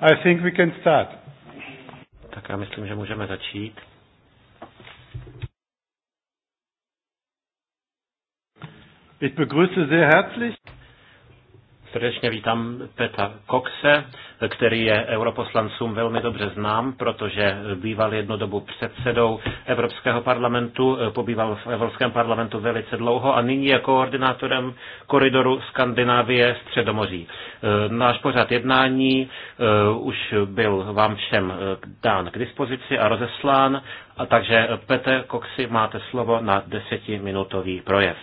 I think we can start. Tak já myslím, že můžeme začít. Ich begrüße sehr herzlich Srdečně vítám Peta Coxe, který je europoslancům velmi dobře znám, protože býval jednodobu dobu předsedou Evropského parlamentu, pobýval v Evropském parlamentu velice dlouho a nyní je koordinátorem koridoru Skandinávie Středomoří. Náš pořad jednání eh, už byl vám všem eh, dán k dispozici a rozeslán, a takže Pete Coxe, máte slovo na desetiminutový projev.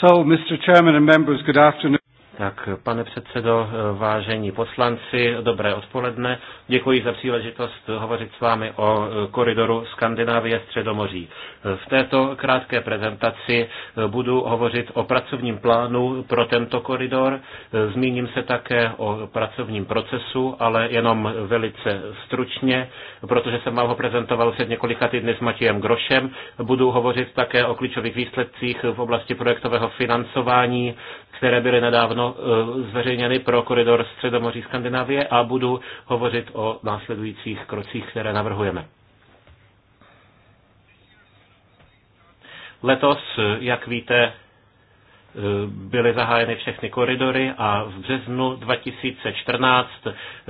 So, Mr. Chairman and members, good afternoon. Tak, pane předsedo, vážení poslanci, dobré odpoledne. Děkuji za příležitost hovořit s vámi o koridoru Skandinávie Středomoří. V této krátké prezentaci budu hovořit o pracovním plánu pro tento koridor. Zmíním se také o pracovním procesu, ale jenom velice stručně, protože jsem vám ho prezentoval před několika týdny s Matějem Grošem. Budu hovořit také o klíčových výsledcích v oblasti projektového financování které byly nedávno eh, zveřejněny pro koridor Středomoří Skandinávie a budu hovořit o následujících krocích, které navrhujeme. Letos, jak víte, eh, byly zahájeny všechny koridory a v březnu 2014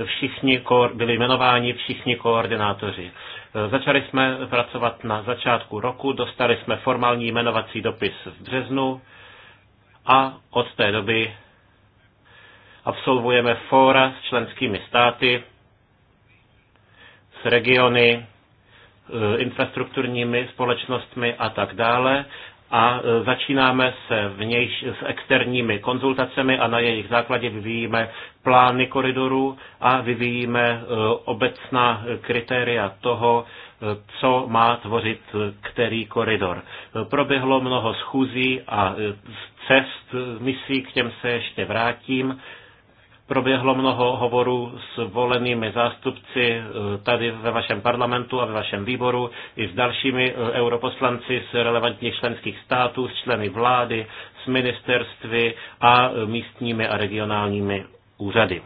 všichni byli jmenováni všichni koordinátoři. Eh, začali jsme pracovat na začátku roku, dostali jsme formální jmenovací dopis v březnu a od té doby absolvujeme fóra s členskými státy, s regiony, eh, infrastrukturními společnostmi a tak dále, a e, začínáme se vnějš, s externími konzultacemi a na jejich základě vyvíjíme plány koridoru a vyvíjíme e, obecná kritéria toho, e, co má tvořit který koridor. Proběhlo mnoho schůzí a cest misí, k těm se ještě vrátím. Proběhlo mnoho hovorů s volenými zástupci eh, tady ve vašem parlamentu a ve vašem výboru i s dalšími eh, europoslanci z relevantních členských států, s členy vlády, s ministerstvy a eh, místními a regionálními úřady.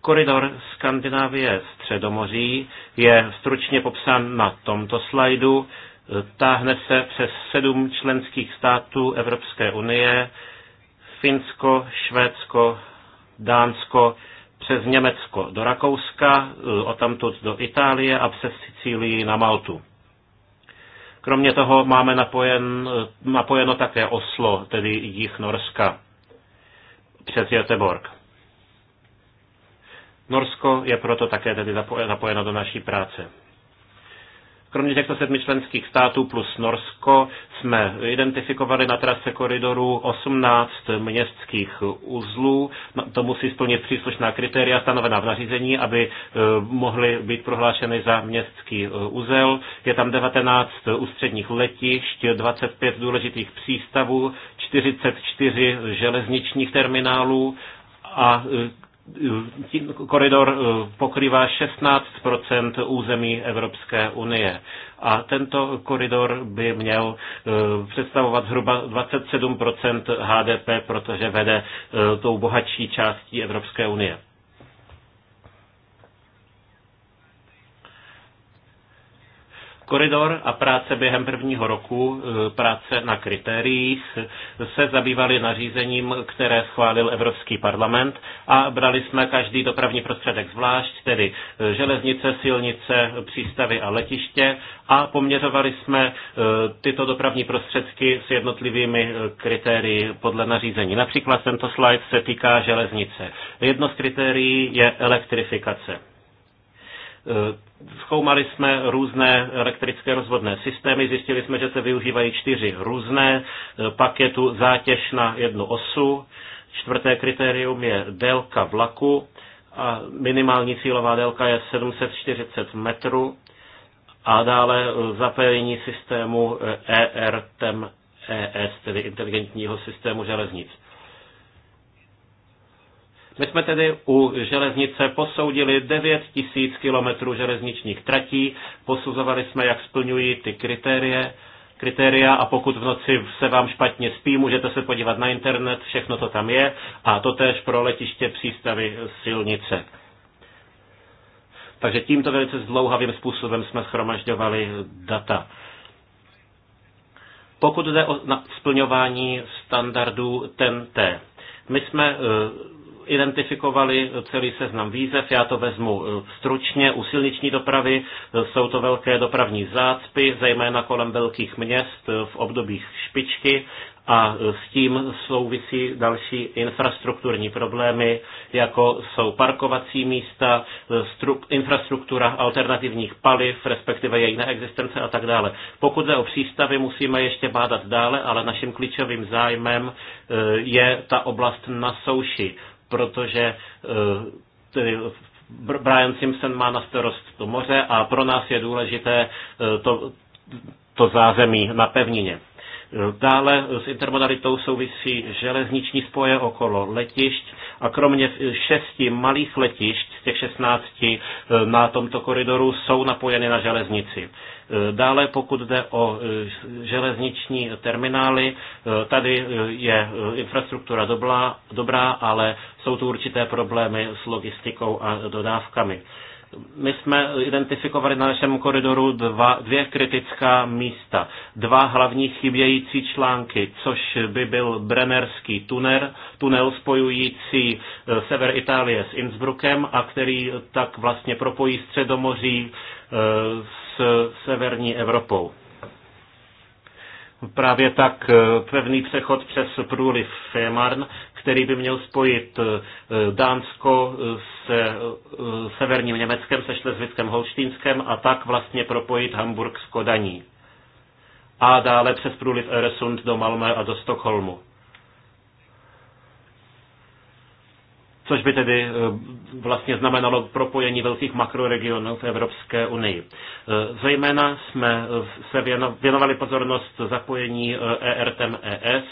Koridor Skandinávie Středomoří je stručně popsán na tomto slajdu. Táhne se přes sedm členských států Evropské unie, Finsko, Švédsko, Dánsko, přes Německo do Rakouska, e, odtamtud do Itálie a přes Sicílii na Maltu. Kromě toho máme napojen, e, napojeno také Oslo, tedy jich Norska, přes Göteborg. Norsko je proto také tedy napojeno do naší práce. Kromě těchto sedmi členských států plus Norsko jsme identifikovali na trase koridoru 18 městských uzlů. To musí splnit příslušná kritéria stanovená v nařízení, aby e, mohly být prohlášeny za městský e, uzel. Je tam 19 ústředních letišť, 25 důležitých přístavů, 44 železničních terminálů a e, koridor eh, pokrývá 16 území Evropské unie. A tento koridor by měl eh, představovat zhruba 27 HDP, protože vede eh, tou bohatší částí Evropské unie. Koridor a práce během prvního roku, e, práce na kritériích, se zabývali nařízením, které schválil Evropský parlament a brali jsme každý dopravní prostředek zvlášť, tedy e, železnice, silnice, přístavy a letiště a poměřovali jsme e, tyto dopravní prostředky s jednotlivými kritérii podle nařízení. Například tento slide se týká železnice. Jedno z kritérií je elektrifikace Zkoumali jsme různé elektrické rozvodné systémy, zjistili jsme, že se využívají čtyři různé, eh, pak je tu zátěž na jednu osu, čtvrté kritérium je délka vlaku a minimální cílová délka je 740 metrů a dále eh, zapojení systému ERTEM eh, ES, e tedy inteligentního systému železnic. My jsme tedy u železnice posoudili 9 tisíc kilometrů železničních tratí, posuzovali jsme, jak splňují ty kritérie, kritéria a pokud v noci se vám špatně spí, můžete se podívat na internet, všechno to tam je a to též pro letiště přístavy silnice. Takže tímto velice zdlouhavým způsobem jsme schromažďovali data. Pokud jde o splňování standardů TNT, my jsme eh, identifikovali celý seznam výzev. Já to vezmu eh, stručně. U silniční dopravy eh, jsou to velké dopravní zácpy, zejména kolem velkých měst eh, v obdobích špičky a s tím souvisí další infrastrukturní problémy, jako jsou parkovací místa, stru, infrastruktura alternativních paliv, respektive jejich neexistence a tak dále. Pokud jde o přístavy, musíme ještě bádat dále, ale naším klíčovým zájmem je ta oblast na souši protože eh, tedy Brian Simpson má na starost to moře a pro nás je důležité eh, to, to zázemí na pevnině. Dále s intermodalitou souvisí železniční spoje okolo letišť a kromě šesti malých letišť z těch šestnácti e, na tomto koridoru jsou napojeny na železnici. E, dále, pokud jde o e, železniční terminály, tady je infrastruktura dobrá ale jsou tu určité problémy s logistikou a dodávkami my jsme identifikovali na našem koridoru dva, dvě kritická místa. Dva hlavní chybějící články, což by byl Brennerský tunel, tunel spojující eh, sever Itálie s Innsbruckem a který tak vlastně propojí středomoří eh, s severní Evropou. Právě tak eh, pevný přechod přes průliv Fémarn, který by měl spojit eh, Dánsko eh, s eh, severním Německem, se Šlezvickem, Holštínskem a tak vlastně propojit Hamburg s Kodaní. A dále přes průliv Eresund do Malmö a do Stockholmu. což by tedy vlastně znamenalo propojení velkých makroregionů v Evropské unii. Zejména jsme se věnovali pozornost zapojení ERTMES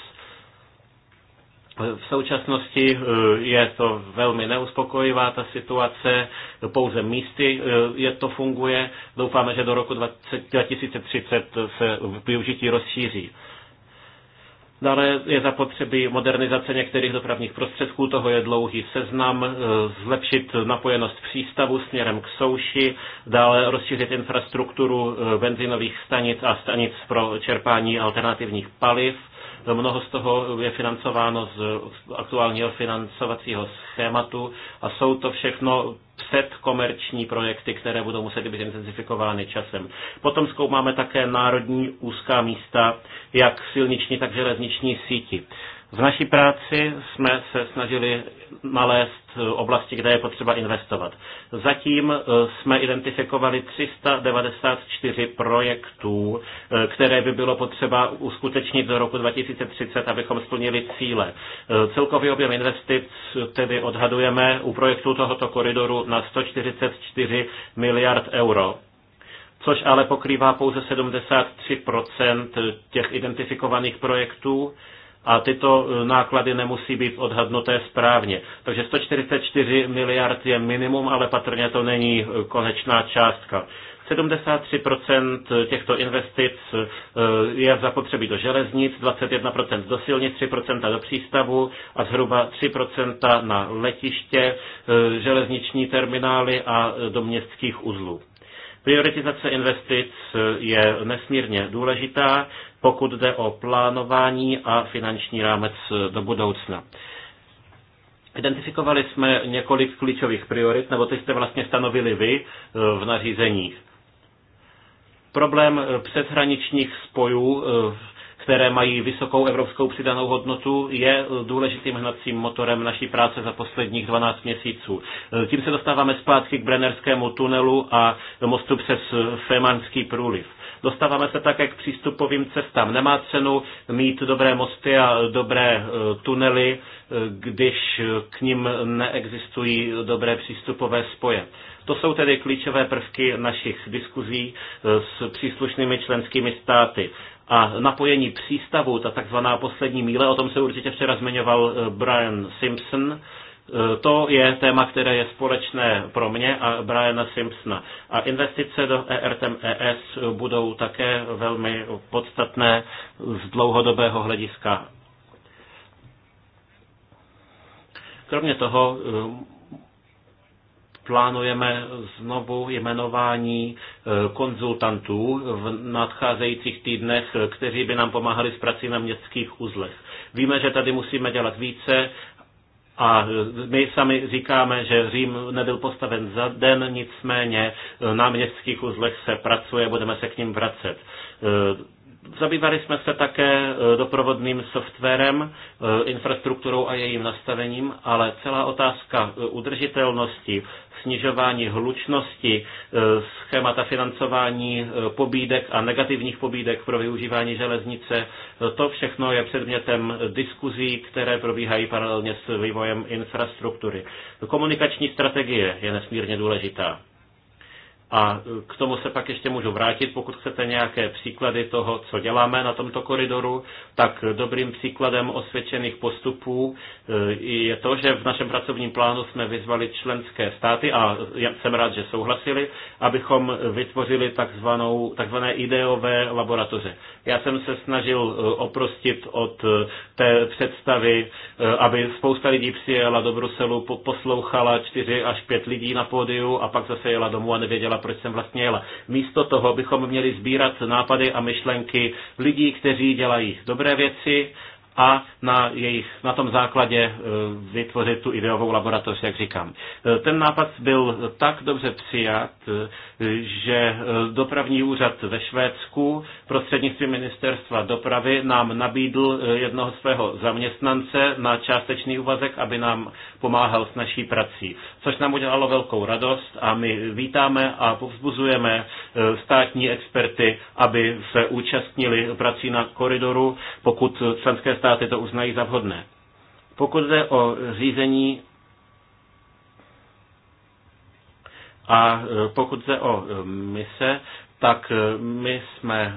v současnosti eh, je to velmi neuspokojivá ta situace, pouze místy eh, je to funguje. Doufáme, že do roku 2030 se využití rozšíří. Dále je zapotřebí modernizace některých dopravních prostředků, toho je dlouhý seznam, eh, zlepšit napojenost přístavu směrem k souši, dále rozšířit infrastrukturu benzinových stanic a stanic pro čerpání alternativních paliv, No, mnoho z toho je financováno z aktuálního financovacího schématu a jsou to všechno předkomerční projekty, které budou muset být intenzifikovány časem. Potom zkoumáme také národní úzká místa, jak silniční, tak železniční síti. V naší práci jsme se snažili nalézt eh, oblasti, kde je potřeba investovat. Zatím eh, jsme identifikovali 394 projektů, eh, které by bylo potřeba uskutečnit do roku 2030, abychom splnili cíle. Celkový objem investic tedy odhadujeme u projektů tohoto koridoru na 144 miliard euro což ale pokrývá pouze 73 těch identifikovaných projektů a tyto e, náklady nemusí být odhadnuté správně. Takže 144 miliard je minimum, ale patrně to není e, konečná částka. 73% těchto investic e, je zapotřebí do železnic, 21% do silnic, 3% do přístavu a zhruba 3% na letiště, železniční terminály a do městských uzlů. Prioritizace investic je nesmírně důležitá pokud jde o plánování a finanční rámec do budoucna. Identifikovali jsme několik klíčových priorit, nebo ty jste vlastně stanovili vy eh, v nařízeních. Problém přeshraničních spojů, eh, které mají vysokou evropskou přidanou hodnotu, je důležitým hnacím motorem naší práce za posledních 12 měsíců. Eh, tím se dostáváme zpátky k Brennerskému tunelu a mostu přes Fémanský průliv Dostáváme se také k přístupovým cestám. Nemá cenu mít dobré mosty a dobré e, tunely, e, když k ním neexistují dobré přístupové spoje. To jsou tedy klíčové prvky našich diskuzí e, s příslušnými členskými státy. A napojení přístavů, ta takzvaná poslední míle, o tom se určitě včera zmiňoval Brian Simpson, Eh, to je téma, které je společné pro mě a Briana Simpsona. A investice do ERTMES budou také velmi podstatné z dlouhodobého hlediska. Kromě toho eh, plánujeme znovu jmenování eh, konzultantů v nadcházejících týdnech, kteří by nám pomáhali s prací na městských uzlech. Víme, že tady musíme dělat více a my sami říkáme, že Řím nebyl postaven za den, nicméně na městských uzlech se pracuje, budeme se k ním vracet. Zabývali jsme se také e, doprovodným softwarem, e, infrastrukturou a jejím nastavením, ale celá otázka e, udržitelnosti, snižování hlučnosti, schémata financování pobídek a negativních pobídek pro využívání železnice, to všechno je předmětem diskuzí, které probíhají paralelně s vývojem infrastruktury. Komunikační strategie je nesmírně důležitá. A e, k tomu se pak ještě můžu vrátit, pokud chcete nějaké příklady toho, co děláme na tomto koridoru, tak dobrým příkladem osvědčených postupů e, je to, že v našem pracovním plánu jsme vyzvali členské státy a jsem rád, že souhlasili, abychom vytvořili takzvanou, takzvané ideové laboratoře. Já jsem se snažil e, oprostit od té představy, aby spousta lidí přijela do Bruselu, poslouchala čtyři až pět lidí na pódiu a pak zase jela domů a nevěděla, ptala, proč jsem vlastně jela. Místo toho bychom měli sbírat nápady a myšlenky lidí, kteří dělají dobré věci a na, jejich, na tom základě e, vytvořit tu ideovou laboratoř, jak říkám. E, ten nápad byl tak dobře přijat, e, že dopravní úřad ve Švédsku prostřednictvím ministerstva dopravy nám nabídl jednoho svého zaměstnance na částečný úvazek, aby nám pomáhal s naší prací, což nám udělalo velkou radost a my vítáme a povzbuzujeme státní experty, aby se účastnili prací na koridoru, pokud členské státy to uznají za vhodné. Pokud jde o řízení a e, pokud jde o e, mise, tak e, my jsme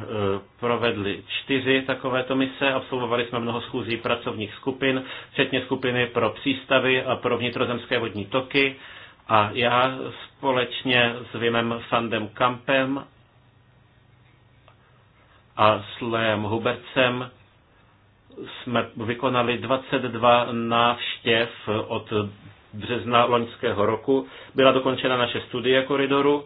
provedli čtyři takovéto mise, absolvovali jsme mnoho schůzí pracovních skupin, včetně skupiny pro přístavy a pro vnitrozemské vodní toky. A já společně s Vimem Fandem Kampem a s Leem Hubercem jsme vykonali 22 návštěv od března loňského roku. Byla dokončena naše studie koridoru.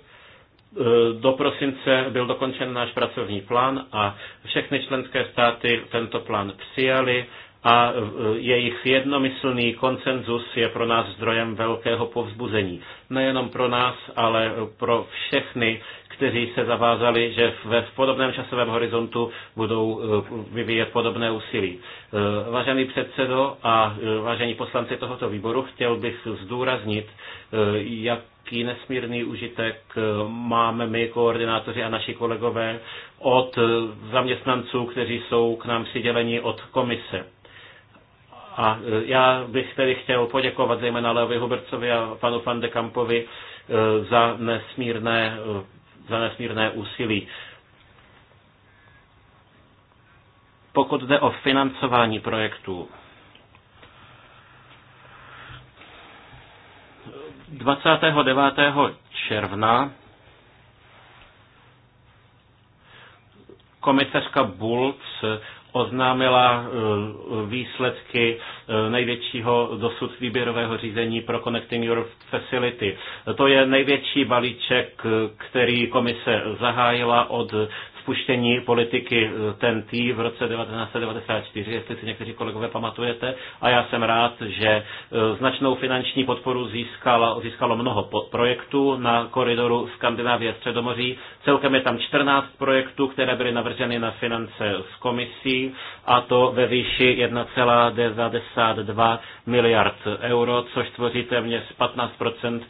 Do prosince byl dokončen náš pracovní plán a všechny členské státy tento plán přijali a e, jejich jednomyslný koncenzus je pro nás zdrojem velkého povzbuzení. Nejenom pro nás, ale pro všechny, kteří se zavázali, že ve podobném časovém horizontu budou e, vyvíjet podobné úsilí. E, vážený předsedo a vážení poslanci tohoto výboru, chtěl bych zdůraznit, jak jaký nesmírný užitek máme my, koordinátoři a naši kolegové, od zaměstnanců, kteří jsou k nám přiděleni od komise. A e, já bych tedy chtěl poděkovat zejména Leovi Hubercovi a panu Van de Kampovi e, za nesmírné, e, za nesmírné úsilí. Pokud jde o financování projektů, 29. června komisařka Bulc oznámila eh, výsledky eh, největšího dosud výběrového řízení pro Connecting Europe Facility. To je největší balíček, eh, který komise zahájila od spuštění politiky eh, TNT v roce 1994, jestli si někteří kolegové pamatujete. A já jsem rád, že eh, značnou finanční podporu získalo, získalo mnoho projektů na koridoru Skandinávie Středomoří. Celkem je tam 14 projektů, které byly navrženy na finance z komisí a to ve výši 1,92 miliard euro, což tvoří téměř 15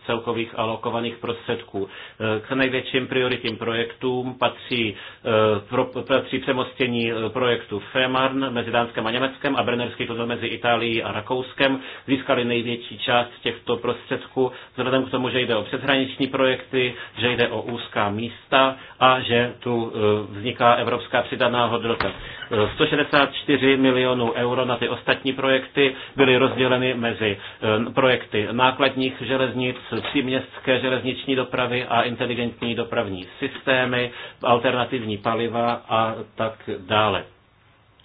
celkových alokovaných prostředků. Eh, k největším prioritním projektům patří Eh, pro, pro, při přemostění eh, projektu Femarn mezi Dánskem a Německem a Brnerský tunel mezi Itálií a Rakouskem získali největší část těchto prostředků, vzhledem k tomu, že jde o přeshraniční projekty, že jde o úzká místa a že tu eh, vzniká evropská přidaná hodnota. 164 milionů euro na ty ostatní projekty byly rozděleny mezi projekty nákladních železnic, příměstské železniční dopravy a inteligentní dopravní systémy, alternativní alternativní paliva a tak dále.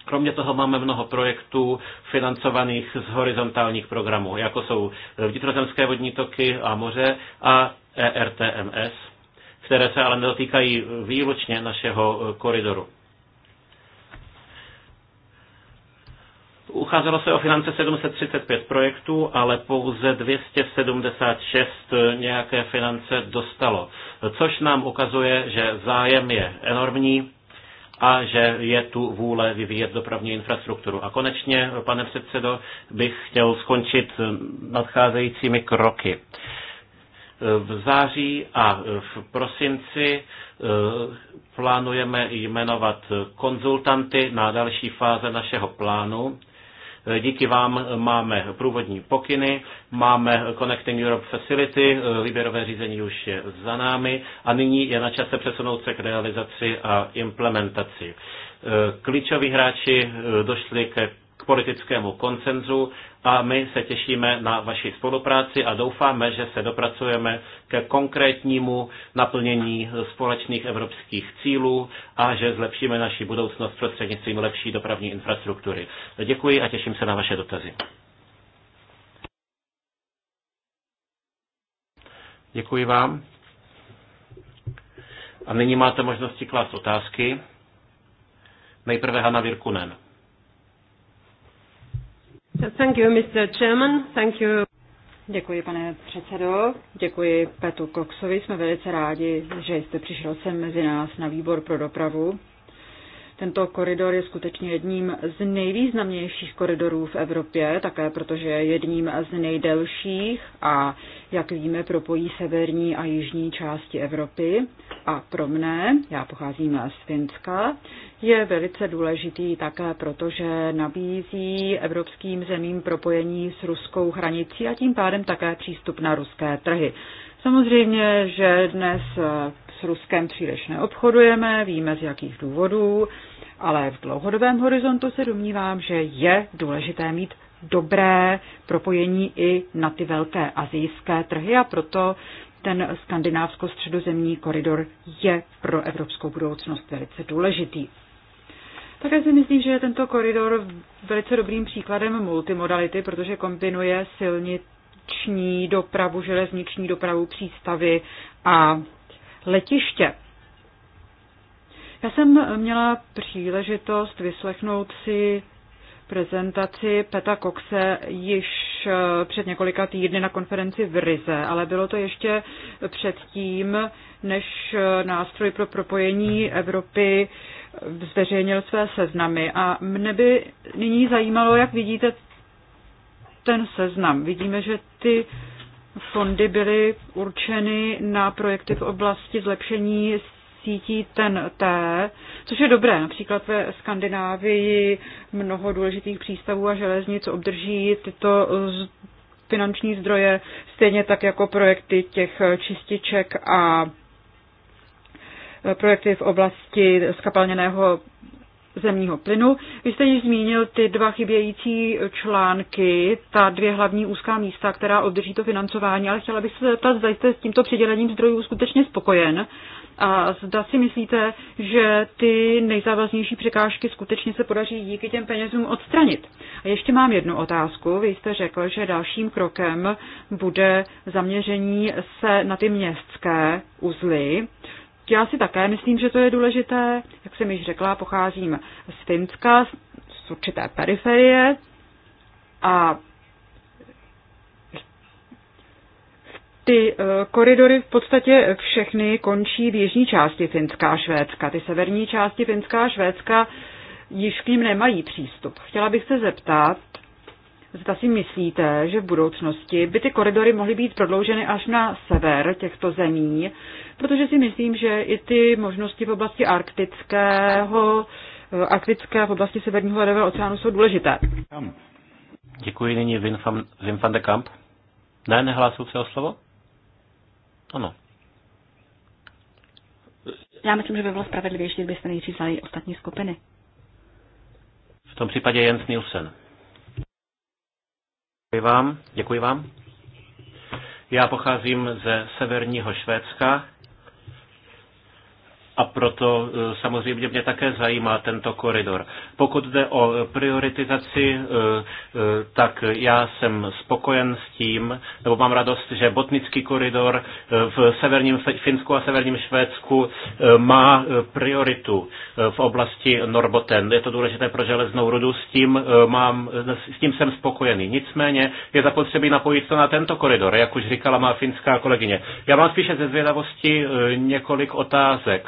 Kromě toho máme mnoho projektů financovaných z horizontálních programů, jako jsou vnitrozemské vodní toky a moře a ERTMS, které se ale nedotýkají výlučně našeho koridoru. Ucházelo se o finance 735 projektů, ale pouze 276 nějaké finance dostalo, což nám ukazuje, že zájem je enormní a že je tu vůle vyvíjet dopravní infrastrukturu. A konečně, pane předsedo, bych chtěl skončit nadcházejícími kroky. V září a v prosinci eh, plánujeme jmenovat konzultanty na další fáze našeho plánu Díky vám máme průvodní pokyny, máme Connecting Europe Facility, výběrové řízení už je za námi a nyní je na čase přesunout se k realizaci a implementaci. Klíčoví hráči došli ke politickému koncenzu a my se těšíme na vaši spolupráci a doufáme, že se dopracujeme ke konkrétnímu naplnění společných evropských cílů a že zlepšíme naši budoucnost prostřednictvím lepší dopravní infrastruktury. Děkuji a těším se na vaše dotazy. Děkuji vám. A nyní máte možnosti klást otázky. Nejprve Hanna Virkunen. Thank you, Mr. Chairman. Thank you. Děkuji, pane předsedo. Děkuji Petu Koksovi. Jsme velice rádi, že jste přišel sem mezi nás na výbor pro dopravu. Tento koridor je skutečně jedním z nejvýznamnějších koridorů v Evropě, také protože je jedním z nejdelších a, jak víme, propojí severní a jižní části Evropy. A pro mne, já pocházím z Finska, je velice důležitý také proto, že nabízí evropským zemím propojení s ruskou hranicí a tím pádem také přístup na ruské trhy. Samozřejmě, že dnes s Ruskem příliš neobchodujeme, víme z jakých důvodů, ale v dlouhodobém horizontu se domnívám, že je důležité mít dobré propojení i na ty velké azijské trhy a proto ten skandinávsko-středozemní koridor je pro evropskou budoucnost velice důležitý. Také si myslím, že je tento koridor velice dobrým příkladem multimodality, protože kombinuje silniční dopravu, železniční dopravu, přístavy a letiště. Já jsem měla příležitost vyslechnout si prezentaci Peta Coxe již eh, před několika týdny na konferenci v Rize, ale bylo to ještě předtím, než eh, nástroj pro propojení Evropy eh, zveřejnil své seznamy. A mne by nyní zajímalo, jak vidíte ten seznam. Vidíme, že ty fondy byly určeny na projekty v oblasti zlepšení sítí TEN-T, což je dobré. Například ve Skandinávii mnoho důležitých přístavů a železnic obdrží tyto finanční zdroje, stejně tak jako projekty těch čističek a projekty v oblasti skapalněného zemního plynu. Vy jste již zmínil ty dva chybějící články, ta dvě hlavní úzká místa, která obdrží to financování, ale chtěla bych se zeptat, zda jste s tímto přidělením zdrojů skutečně spokojen a zda si myslíte, že ty nejzávaznější překážky skutečně se podaří díky těm penězům odstranit. A ještě mám jednu otázku. Vy jste řekl, že dalším krokem bude zaměření se na ty městské uzly. Já si také myslím, že to je důležité. Jak jsem již řekla, pocházím z Finska, z určité periferie a ty eh, koridory v podstatě všechny končí v jižní části Finska a Švédska. Ty severní části Finska a Švédska již k ním nemají přístup. Chtěla bych se zeptat, zda si myslíte, že v budoucnosti by ty koridory mohly být prodlouženy až na sever těchto zemí, protože si myslím, že i ty možnosti v oblasti arktického, eh, arktické v oblasti Severního ledového oceánu jsou důležité. Děkuji, nyní Wim van, de Kamp. Ne, nehlásil se o slovo? Ano. Já myslím, že by bylo spravedlivější, kdybyste nejdřív vzali ostatní skupiny. V tom případě Jens Nielsen. Děkuji vám. Děkuji vám. Já pocházím ze severního Švédska a proto e, samozřejmě mě také zajímá tento koridor. Pokud jde o prioritizaci, e, e, tak já jsem spokojen s tím, nebo mám radost, že botnický koridor v severním Finsku a severním Švédsku má prioritu v oblasti Norboten. Je to důležité pro železnou rudu, s tím, mám, s tím jsem spokojený. Nicméně je zapotřebí napojit to na tento koridor, jak už říkala má finská kolegyně. Já mám spíše ze zvědavosti několik otázek.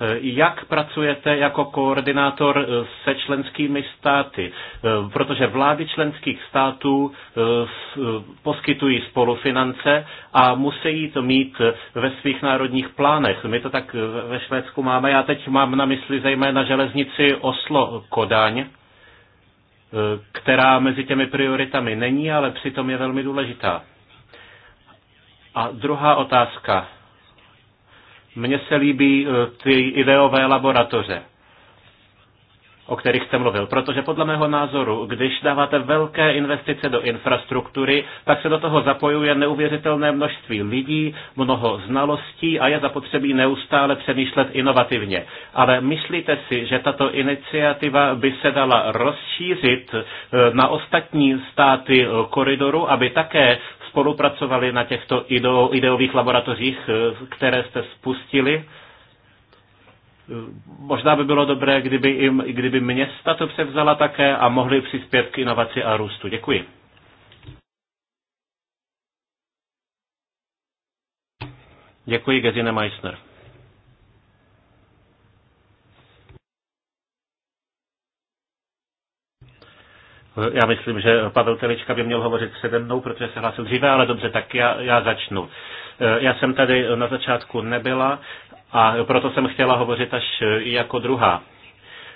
Eh, jak pracujete jako koordinátor eh, se členskými státy? Eh, protože vlády členských států poskytují spolufinance a musí to mít ve svých národních plánech. My to tak ve Švédsku máme. Já teď mám na mysli zejména železnici Oslo-Kodaň, která mezi těmi prioritami není, ale přitom je velmi důležitá. A druhá otázka. Mně se líbí eh, ty ideové laboratoře o kterých jste mluvil. Protože podle mého názoru, když dáváte velké investice do infrastruktury, tak se do toho zapojuje neuvěřitelné množství lidí, mnoho znalostí a je zapotřebí neustále přemýšlet inovativně. Ale myslíte si, že tato iniciativa by se dala rozšířit eh, na ostatní státy eh, koridoru, aby také spolupracovali na těchto ideových laboratořích, eh, které jste spustili. Eh, možná by bylo dobré, kdyby, jim, kdyby města to převzala také a mohli přispět k inovaci a růstu. Děkuji. Děkuji, Gesine Meissner. Já myslím, že Pavel Telička by měl hovořit přede mnou, protože se hlásil dříve, ale dobře, tak já, já začnu. Eh, já jsem tady na začátku nebyla a proto jsem chtěla hovořit až eh, jako druhá.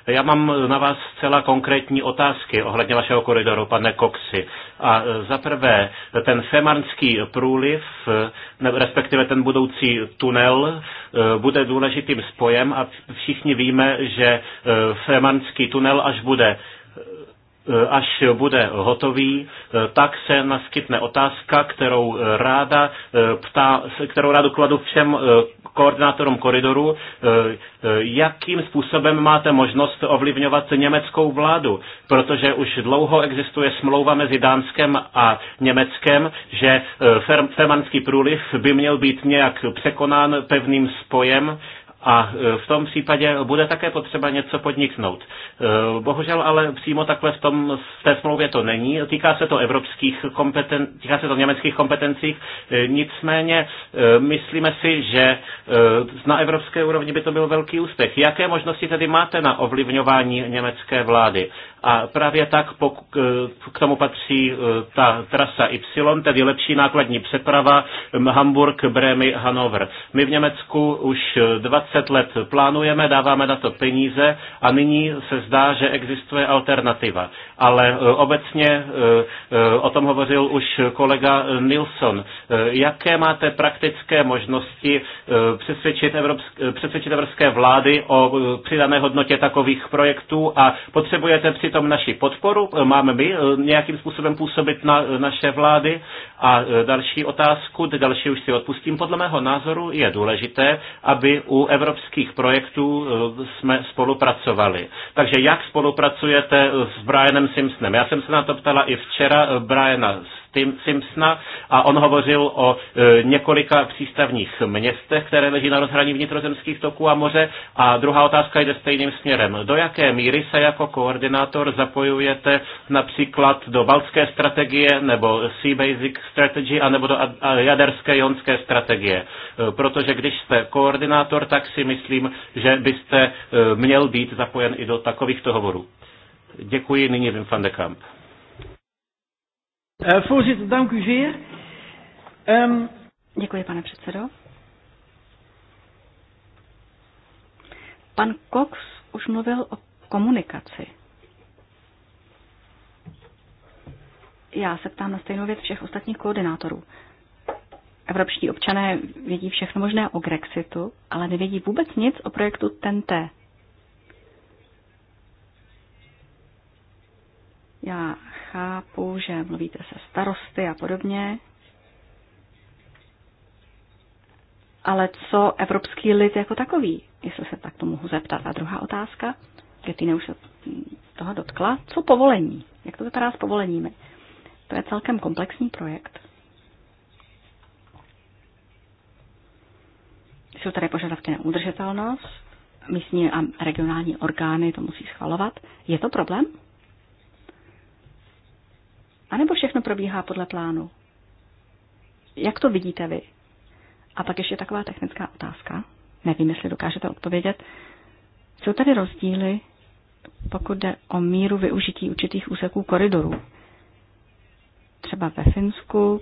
Já mám na vás celá konkrétní otázky ohledně vašeho koridoru, pane Koxy. A eh, za prvé, ten femarnský průliv, respektive ten budoucí tunel, bude důležitým spojem a všichni víme, že femarnský tunel, až bude Eh, až bude hotový, eh, tak se naskytne otázka, kterou ráda, eh, ptá, kterou rádu kladu všem koordinátorům koridoru, jakým způsobem máte možnost ovlivňovat německou vládu, protože už dlouho existuje smlouva mezi Dánskem a Německem, že fermanský průliv by měl být nějak překonán pevným spojem, a e, v tom případě bude také potřeba něco podniknout. E, bohužel ale přímo takhle v, tom, v té smlouvě to není. Týká se to evropských kompeten, týká se to německých kompetencí. E, nicméně myslíme si, že na evropské úrovni by to byl velký úspěch. Jaké možnosti tedy máte na ovlivňování německé vlády? A právě tak k tomu patří e, ta trasa Y, tedy lepší nákladní přeprava Hamburg, Brémy, Hanover. My v Německu už 20 e, let plánujeme, dáváme na to peníze a nyní se zdá, že existuje alternativa. Ale e, obecně o tom hovořil už kolega Nilsson. Jaké máte praktické možnosti přesvědčit, evropské, přesvědčit evropské vlády o přidané hodnotě takových projektů a potřebujete při přitom naši podporu? Eh, máme my eh, nějakým způsobem působit na eh, naše vlády? A další otázku, další už si odpustím, podle mého názoru je důležité, aby u evropských projektů jsme spolupracovali. Takže jak spolupracujete s Brianem Simpsonem? Já jsem se na to ptala i včera Briana Simpsona a on hovořil o e, několika přístavních městech, které leží na rozhraní vnitrozemských toků a moře. A druhá otázka jde stejným směrem. Do jaké míry se jako koordinátor zapojujete například do Balské strategie nebo Sea Basic Strategy nebo do jaderské jonské strategie? E, protože když jste koordinátor, tak si myslím, že byste e, měl být zapojen i do takovýchto hovorů. Děkuji, nyní Wim van de Kamp. Eh, voorzitter, dank u zeer. Um... Děkuji, pane předsedo. Pan Cox už mluvil o komunikaci. Já se ptám na stejnou věc všech ostatních koordinátorů. Evropští občané vědí všechno možné o Grexitu, ale nevědí vůbec nic o projektu TENTE. Já chápu, že mluvíte se starosty a podobně, ale co evropský lid jako takový, jestli se tak to mohu zeptat. A druhá otázka, Getine už se toho dotkla, co povolení, jak to vypadá s povoleními. To je celkem komplexní projekt. Jsou tady požadavky na udržitelnost, místní a regionální orgány to musí schvalovat. Je to problém? A nebo všechno probíhá podle plánu? Jak to vidíte vy? A pak ještě taková technická otázka. Nevím, jestli dokážete odpovědět. Jsou tady rozdíly, pokud jde o míru využití určitých úseků koridorů. Třeba ve Finsku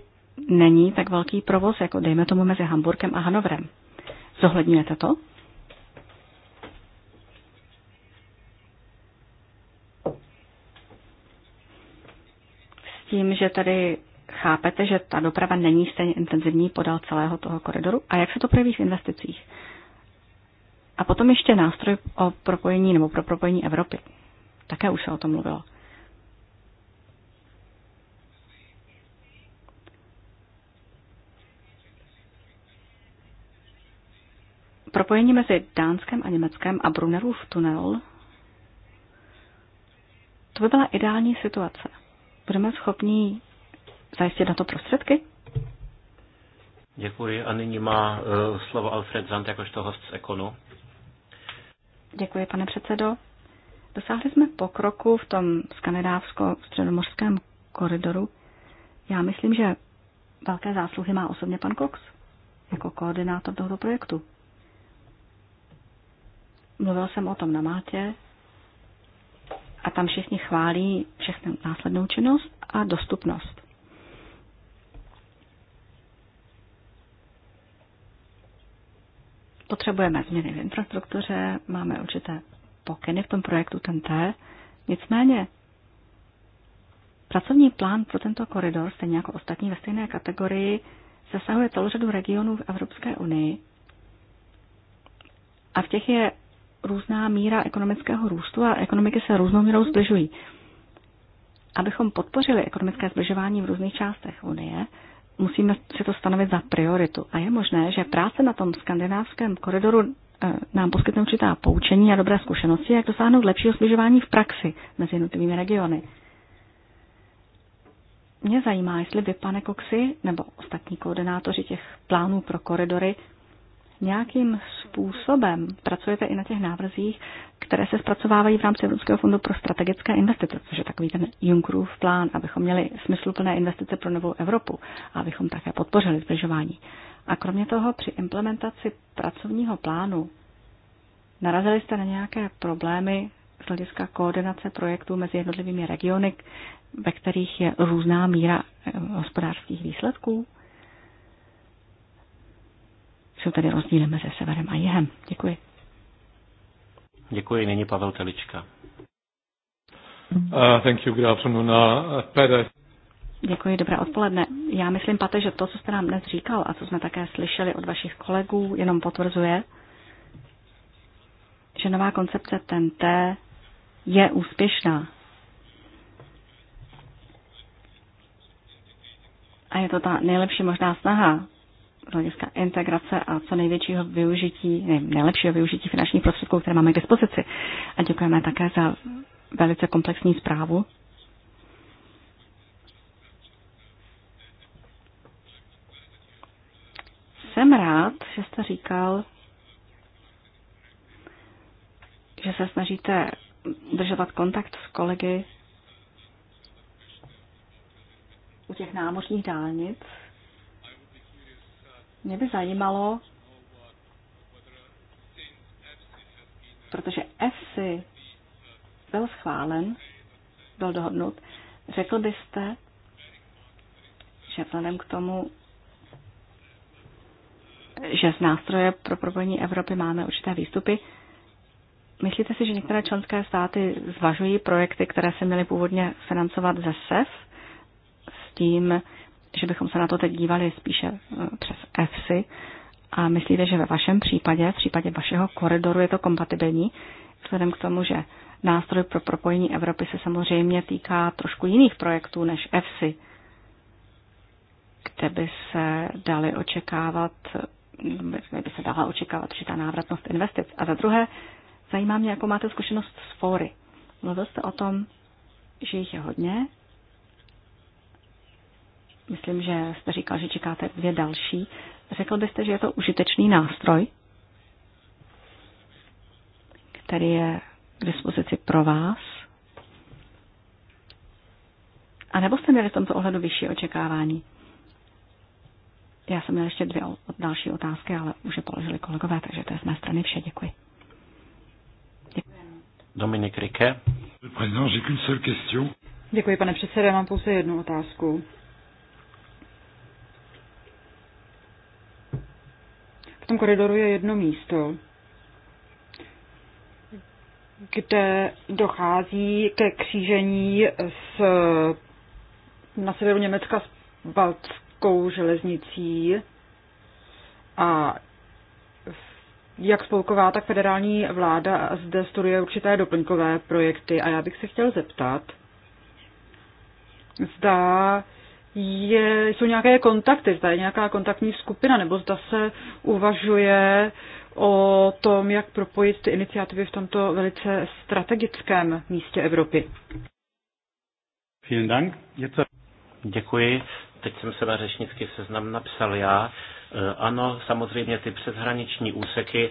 není tak velký provoz, jako dejme tomu mezi Hamburkem a Hanovrem. Zohledňujete to? tím, že tady chápete, že ta doprava není stejně intenzivní podél celého toho koridoru a jak se to projeví v investicích. A potom ještě nástroj o propojení nebo pro propojení Evropy. Také už se o tom mluvilo. Propojení mezi Dánskem a Německem a Brunnerův tunel, to by byla ideální situace budeme schopni zajistit na to prostředky? Děkuji a nyní má uh, slovo Alfred Zant jakožto host z Ekonu. Děkuji, pane předsedo. Dosáhli jsme pokroku v tom skandinávsko-středomořském koridoru. Já myslím, že velké zásluhy má osobně pan Cox jako koordinátor tohoto projektu. Mluvil jsem o tom na Mátě a tam všichni chválí všechnu následnou činnost a dostupnost. Potřebujeme změny v infrastruktuře, máme určité pokyny v tom projektu TNT, nicméně pracovní plán pro tento koridor, stejně jako ostatní ve stejné kategorii, zasahuje celou řadu regionů v Evropské unii a v těch je různá míra ekonomického růstu a ekonomiky se různou mírou zbližují. Abychom podpořili ekonomické zbližování v různých částech Unie, musíme si to stanovit za prioritu. A je možné, že práce na tom skandinávském koridoru eh, nám poskytne určitá poučení a dobré zkušenosti, jak dosáhnout lepšího zbližování v praxi mezi jednotlivými regiony. Mě zajímá, jestli vy, pane Koxy, nebo ostatní koordinátoři těch plánů pro koridory, nějakým způsobem pracujete i na těch návrzích, které se zpracovávají v rámci Evropského fondu pro strategické investice, což je takový ten Junckerův plán, abychom měli smysluplné investice pro novou Evropu a abychom také podpořili zbližování. A kromě toho při implementaci pracovního plánu narazili jste na nějaké problémy z hlediska koordinace projektů mezi jednotlivými regiony, ve kterých je různá míra eh, hospodářských výsledků? Jsou tady rozdíly mezi severem a jihem. Děkuji. Děkuji, nyní Pavel Telička. Uh, thank you, good uh, Děkuji, dobré odpoledne. Já myslím, Pate, že to, co jste nám dnes říkal a co jsme také slyšeli od vašich kolegů, jenom potvrzuje, že nová koncepce TNT je úspěšná. A je to ta nejlepší možná snaha hlediska integrace a co největšího využití, ne, nejlepšího využití finančních prostředků, které máme k dispozici. A děkujeme také za velice komplexní zprávu. Jsem rád, že jste říkal, že se snažíte držovat kontakt s kolegy u těch námořních dálnic, mě by zajímalo, protože EFSI byl schválen, byl dohodnut, řekl byste, že vzhledem k tomu, že z nástroje pro propojení Evropy máme určité výstupy, myslíte si, že některé členské státy zvažují projekty, které se měly původně financovat ze SEF, s tím, že bychom se na to teď dívali spíše eh, přes EFSI a myslíte, že ve vašem případě, v případě vašeho koridoru je to kompatibilní, vzhledem k tomu, že nástroj pro propojení Evropy se samozřejmě týká trošku jiných projektů než EFSI, kde by se dali očekávat, kde by se dala očekávat určitá návratnost investic. A za druhé, zajímá mě, jakou máte zkušenost s fóry. Mluvil jste o tom, že jich je hodně, Myslím, že jste říkal, že čekáte dvě další. Řekl byste, že je to užitečný nástroj, který je k dispozici pro vás? A nebo jste měli v tomto ohledu vyšší očekávání? Já jsem měl ještě dvě další otázky, ale už je položili kolegové, takže to je z mé strany vše. Děkuji. Děkuji. Dominik Rike. Děkuji, pane předsedo, já mám pouze jednu otázku. tom koridoru je jedno místo, kde dochází ke křížení s, na severu Německa s Baltskou železnicí a jak spolková, tak federální vláda zde studuje určité doplňkové projekty a já bych se chtěl zeptat, zda je, jsou nějaké kontakty, zda je nějaká kontaktní skupina, nebo zda se uvažuje o tom, jak propojit ty iniciativy v tomto velice strategickém místě Evropy. Vielen Dank. Děkuji. Teď jsem se na řečnický seznam napsal já. E, ano, samozřejmě ty přeshraniční úseky e,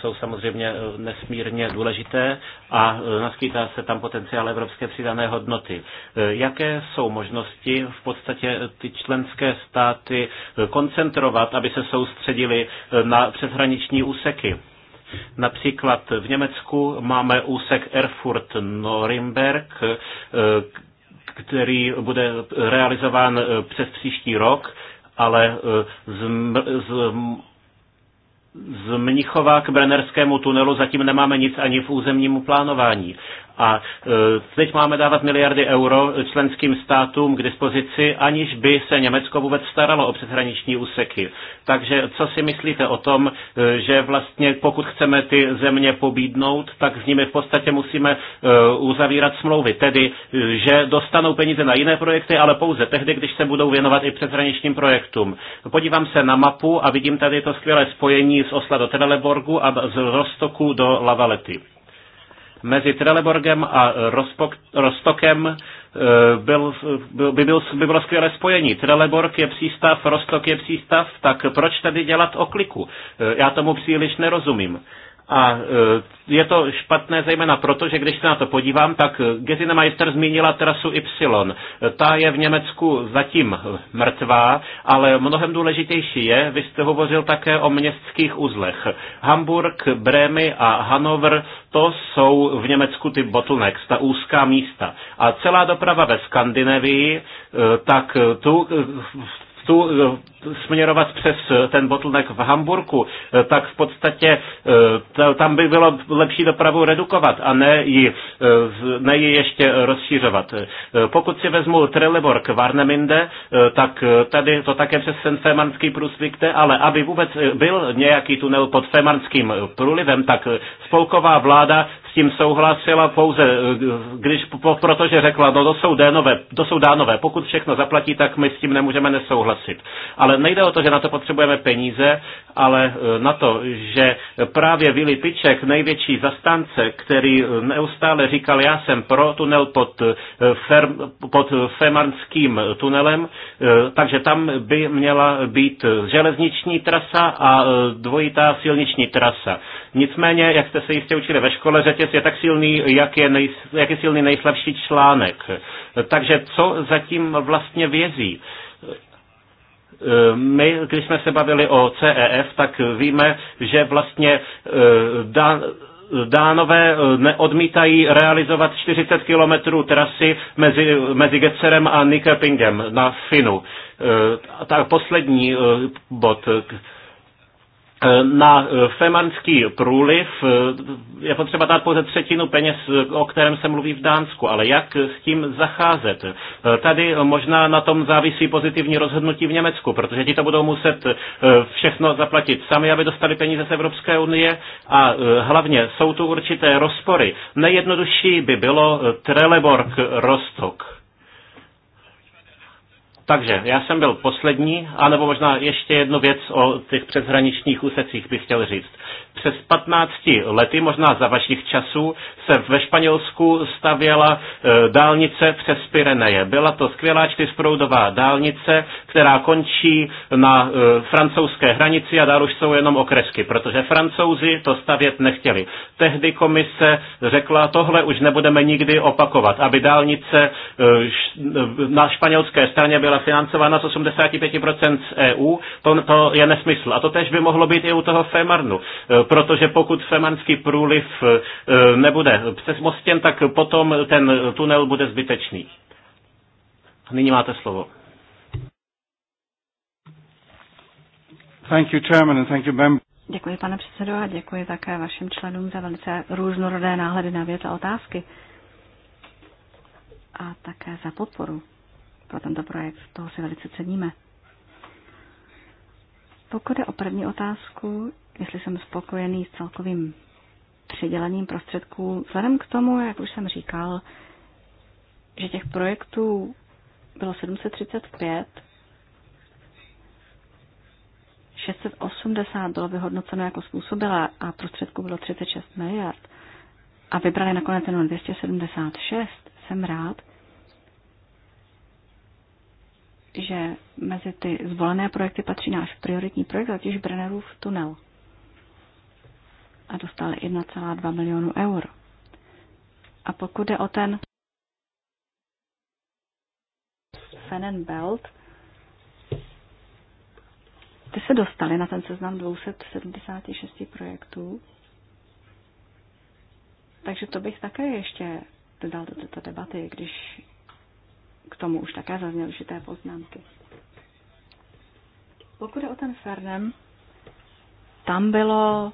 jsou samozřejmě e, nesmírně důležité a naskýtá se tam potenciál evropské přidané hodnoty. Jaké jsou možnosti v podstatě ty členské státy koncentrovat, aby se soustředili na přeshraniční úseky? Například v Německu máme úsek Erfurt-Norimberg, který bude realizován přes příští rok ale e, z, z, z Mnichova k Brennerskému tunelu zatím nemáme nic ani v územnímu plánování. A e, teď máme dávat miliardy euro členským státům k dispozici, aniž by se Německo vůbec staralo o přeshraniční úseky. Takže co si myslíte o tom, e, že vlastně pokud chceme ty země pobídnout, tak s nimi v podstatě musíme e, uzavírat smlouvy. Tedy, že dostanou peníze na jiné projekty, ale pouze tehdy, když se budou věnovat i přeshraničním projektům. Podívám se na mapu a vidím tady to skvělé spojení z Osla do Treleborgu a z Rostoku do Lavalety mezi Trelleborgem a Rostok, Rostokem e, byl, by, byl, by bylo skvělé spojení. Trelleborg je přístav, Rostok je přístav, tak proč tady dělat okliku? E, já tomu příliš nerozumím. A e, je to špatné zejména proto, že když se na to podívám, tak Gesine Meister zmínila trasu Y. Ta je v Německu zatím mrtvá, ale mnohem důležitější je, vy jste hovořil také o městských uzlech. Hamburg, Brémy a Hanover, to jsou v Německu ty bottlenecks, ta úzká místa. A celá doprava ve Skandinavii, e, tak tu e, tu směrovat přes eh, ten bottleneck v Hamburku, eh, tak v podstatě eh, tam by bylo lepší dopravu redukovat a ne ji, ne ji ještě rozšířovat. Pokud si vezmu Trelleborg Varneminde, tak tady to také přes ten Fémanský průsvik ale aby vůbec byl nějaký tunel pod Fémanským průlivem, tak spolková vláda s tím souhlasila pouze, když, protože řekla, no to jsou, dánové, to jsou dánové, pokud všechno zaplatí, tak my s tím nemůžeme nesouhlasit. Ale ale nejde o to, že na to potřebujeme peníze, ale e, na to, že právě Vili Piček, největší zastánce, který e, neustále říkal, já jsem pro tunel pod, e, Fer, pod Femarským tunelem, takže tam by měla být železniční trasa a dvojitá silniční trasa. Nicméně, jak jste se jistě učili ve škole, řetěz je tak silný, jak je, nej, jak je silný nejslabší článek. Takže co zatím vlastně vězí? Eh, my, když jsme se bavili o CEF, tak víme, že vlastně eh, dá Dánové eh, neodmítají realizovat 40 kilometrů trasy mezi, mezi Getserem a Nikepingem na Finu. Ta poslední bod. Eh, na eh, femanský průliv eh, je potřeba dát pouze třetinu peněz, o kterém se mluví v Dánsku, ale jak s tím zacházet? Tady možná na tom závisí pozitivní rozhodnutí v Německu, protože ti to budou muset všechno zaplatit sami, aby dostali peníze z Evropské unie a hlavně jsou tu určité rozpory. Nejjednodušší by bylo Trelleborg-Rostock takže já jsem byl poslední, anebo možná ještě jednu věc o těch přeshraničních úsecích bych chtěl říct. Přes 15 lety, možná za vašich časů, se ve Španělsku stavěla e, dálnice přes Pireneje. Byla to skvělá čtyřproudová dálnice, která končí na e, francouzské hranici a dál už jsou jenom okresky, protože francouzi to stavět nechtěli. Tehdy komise řekla, tohle už nebudeme nikdy opakovat, aby dálnice e, na španělské straně byla financována z 85% z EU, to, to je nesmysl. A to tež by mohlo být i u toho Femarnu protože pokud Semanský průliv e, nebude přes mostěn, tak potom ten tunel bude zbytečný. Nyní máte slovo. Thank you, Chairman, and thank you, Děkuji, pane předsedo, a děkuji také vašim členům za velice různorodé náhledy na věc a otázky. A také za podporu pro tento projekt. Toho si velice ceníme. Pokud je o první otázku, jestli jsem spokojený s celkovým přidělením prostředků. Vzhledem k tomu, jak už jsem říkal, že těch projektů bylo 735, 680 bylo vyhodnoceno jako způsobila a prostředků bylo 36 miliard a vybrali nakonec jenom 276, jsem rád, že mezi ty zvolené projekty patří náš prioritní projekt, totiž Brennerův tunel a dostali 1,2 milionu eur. A pokud jde o ten Fenen Belt, ty se dostali na ten seznam 276 projektů, takže to bych také ještě dodal do této debaty, když k tomu už také zazněly určité poznámky. Pokud je o ten Fernem, tam bylo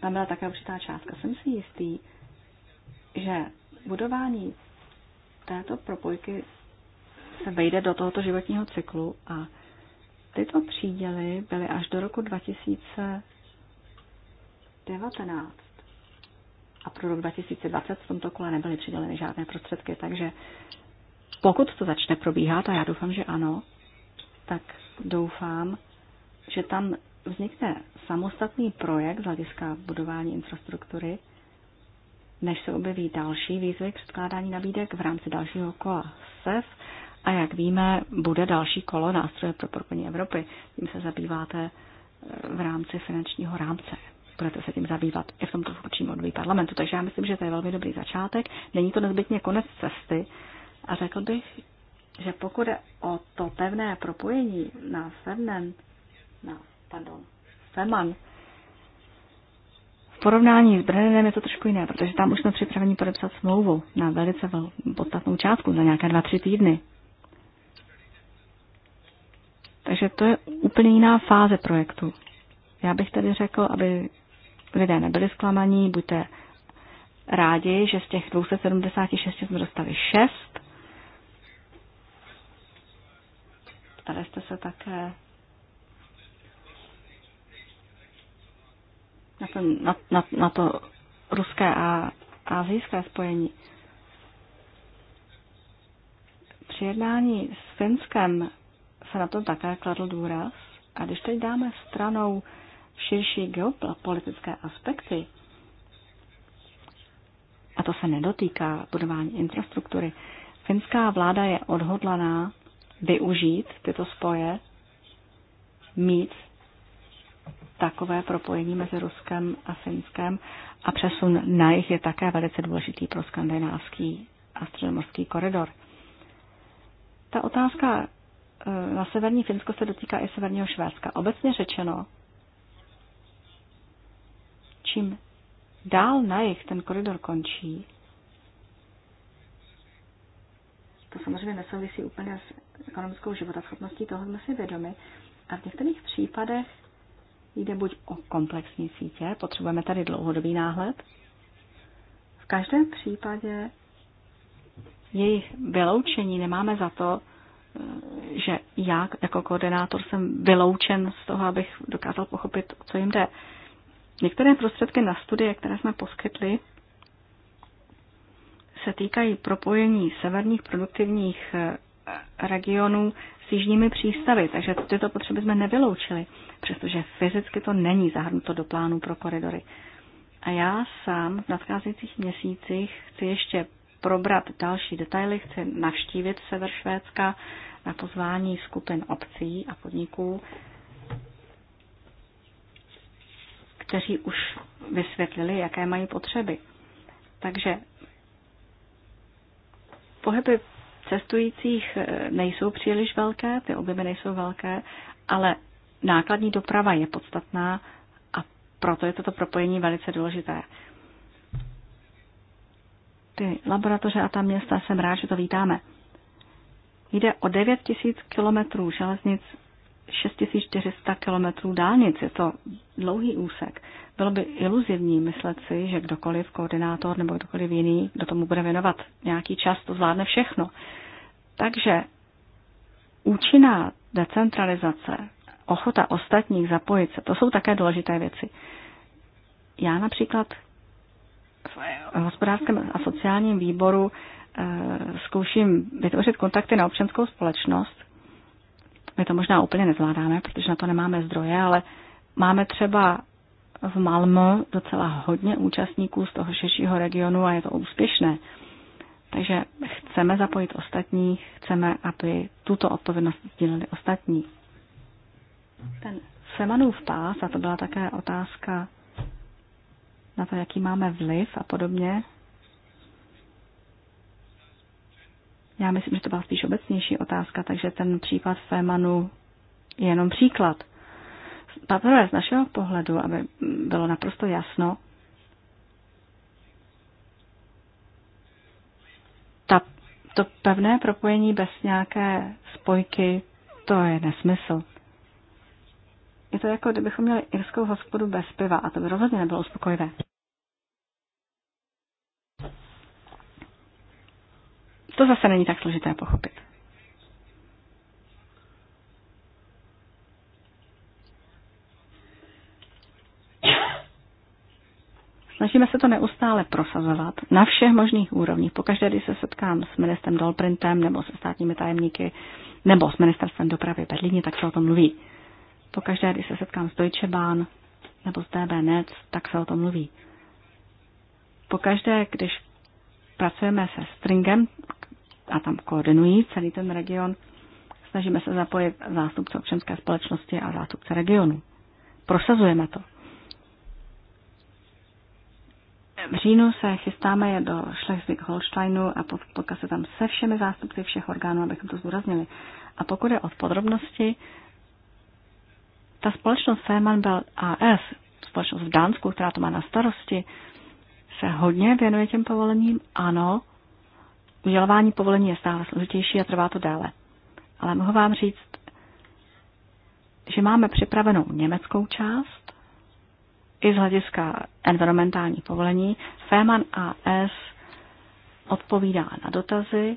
tam byla také určitá částka. Jsem si jistý, že budování této propojky se vejde do tohoto životního cyklu a tyto příděly byly až do roku 2019. A pro rok 2020 v tomto kole nebyly přiděleny žádné prostředky, takže pokud to začne probíhat, a já doufám, že ano, tak doufám, že tam vznikne samostatný projekt z hlediska budování infrastruktury, než se objeví další výzvy k předkládání nabídek v rámci dalšího kola SEF. A jak víme, bude další kolo nástroje pro propojení Evropy. Tím se zabýváte eh, v rámci finančního rámce. Budete se tím zabývat i v tomto funkčním odví parlamentu. Takže já myslím, že to je velmi dobrý začátek. Není to nezbytně konec cesty. A řekl bych, že pokud je o to pevné propojení na sevnen, na pardon, Feman, v porovnání s Brennanem je to trošku jiné, protože tam už jsme připraveni podepsat smlouvu na velice podstatnou částku za nějaké dva, tři týdny. Takže to je úplně jiná fáze projektu. Já bych tedy řekl, aby lidé nebyli zklamaní, buďte rádi, že z těch 276 jsme dostali 6. Ptali jste se také na, ten, na, na, na to ruské a azijské spojení. Při jednání s Finskem se na to také kladl důraz. A když teď dáme stranou širší geopolitické aspekty, a to se nedotýká budování infrastruktury, finská vláda je odhodlaná využít tyto spoje, mít takové propojení mezi Ruskem a Finskem a přesun na jich je také velice důležitý pro skandinávský a středomorský koridor. Ta otázka e, na severní Finsko se dotýká i severního Švédska. Obecně řečeno, čím dál na jich ten koridor končí, to samozřejmě nesouvisí úplně s ekonomickou životaschopností, toho jsme si vědomi, a v některých případech Jde buď o komplexní sítě, potřebujeme tady dlouhodobý náhled. V každém případě jejich vyloučení nemáme za to, že já jako koordinátor jsem vyloučen z toho, abych dokázal pochopit, o co jim jde. Některé prostředky na studie, které jsme poskytli, se týkají propojení severních produktivních regionů s jižními přístavy, takže tyto potřeby jsme nevyloučili, přestože fyzicky to není zahrnuto do plánu pro koridory. A já sám v nadcházejících měsících chci ještě probrat další detaily, chci navštívit sever Švédska na pozvání skupin obcí a podniků, kteří už vysvětlili, jaké mají potřeby. Takže pohyby cestujících eh, nejsou příliš velké, ty objemy nejsou velké, ale nákladní doprava je podstatná a proto je toto propojení velice důležité. Ty laboratoře a ta města jsem rád, že to vítáme. Jde o 9 tisíc kilometrů železnic 6400 kilometrů dálnic, je to dlouhý úsek. Bylo by iluzivní myslet si, že kdokoliv koordinátor nebo kdokoliv jiný, kdo tomu bude věnovat nějaký čas, to zvládne všechno. Takže účinná decentralizace, ochota ostatních zapojit se, to jsou také důležité věci. Já například v hospodářském a sociálním výboru eh, zkouším vytvořit kontakty na občanskou společnost, my to možná úplně nezvládáme, protože na to nemáme zdroje, ale máme třeba v Malmo docela hodně účastníků z toho širšího regionu a je to úspěšné. Takže chceme zapojit ostatní, chceme, aby tuto odpovědnost sdíleli ostatní. Ten Semanův pás, a to byla také otázka na to, jaký máme vliv a podobně, Já myslím, že to byla spíš obecnější otázka, takže ten případ Fémanu je jenom příklad. Paprvé z našeho pohledu, aby bylo naprosto jasno, ta, to pevné propojení bez nějaké spojky, to je nesmysl. Je to jako, kdybychom měli irskou hospodu bez piva a to by rozhodně nebylo uspokojivé. To zase není tak složité pochopit. Snažíme se to neustále prosazovat na všech možných úrovních. Pokaždé, když se setkám s ministrem Dolprintem nebo se státními tajemníky nebo s ministerstvem dopravy Berlíně, tak se o tom mluví. Pokaždé, když se setkám s Deutsche Bahn nebo s DB Net, tak se o tom mluví. Pokaždé, když pracujeme se stringem, a tam koordinují celý ten region. Snažíme se zapojit zástupce občanské společnosti a zástupce regionu. Prosazujeme to. V říjnu se chystáme je do Schleswig-Holsteinu a potkat se tam se všemi zástupci všech orgánů, abychom to zdůraznili. A pokud je od podrobnosti, ta společnost Seemann Bell AS, společnost v Dánsku, která to má na starosti, se hodně věnuje těm povolením, ano, Udělování povolení je stále složitější a trvá to déle. Ale mohu vám říct, že máme připravenou německou část i z hlediska environmentální povolení. Féman AS odpovídá na dotazy.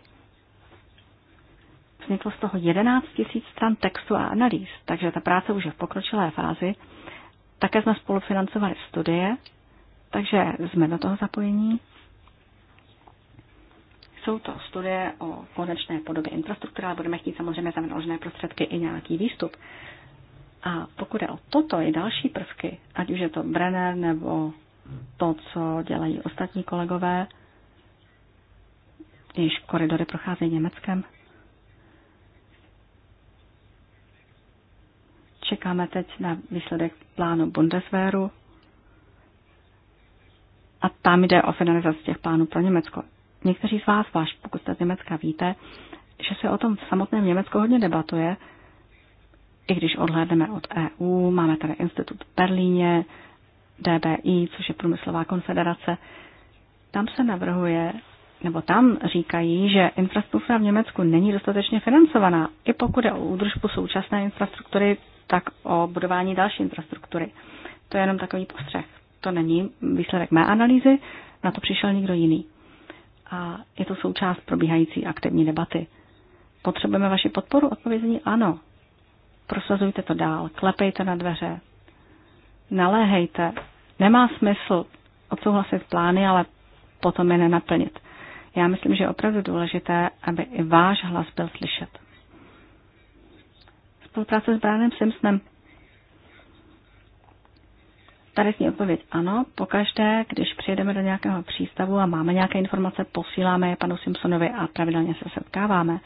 Vzniklo z toho 11 000 stran textu a analýz, takže ta práce už je v pokročilé fázi. Také jsme spolufinancovali studie, takže jsme do toho zapojení. Jsou to studie o konečné podobě infrastruktury, ale budeme chtít samozřejmě za prostředky i nějaký výstup. A pokud je o toto i další prvky, ať už je to Brenner nebo to, co dělají ostatní kolegové, jejichž koridory procházejí Německem, čekáme teď na výsledek plánu Bundeswehru a tam jde o finalizaci těch plánů pro Německo. Někteří z vás, váš, pokud jste z Německa, víte, že se o tom v samotném Německu hodně debatuje, i když odhlédneme od EU, máme tady institut v Berlíně, DBI, což je průmyslová konfederace, tam se navrhuje, nebo tam říkají, že infrastruktura v Německu není dostatečně financovaná, i pokud je o údržbu současné infrastruktury, tak o budování další infrastruktury. To je jenom takový postřeh. To není výsledek mé analýzy, na to přišel někdo jiný a je to součást probíhající aktivní debaty. Potřebujeme vaši podporu? Odpovězení ano. Prosazujte to dál, klepejte na dveře, naléhejte. Nemá smysl odsouhlasit plány, ale potom je nenaplnit. Já myslím, že je opravdu důležité, aby i váš hlas byl slyšet. Spolupráce s Bránem Simpsonem Tady Tarifní odpověď ano. Pokaždé, když přijedeme do nějakého přístavu a máme nějaké informace, posíláme je panu Simpsonovi a pravidelně se setkáváme.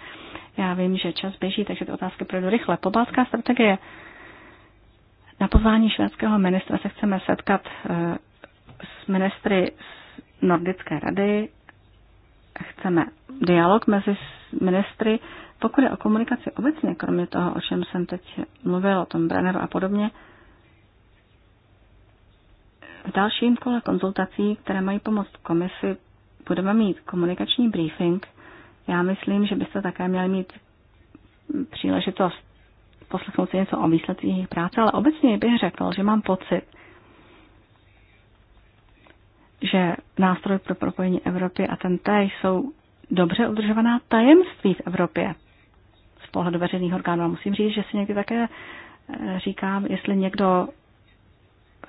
Já vím, že čas běží, takže ty otázky projdu rychle. Pobalská strategie. Na pozvání švédského ministra se chceme setkat eh, s ministry z Nordické rady. Chceme dialog mezi ministry. Pokud je o komunikaci obecně, kromě toho, o čem jsem teď mluvil, o tom Brenneru a podobně, v dalším kole konzultací, které mají pomoct komisi, budeme mít komunikační briefing. Já myslím, že byste také měli mít příležitost poslechnout si něco o výsledcích jejich práce, ale obecně bych řekl, že mám pocit, že nástroj pro propojení Evropy a ten té jsou dobře udržovaná tajemství v Evropě. Z pohledu veřejných orgánů a musím říct, že si někdy také eh, říkám, jestli někdo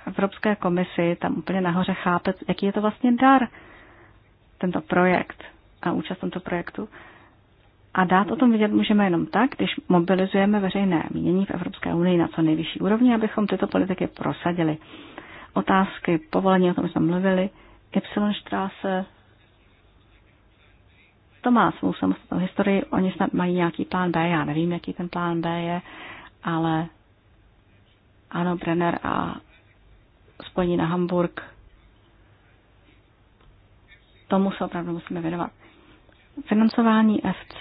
Evropské komisi tam úplně nahoře chápe, jaký je to vlastně dar, tento projekt a účast tomto projektu. A dát o tom vidět můžeme jenom tak, když mobilizujeme veřejné mínění v Evropské unii na co nejvyšší úrovni, abychom tyto politiky prosadili. Otázky povolení, o tom jsme mluvili, Ypsilonstraße, to má svou samostatnou historii, oni snad mají nějaký plán B, já nevím, jaký ten plán B je, ale ano, Brenner a spojení na Hamburg. Tomu se opravdu musíme věnovat. Financování FC,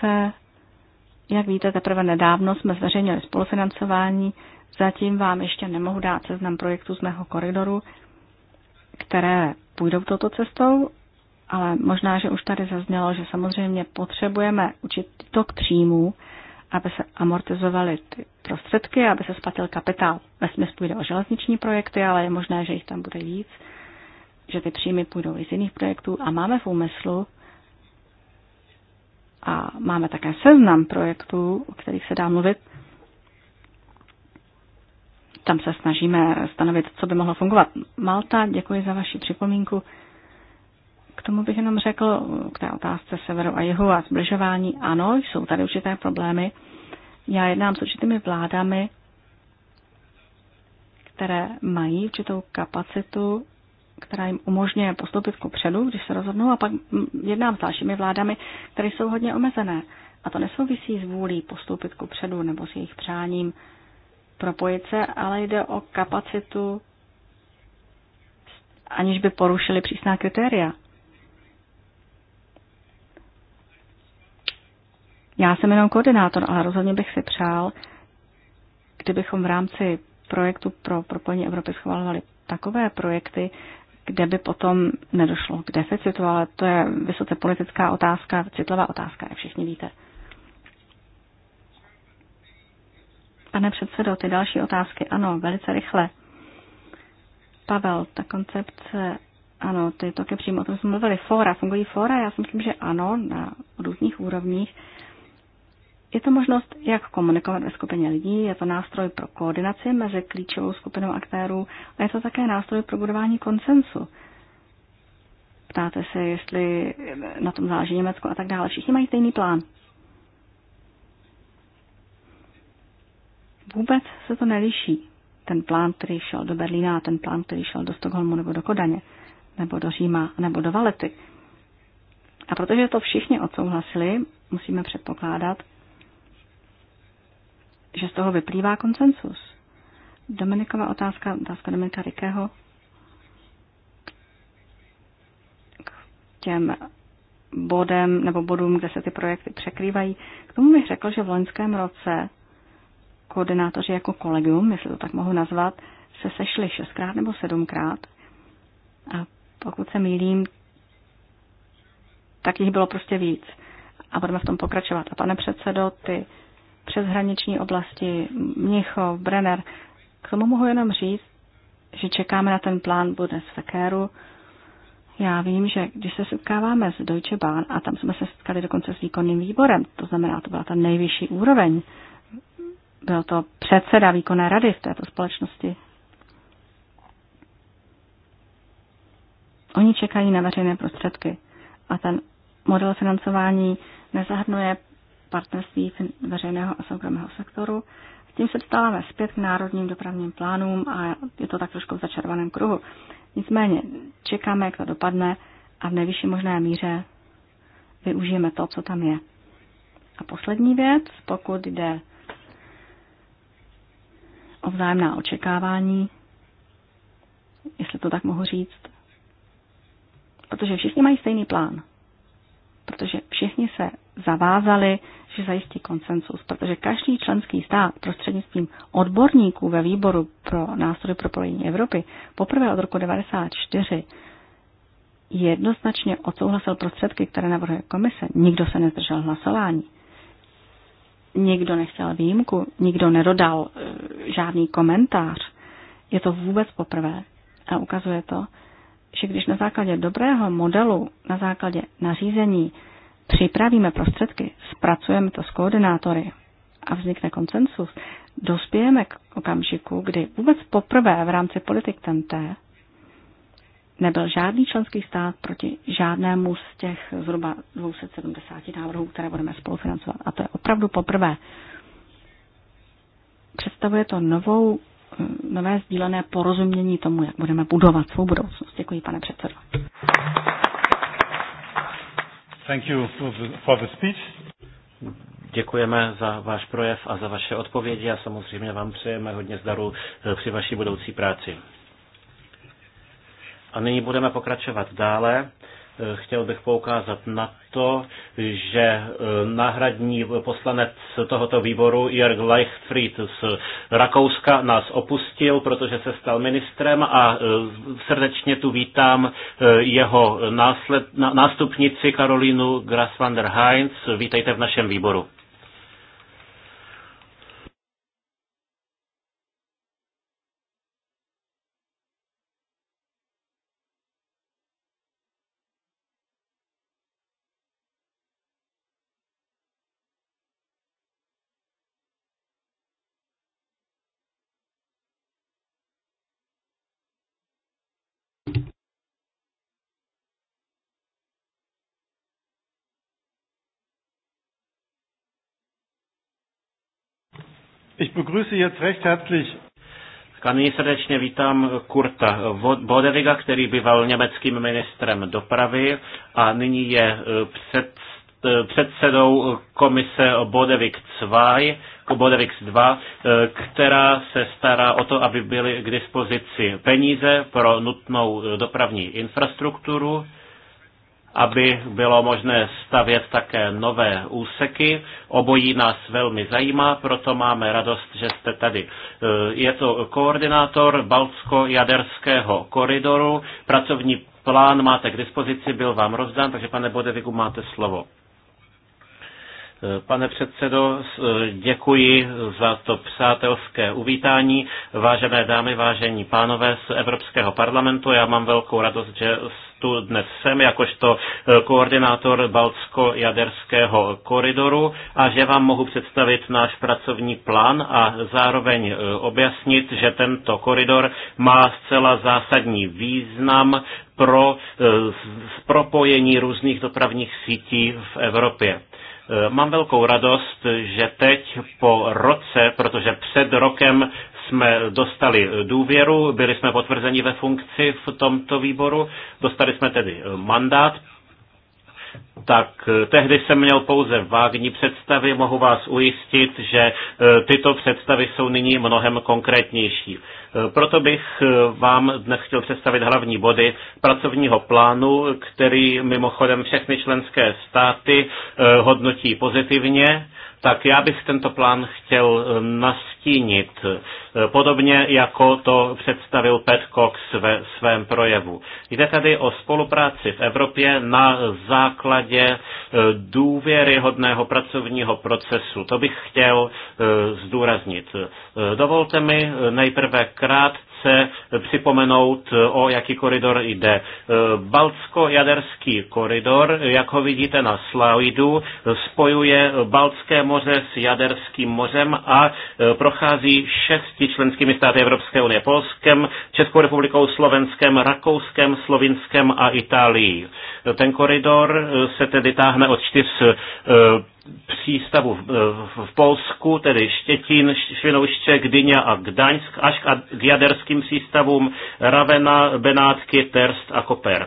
jak víte, teprve nedávno jsme zveřejnili spolufinancování. Zatím vám ještě nemohu dát seznam projektů z mého koridoru, které půjdou touto cestou, ale možná, že už tady zaznělo, že samozřejmě potřebujeme určitý tok příjmů, aby se amortizovaly ty prostředky, aby se splatil kapitál. Ve smyslu jde o železniční projekty, ale je možné, že jich tam bude víc, že ty příjmy půjdou i z jiných projektů a máme v úmyslu a máme také seznam projektů, o kterých se dá mluvit. Tam se snažíme stanovit, co by mohlo fungovat. Malta, děkuji za vaši připomínku. K tomu bych jenom řekl, k té otázce severu a jihu a zbližování, ano, jsou tady určité problémy. Já jednám s určitými vládami, které mají určitou kapacitu, která jim umožňuje postoupit ku předu, když se rozhodnou, a pak jednám s dalšími vládami, které jsou hodně omezené. A to nesouvisí s vůlí postoupit ku předu nebo s jejich přáním propojit se, ale jde o kapacitu, aniž by porušili přísná kritéria. Já jsem jenom koordinátor, ale rozhodně bych si přál, kdybychom v rámci projektu pro propojení Evropy schvalovali takové projekty, kde by potom nedošlo k deficitu, ale to je vysoce politická otázka, citlivá otázka, jak všichni víte. Pane předsedo, ty další otázky, ano, velice rychle. Pavel, ta koncepce, ano, ty toky přímo, o tom jsme mluvili, fóra, fungují fóra, já si myslím, že ano, na různých úrovních, je to možnost, jak komunikovat ve skupině lidí, je to nástroj pro koordinaci mezi klíčovou skupinou aktérů a je to také nástroj pro budování konsensu. Ptáte se, jestli na tom záleží Německo a tak dále. Všichni mají stejný plán. Vůbec se to neliší. Ten plán, který šel do Berlína a ten plán, který šel do Stockholmu nebo do Kodaně, nebo do Říma, nebo do Valety. A protože to všichni odsouhlasili, musíme předpokládat, že z toho vyplývá konsensus. Dominikova otázka, otázka Dominika Rikého k těm bodem nebo bodům, kde se ty projekty překrývají. K tomu bych řekl, že v loňském roce koordinátoři jako kolegium, jestli to tak mohu nazvat, se sešli šestkrát nebo sedmkrát. A pokud se mýlím, tak jich bylo prostě víc. A budeme v tom pokračovat. A pane předsedo, ty přeshraniční oblasti Mnichov, Brenner. K tomu mohu jenom říct, že čekáme na ten plán bude z Fekéru. Já vím, že když se setkáváme s Deutsche Bahn a tam jsme se setkali dokonce s výkonným výborem, to znamená, to byla ta nejvyšší úroveň, byl to předseda výkonné rady v této společnosti. Oni čekají na veřejné prostředky a ten model financování nezahrnuje partnerství veřejného a soukromého sektoru. S tím se dostáváme zpět k národním dopravním plánům a je to tak trošku v začervaném kruhu. Nicméně čekáme, jak to dopadne a v nejvyšší možné míře využijeme to, co tam je. A poslední věc, pokud jde o vzájemná očekávání, jestli to tak mohu říct, protože všichni mají stejný plán, protože všichni se zavázali, že zajistí konsensus, protože každý členský stát prostřednictvím odborníků ve výboru pro nástroje pro polení Evropy poprvé od roku 1994 jednoznačně odsouhlasil prostředky, které navrhuje komise. Nikdo se nezdržel hlasování. Nikdo nechtěl výjimku, nikdo nedodal e, žádný komentář. Je to vůbec poprvé a ukazuje to, že když na základě dobrého modelu, na základě nařízení připravíme prostředky, zpracujeme to s koordinátory a vznikne koncensus, dospějeme k okamžiku, kdy vůbec poprvé v rámci politik TNT nebyl žádný členský stát proti žádnému z těch zhruba 270 návrhů, které budeme spolufinancovat. A to je opravdu poprvé. Představuje to novou, nové sdílené porozumění tomu, jak budeme budovat svou budoucnost. Děkuji, pane předsedo. Thank you for the speech. Děkujeme za váš projev a za vaše odpovědi a samozřejmě vám přejeme hodně zdaru eh, při vaší budoucí práci. A nyní budeme pokračovat dále chtěl bych poukázat na to, že eh, náhradní poslanec tohoto výboru Jörg Leichfried z Rakouska nás opustil, protože se stal ministrem a eh, srdečně tu vítám eh, jeho násled, nástupnici Karolínu Graswander Heinz. Vítejte v našem výboru. Ich begrüße jetzt recht herzlich nyní srdečně vítám Kurta Bodeviga, který býval německým ministrem dopravy a nyní je eh, před, eh, předsedou komise Bodevik 2, Bodevik 2, eh, která se stará o to, aby byly k dispozici peníze pro nutnou dopravní infrastrukturu aby bylo možné stavět také nové úseky. Obojí nás velmi zajímá, proto máme radost, že jste tady. E, je to koordinátor Baltsko-Jaderského koridoru. Pracovní plán máte k dispozici, byl vám rozdán, takže pane Bodeviku máte slovo. E, pane předsedo, e, děkuji za to přátelské uvítání. Vážené dámy, vážení pánové z Evropského parlamentu, já mám velkou radost, že tu dnes jsem jakožto eh, koordinátor balcko jaderského koridoru a že vám mohu představit náš pracovní plán a zároveň eh, objasnit, že tento koridor má zcela zásadní význam pro eh, propojení různých dopravních sítí v Evropě. Mám velkou radost, že teď po roce, protože před rokem jsme dostali důvěru, byli jsme potvrzeni ve funkci v tomto výboru, dostali jsme tedy mandát, tak eh, tehdy jsem měl pouze vágní představy, mohu vás ujistit, že eh, tyto představy jsou nyní mnohem konkrétnější. Eh, proto bych vám dnes chtěl představit hlavní body pracovního plánu, který mimochodem všechny členské státy hodnotí pozitivně tak já bych tento plán chtěl eh, nastínit, eh, podobně jako to představil Pat Cox ve svém projevu. Jde tady o spolupráci v Evropě na základě eh, důvěryhodného pracovního procesu. To bych chtěl zdůraznit. Dovolte mi nejprve krátce krátce připomenout, o jaký koridor jde. Baltsko-jaderský koridor, jak ho vidíte na slajdu, spojuje Baltské moře s Jaderským mořem a e, prochází šesti členskými státy Evropské unie. Polskem, Českou republikou, Slovenskem, Rakouskem, Slovinskem a Itálií. Ten koridor e, se tedy táhne od čtyř e, přístavu v Polsku, tedy Štětín, Švinouště, Gdyně a Gdaňsk, až k jaderským přístavům Ravena, Benátky, Terst a Koper.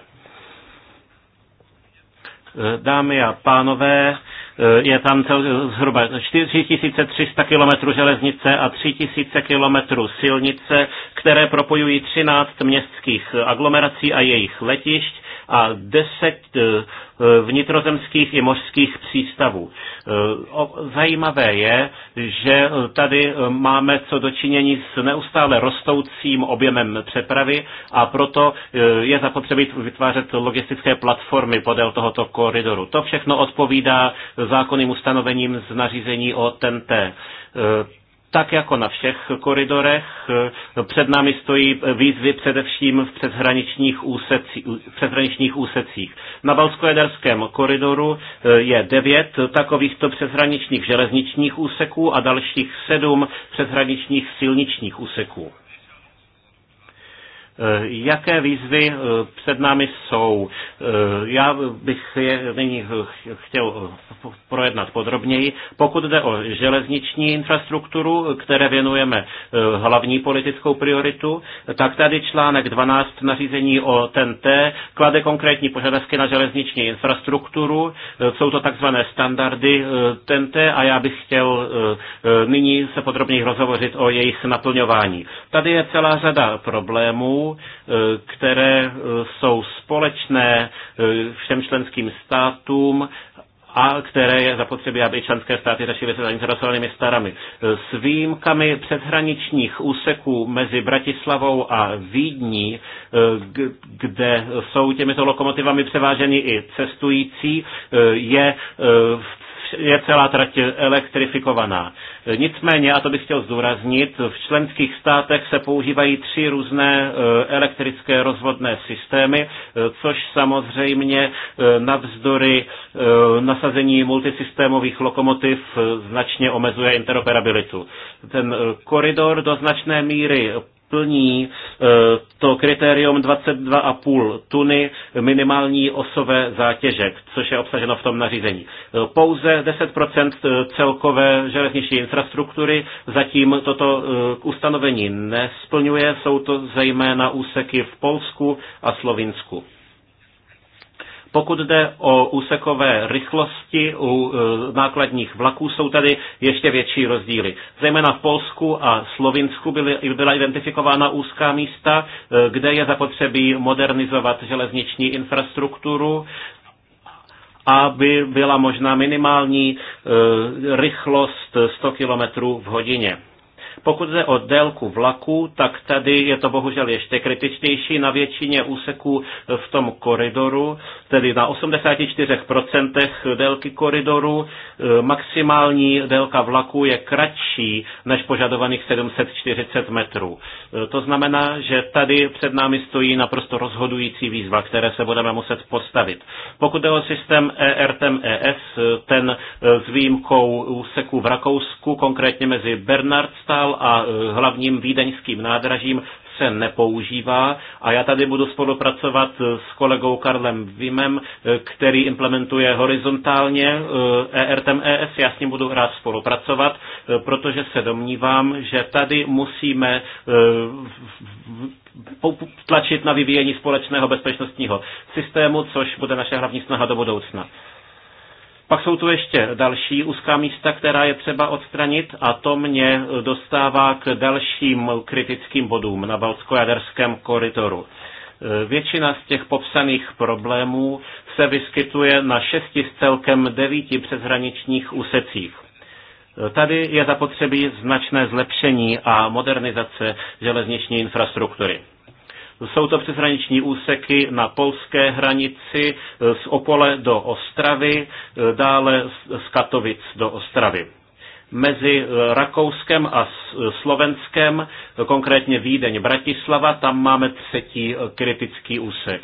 E, dámy a pánové, Eh, je tam cel, zhruba 4300 km železnice a 3000 km silnice, které propojují 13 městských eh, aglomerací a jejich letišť a 10 eh, vnitrozemských i mořských přístavů. Zajímavé je, že tady máme co dočinění s neustále rostoucím objemem přepravy a proto je zapotřebí vytvářet logistické platformy podél tohoto koridoru. To všechno odpovídá zákonným ustanovením z nařízení o TNT e, tak jako na všech koridorech. E, před námi stojí výzvy především v přeshraničních, v přeshraničních úsecích. Na Balskojaderském koridoru e, je devět takovýchto přeshraničních železničních úseků a dalších sedm přeshraničních silničních úseků. Eh, jaké výzvy eh, před námi jsou? Eh, já bych je nyní chtěl projednat podrobněji. Pokud jde o železniční infrastrukturu, které věnujeme hlavní politickou prioritu, tak tady článek 12 nařízení o TNT klade konkrétní požadavky na železniční infrastrukturu. Jsou to takzvané standardy TNT a já bych chtěl nyní se podrobněji rozhovořit o jejich naplňování. Tady je celá řada problémů, Eh, které eh, jsou společné eh, všem členským státům a které je zapotřebí, aby členské státy řešily se zainteresovanými starami. S výjimkami předhraničních úseků mezi Bratislavou a Vídní, kde jsou těmito lokomotivami převáženi i cestující, je v je celá trať elektrifikovaná. Nicméně, a to bych chtěl zdůraznit, v členských státech se používají tři různé e, elektrické rozvodné systémy, e, což samozřejmě e, navzdory nasazení multisystémových lokomotiv značně omezuje interoperabilitu. Ten koridor do značné míry plní eh, to kritérium 22,5 tuny minimální osové zátěže, což je obsaženo v tom nařízení. Eh, pouze 10% eh, celkové železniční infrastruktury zatím toto ustanovení nesplňuje, jsou to zejména úseky v Polsku a Slovinsku. Pokud jde o úsekové rychlosti u e, nákladních vlaků, jsou tady ještě větší rozdíly. Zejména v Polsku a Slovinsku byly, byla identifikována úzká místa, e, kde je zapotřebí modernizovat železniční infrastrukturu aby byla možná minimální e, rychlost 100 km v hodině. Pokud jde o délku vlaku, tak tady je to bohužel ještě kritičtější na většině úseků v tom koridoru, tedy na 84% délky koridoru. E, maximální délka vlaku je kratší než požadovaných 740 metrů. E, to znamená, že tady před námi stojí naprosto rozhodující výzva, které se budeme muset postavit. Pokud jde o systém ERTMES, e, ten s výjimkou úseku v Rakousku, konkrétně mezi Bernardstad terminál a e, hlavním vídeňským nádražím se nepoužívá a já tady budu spolupracovat e, s kolegou Karlem Vimem, e, který implementuje horizontálně ERTMES, já s ním budu rád spolupracovat, protože se domnívám, že tady musíme tlačit na vyvíjení společného bezpečnostního systému, což bude naše hlavní snaha do budoucna. Pak jsou tu ještě další úzká místa, která je třeba odstranit a to mě dostává k dalším kritickým bodům na Balsko-Jaderském koridoru. E, většina z těch popsaných problémů se vyskytuje na šesti z celkem devíti přeshraničních úsecích. E, tady je zapotřebí značné zlepšení a modernizace železniční infrastruktury. Jsou to přeshraniční úseky na polské hranici e, z Opole do Ostravy, e, dále z Katovic do Ostravy mezi e, Rakouskem a Slovenskem, konkrétně Vídeň, Bratislava, tam máme třetí kritický úsek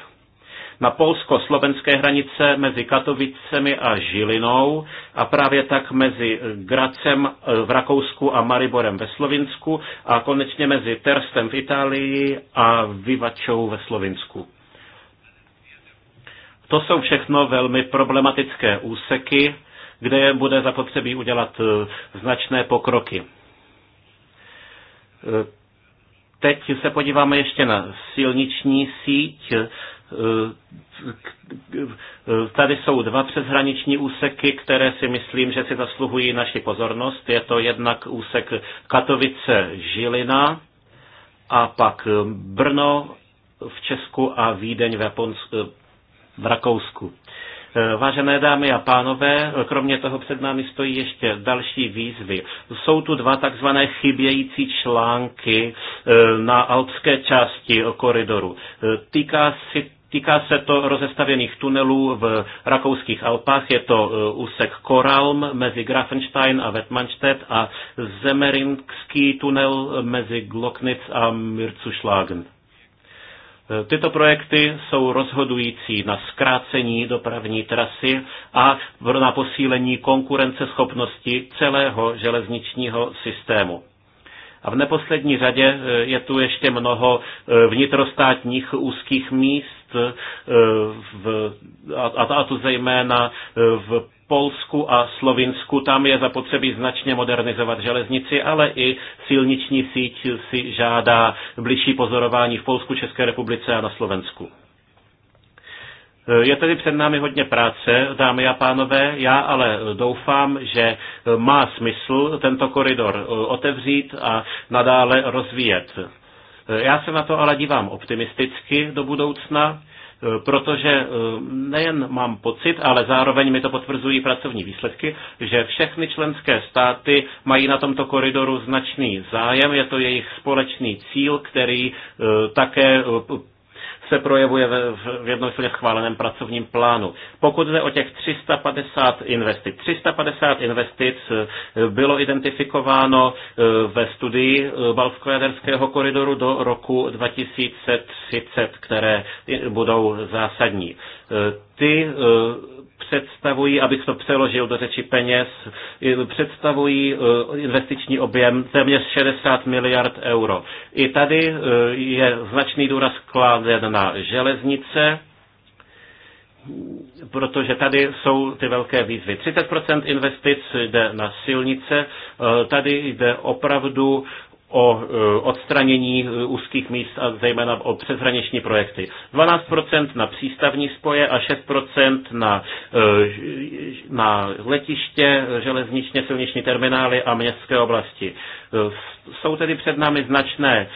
na polsko-slovenské hranice mezi Katovicemi a Žilinou a právě tak mezi Gracem v Rakousku a Mariborem ve Slovinsku a konečně mezi Terstem v Itálii a Vivačou ve Slovinsku. To jsou všechno velmi problematické úseky, kde bude zapotřebí udělat e, značné pokroky. E, teď se podíváme ještě na silniční síť. Eh, tady jsou dva přeshraniční úseky, které si myslím, že si zasluhují naši pozornost. Je to jednak úsek Katovice-Žilina a pak Brno v Česku a Vídeň v, Japonsku, v Rakousku. Eh, vážené dámy a pánové, kromě toho před námi stojí ještě další výzvy. Jsou tu dva takzvané chybějící články eh, na alpské části koridoru. Týká si Týká se to rozestavěných tunelů v rakouských Alpách. Je to e, úsek Koralm mezi Grafenstein a Wettmannstedt a Zemerinský tunel mezi Glocknitz a Mirzuschlagen. E, tyto projekty jsou rozhodující na zkrácení dopravní trasy a na posílení konkurenceschopnosti celého železničního systému. A v neposlední řadě e, je tu ještě mnoho vnitrostátních úzkých míst, Eh, v, a, a to zejména eh, v Polsku a Slovinsku. Tam je zapotřebí značně modernizovat železnici, ale i silniční síť si žádá bližší pozorování v Polsku, České republice a na Slovensku. Eh, je tedy před námi hodně práce, dámy a pánové. Já ale doufám, že má smysl tento koridor otevřít a nadále rozvíjet. Eh, já se na to ale dívám optimisticky do budoucna, eh, protože eh, nejen mám pocit, ale zároveň mi to potvrzují pracovní výsledky, že všechny členské státy mají na tomto koridoru značný zájem, je to jejich společný cíl, který také se projevuje v jednomyslně schváleném pracovním plánu. Pokud jde o těch 350 investic, 350 investic eh, bylo identifikováno eh, ve studii eh, Balsko-Jaderského koridoru do roku 2030, které budou zásadní. Ty představují, abych to přeložil do řeči peněz, představují eh, investiční objem téměř 60 miliard euro. I tady eh, je značný důraz kladen na železnice, protože tady jsou ty velké výzvy. 30% investic jde na silnice, eh, tady jde opravdu o e, odstranění e, úzkých míst a zejména o přeshraniční projekty. 12% na přístavní spoje a 6% na, e, na letiště, železničně silniční terminály a městské oblasti. Jsou tedy před námi značné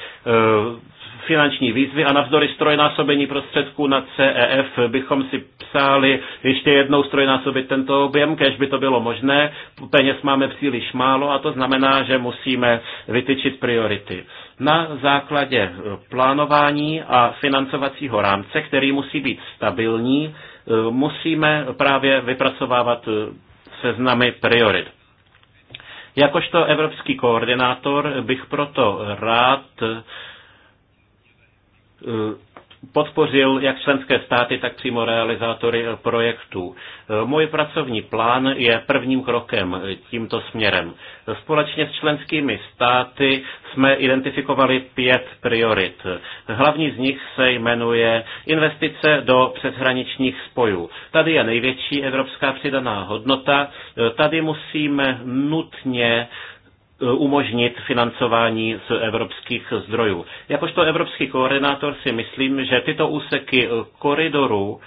finanční výzvy a navzdory strojnásobení prostředků na CEF bychom si psali ještě jednou strojnásobit tento objem, kež by to bylo možné. Peněz máme příliš málo a to znamená, že musíme vytyčit priority. Na základě plánování a financovacího rámce, který musí být stabilní, musíme právě vypracovávat seznamy priorit. Jakožto evropský koordinátor bych proto rád podpořil jak členské státy, tak přímo realizátory projektů. Můj pracovní plán je prvním krokem tímto směrem. Společně s členskými státy jsme identifikovali pět priorit. Hlavní z nich se jmenuje investice do přeshraničních spojů. Tady je největší evropská přidaná hodnota. Tady musíme nutně umožnit financování z evropských zdrojů. Jakožto evropský koordinátor si myslím, že tyto úseky koridorů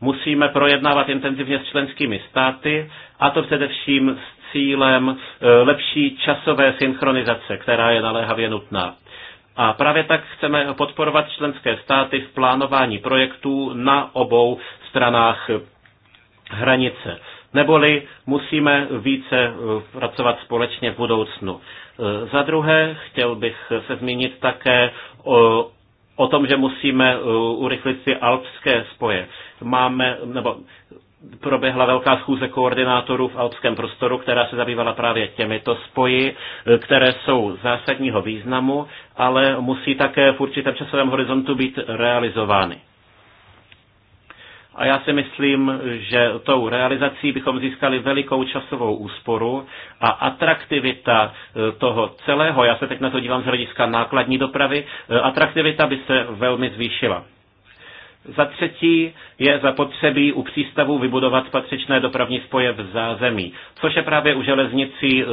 musíme projednávat intenzivně s členskými státy, a to především s cílem e, lepší časové synchronizace, která je naléhavě nutná. A právě tak chceme podporovat členské státy v plánování projektů na obou stranách hranice. Neboli musíme více eh, pracovat společně v budoucnu. Eh, za druhé, chtěl bych se zmínit také o, o tom, že musíme eh, urychlit si alpské spoje. Máme, nebo proběhla velká schůze koordinátorů v alpském prostoru, která se zabývala právě těmito spoji, které jsou zásadního významu, ale musí také v určitém časovém horizontu být realizovány. A já si myslím, že tou realizací bychom získali velikou časovou úsporu a atraktivita e, toho celého, já se teď na to dívám z hlediska nákladní dopravy, e, atraktivita by se velmi zvýšila. Za třetí je zapotřebí u přístavu vybudovat patřičné dopravní spoje v zázemí, což je právě u železnicí e, e,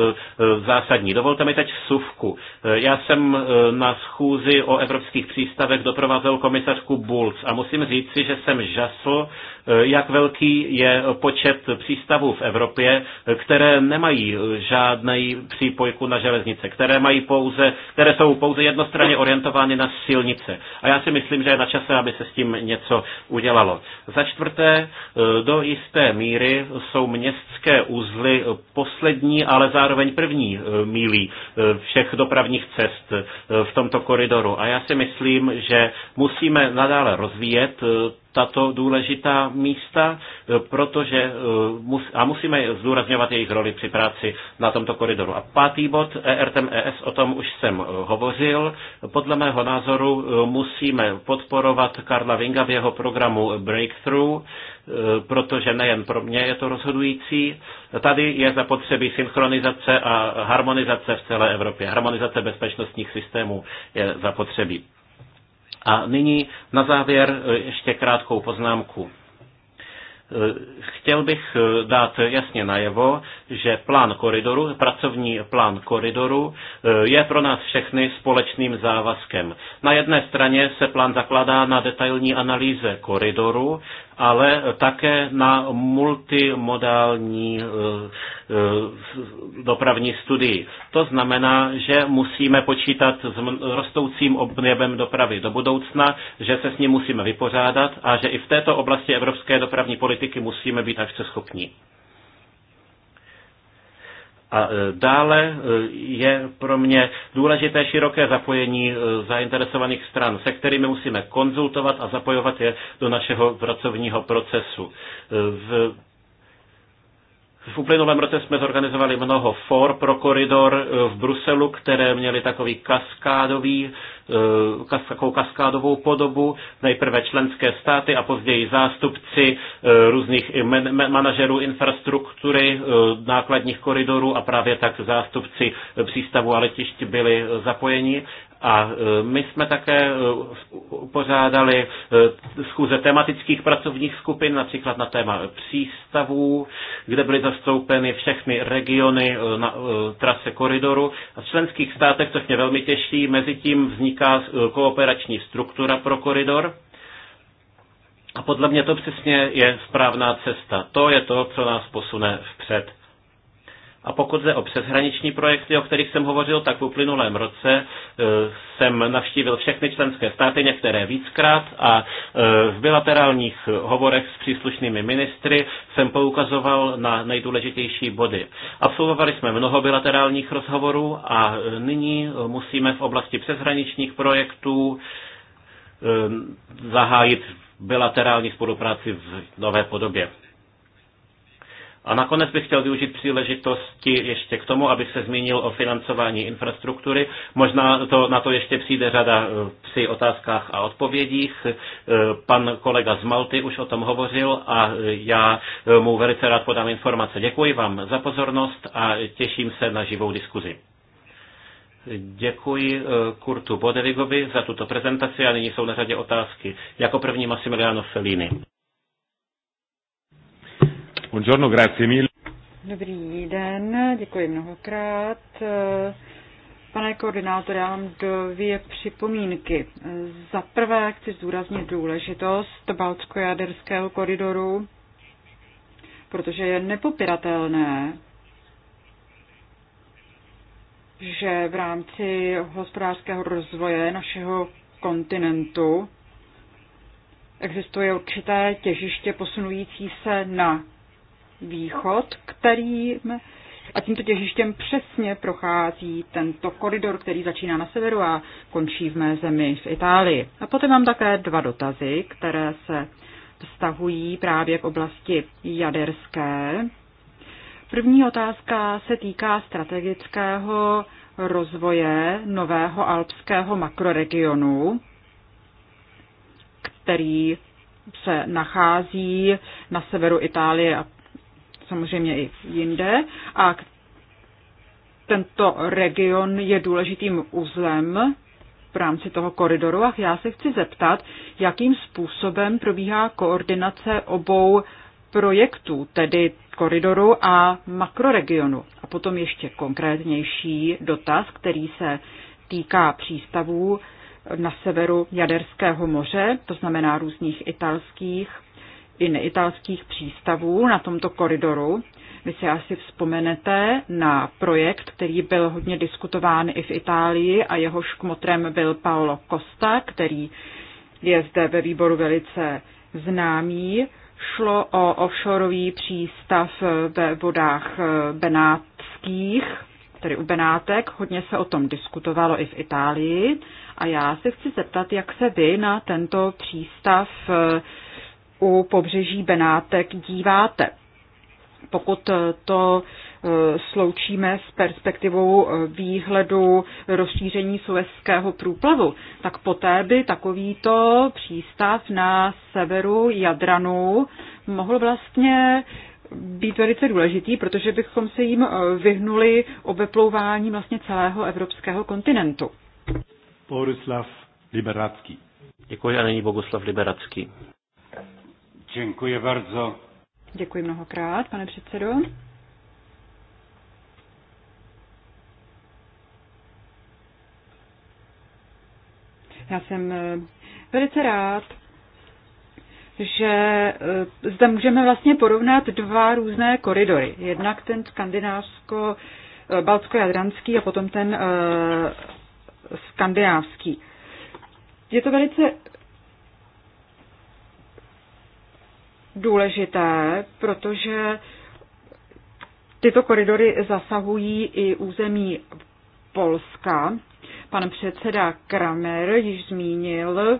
zásadní. Dovolte mi teď suvku. E, já jsem na schůzi o evropských přístavech doprovázel komisařku Bulc a musím říci, že jsem žasl, Eh, jak velký je počet přístavů v Evropě, které nemají žádný přípojku na železnice, které, mají pouze, které jsou pouze jednostranně orientovány na silnice. A já si myslím, že je na čase, aby se s tím něco udělalo. Za čtvrté, eh, do jisté míry jsou městské uzly poslední, ale zároveň první eh, mílí všech dopravních cest v tomto koridoru. A já si myslím, že musíme nadále rozvíjet tato důležitá místa, e, protože e, a musíme zdůrazňovat jejich roli při práci na tomto koridoru. A pátý bod, Es, e o tom už jsem hovořil. Podle mého názoru musíme podporovat Karla Vinga v jeho programu Breakthrough, protože nejen pro mě je to rozhodující. Tady je zapotřebí synchronizace a harmonizace v celé Evropě. Harmonizace bezpečnostních systémů je zapotřebí. A nyní na závěr e, ještě krátkou poznámku. E, chtěl bych e, dát jasně najevo, že plán koridoru, pracovní plán koridoru je pro nás všechny společným závazkem. Na jedné straně se plán zakládá na detailní analýze koridoru, ale také na multimodální eh, eh, dopravní studii. To znamená, že musíme počítat s rostoucím objevem dopravy do budoucna, že se s ním musíme vypořádat a že i v této oblasti evropské dopravní politiky musíme být akce schopní. A e, dále e, je pro mě důležité široké zapojení e, zainteresovaných stran, se kterými musíme konzultovat a zapojovat je do našeho pracovního procesu. V v uplynulém roce jsme zorganizovali mnoho for pro koridor eh, v Bruselu, které měly takový kaskádový, eh, takovou kaskádovou podobu. Nejprve členské státy a později zástupci eh, různých manažerů infrastruktury, nákladních koridorů a právě tak zástupci přístavu a letišť byli zapojeni. A e, my jsme také e, pořádali e, schůze tematických pracovních skupin, například na téma přístavů, kde byly zastoupeny všechny regiony na trase koridoru. A v členských státech, což mě velmi těší, mezi tím vzniká kooperační struktura pro koridor. A podle mě to přesně je správná cesta. To je to, co nás posune vpřed. A pokud jde o přeshraniční projekty, o kterých jsem hovořil, tak v uplynulém roce e, jsem navštívil všechny členské státy, některé víckrát a e, v bilaterálních hovorech s příslušnými ministry jsem poukazoval na nejdůležitější body. Absolvovali jsme mnoho bilaterálních rozhovorů a e, nyní musíme v oblasti přeshraničních projektů zahájit bilaterální spolupráci v nové podobě. A nakonec bych chtěl využít příležitosti ještě k tomu, abych se zmínil o financování infrastruktury. Možná to, na to ještě přijde řada eh, při otázkách a odpovědích. Eh, pan kolega z Malty už o tom hovořil a eh, já mu velice rád podám informace. Děkuji vám za pozornost a těším se na živou diskuzi. Děkuji Kurtu Bodevigovi za tuto prezentaci a nyní jsou na řadě otázky. Jako první Massimiliano Fellini. Buongiorno, grazie mille. Dobrý den, děkuji mnohokrát. Pane koordinátore, já mám dvě připomínky. Za prvé chci zdůraznit důležitost Baltsko-Jaderského koridoru, protože je nepopiratelné, že v rámci hospodářského rozvoje našeho kontinentu existuje určité těžiště posunující se na východ, kterým a tímto těžištěm přesně prochází tento koridor, který začíná na severu a končí v mé zemi v Itálii. A potom mám také dva dotazy, které se vztahují právě k oblasti jaderské. První otázka se týká strategického rozvoje nového alpského makroregionu, který se nachází na severu Itálie a samozřejmě i jinde. A tento region je důležitým uzlem v rámci toho koridoru a já se chci zeptat, jakým způsobem probíhá koordinace obou projektů, tedy koridoru a makroregionu. A potom ještě konkrétnější dotaz, který se týká přístavů na severu Jaderského moře, to znamená různých italských i neitalských přístavů na tomto koridoru. Vy si asi vzpomenete na projekt, který byl hodně diskutován i v Itálii a jeho škmotrem byl Paolo Costa, který je zde ve výboru velice známý. Šlo o offshoreový přístav ve vodách eh, benátských, tedy u Benátek. Hodně se o tom diskutovalo i v Itálii. A já se chci zeptat, jak se vy na tento přístav eh, u pobřeží Benátek díváte. Pokud to e, sloučíme s perspektivou e, výhledu rozšíření Suezského průplavu, tak poté by takovýto přístav na severu Jadranu mohl vlastně být velice důležitý, protože bychom se jim e, vyhnuli obeplouvání vlastně celého evropského kontinentu. Borislav Liberacký. Děkuji a není Boguslav Liberacký. Děkuji bardzo. Děkuji mnohokrát, pane předsedo. Já jsem eh, velice rád, že eh, zde můžeme vlastně porovnat dva různé koridory. Jednak ten skandinávsko eh, baltsko-jadranský a potom ten skandinávský. Je to velice důležité, protože tyto koridory zasahují i území Polska. Pan předseda Kramer již zmínil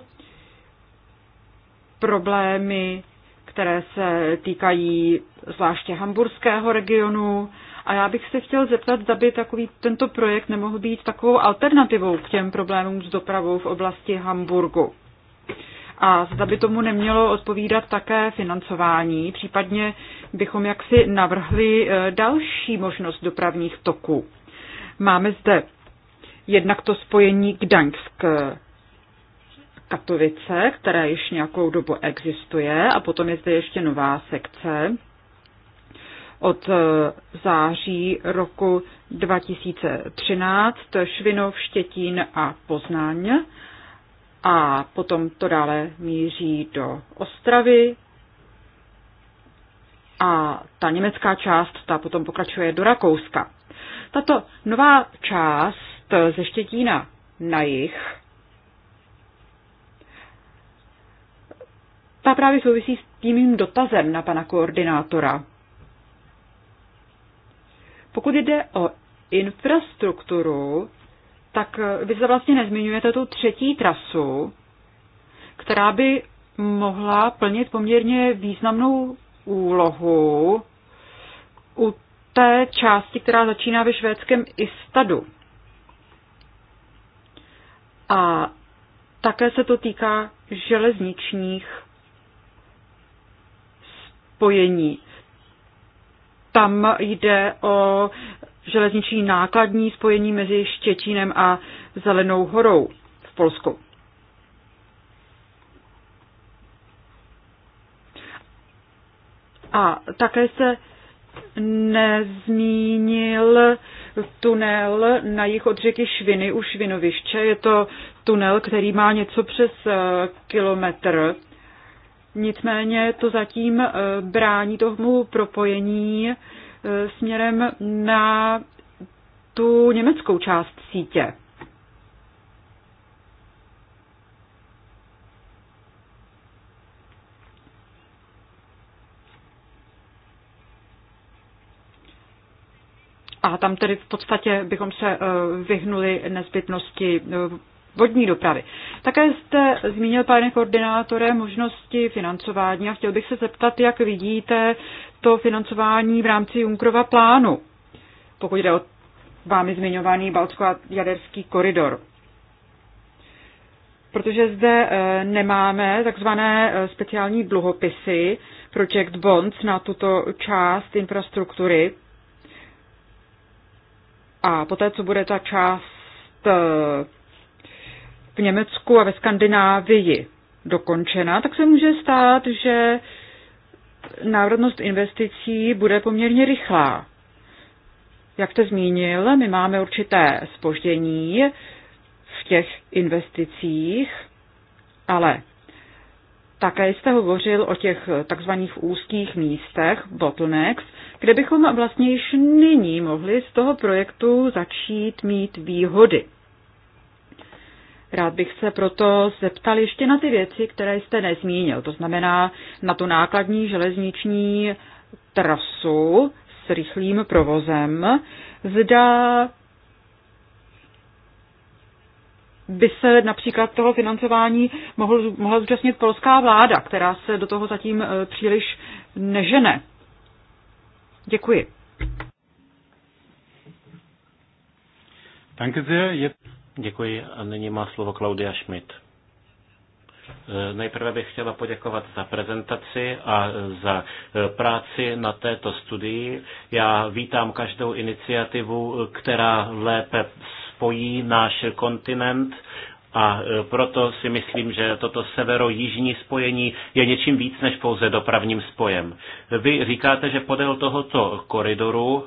problémy, které se týkají zvláště hamburského regionu. A já bych se chtěl zeptat, zda by takový, tento projekt nemohl být takovou alternativou k těm problémům s dopravou v oblasti Hamburgu a zda by tomu nemělo odpovídat také financování, případně bychom jaksi navrhli eh, další možnost dopravních toků. Máme zde jednak to spojení Gdaňsk Katovice, které již nějakou dobu existuje a potom je zde ještě nová sekce od eh, září roku 2013 Švinov, Štětín a Poznáň a potom to dále míří do Ostravy a ta německá část ta potom pokračuje do Rakouska. Tato nová část ze Štětína na jich ta právě souvisí s tím mým dotazem na pana koordinátora. Pokud jde o infrastrukturu, tak eh, vy se vlastně nezmiňujete tu třetí trasu, která by mohla plnit poměrně významnou úlohu u té části, která začíná ve švédském Istadu. A také se to týká železničních spojení. Tam jde o železniční nákladní spojení mezi Štětínem a Zelenou horou v Polsku. A také se nezmínil tunel na jich od řeky Šviny u Švinoviště. Je to tunel, který má něco přes eh, kilometr. Nicméně to zatím eh, brání tomu propojení E, směrem na tu německou část sítě. A tam tedy v podstatě bychom se e, vyhnuli nezbytnosti e, vodní dopravy. Také jste zmínil, pane koordinátore, možnosti financování a chtěl bych se zeptat, jak vidíte to financování v rámci Junkrova plánu, pokud jde o vámi zmiňovaný Balcko-Jaderský koridor protože zde eh, nemáme takzvané eh, speciální dluhopisy, project bonds na tuto část infrastruktury. A poté, co bude ta část eh, v Německu a ve Skandinávii dokončena, tak se může stát, že návratnost investicí bude poměrně rychlá. Jak jste zmínil, my máme určité spoždění v těch investicích, ale také jste hovořil o těch takzvaných úzkých místech, bottlenecks, kde bychom vlastně již nyní mohli z toho projektu začít mít výhody. Rád bych se proto zeptal ještě na ty věci, které jste nezmínil, to znamená na tu nákladní železniční trasu s rychlým provozem. Zda by se například toho financování mohl, mohla zúčastnit polská vláda, která se do toho zatím eh, příliš nežene. Děkuji. Danke sehr. Jetzt Děkuji a nyní má slovo Klaudia Schmidt. E, nejprve bych chtěla poděkovat za prezentaci a za e, práci na této studii. Já vítám každou iniciativu, která lépe spojí náš kontinent a e, proto si myslím, že toto severo-jižní spojení je něčím víc než pouze dopravním spojem. Vy říkáte, že podél tohoto koridoru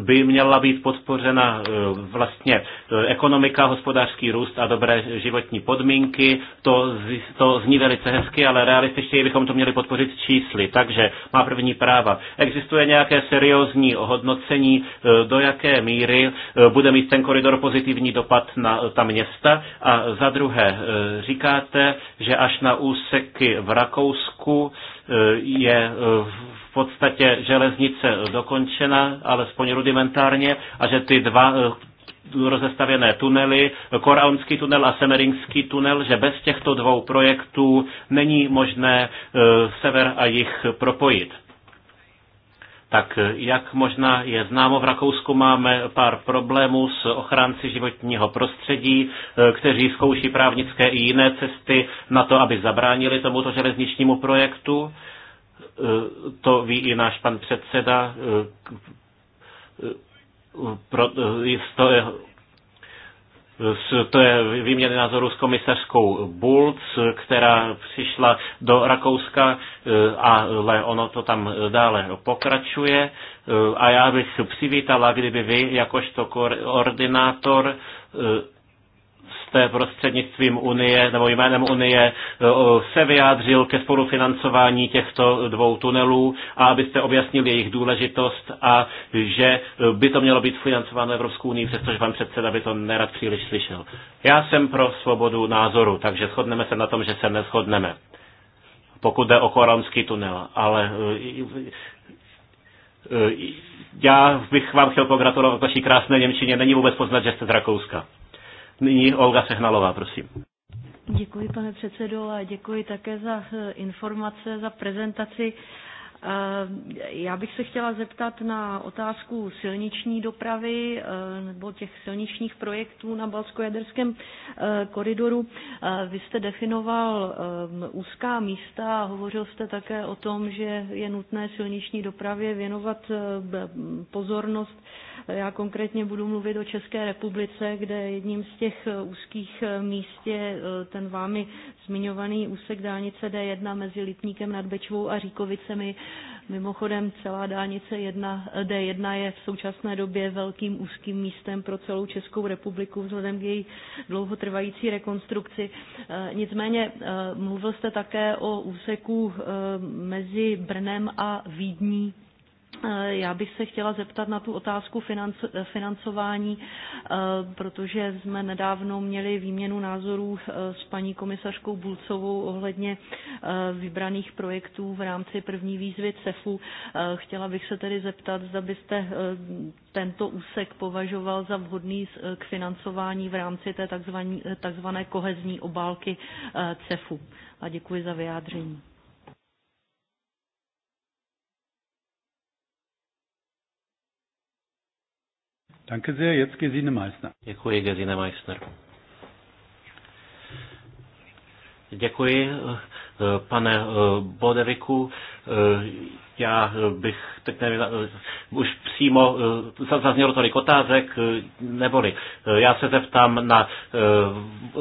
by měla být podpořena e, vlastně e, ekonomika, hospodářský růst a dobré životní podmínky. To, to zní velice hezky, ale realističtěji bychom to měli podpořit čísly. Takže má první práva. Existuje nějaké seriózní hodnocení, e, do jaké míry bude mít ten koridor pozitivní dopad na ta města. A za druhé, říkáte, že až na úseky v Rakousku, Eh, je eh, v podstatě železnice dokončena, alespoň rudimentárně, a že ty dva eh, rozestavěné tunely, Koraunský tunel a Semeringský tunel, že bez těchto dvou projektů není možné sever a jich propojit. Tak jak možná je známo, v Rakousku máme pár problémů s ochránci životního prostředí, e, kteří zkouší právnické i jiné cesty na to, aby zabránili tomuto železničnímu projektu. E, to ví i náš pan předseda. E, pro, to je výměny názoru s komisařskou Bulc, která přišla do Rakouska, e, ale ono to tam dále pokračuje. E, a já bych přivítala, kdyby vy, jakožto koordinátor e, jste prostřednictvím Unie nebo jménem Unie eh, se vyjádřil ke spolufinancování těchto dvou tunelů a abyste objasnil jejich důležitost a že eh, by to mělo být financováno Evropskou unii, přestože pan předseda by to nerad příliš slyšel. Já jsem pro svobodu názoru, takže shodneme se na tom, že se neschodneme pokud jde o koronský tunel, ale eh, já bych vám chtěl pogratulovat vaší krásné Němčině. Není vůbec poznat, že jste z Rakouska. Nyní Olga Sehnalová, prosím. Děkuji, pane předsedo, a děkuji také za eh, informace, za prezentaci. Eh, já bych se chtěla zeptat na otázku silniční dopravy eh, nebo těch silničních projektů na Balsko-Jaderském koridoru. Vy jste definoval úzká místa a hovořil jste také o tom, že je nutné silniční dopravě věnovat pozornost já konkrétně budu mluvit o České republice, kde jedním z těch eh, úzkých eh, míst je eh, ten vámi zmiňovaný úsek dálnice D1 mezi Lipníkem nad Bečvou a Říkovicemi. Mimochodem celá dálnice D1 je v současné době velkým úzkým místem pro celou Českou republiku vzhledem k její dlouhotrvající rekonstrukci. Nicméně mluvil jste také o úseku mezi Brnem a Vídní Eh, já bych se chtěla zeptat na tu otázku financování, eh, protože jsme nedávno měli výměnu názorů eh, s paní komisařkou Bulcovou ohledně vybraných projektů v rámci první výzvy CEFu. Chtěla bych se tedy zeptat, zda byste tento úsek považoval za vhodný k financování v rámci té takzvané kohezní obálky CEFu. A děkuji za vyjádření. Danke sehr, jetzt Gesine Meissner. Děkuji, Gesine Meissner. Děkuji, eh, eh, pane eh, Boderiku. Já eh, bych, tak nevím, eh, už přímo eh, zaznělo tolik otázek, neboli já se zeptám na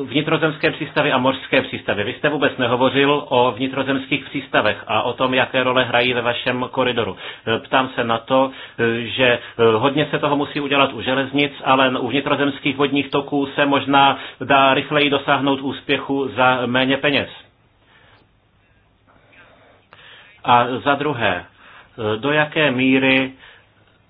vnitrozemské přístavy a mořské přístavy. Vy jste vůbec nehovořil o vnitrozemských přístavech a o tom, jaké role hrají ve vašem koridoru. Ptám se na to, že hodně se toho musí udělat u železnic, ale u vnitrozemských vodních toků se možná dá rychleji dosáhnout úspěchu za méně peněz. A za druhé, do jaké míry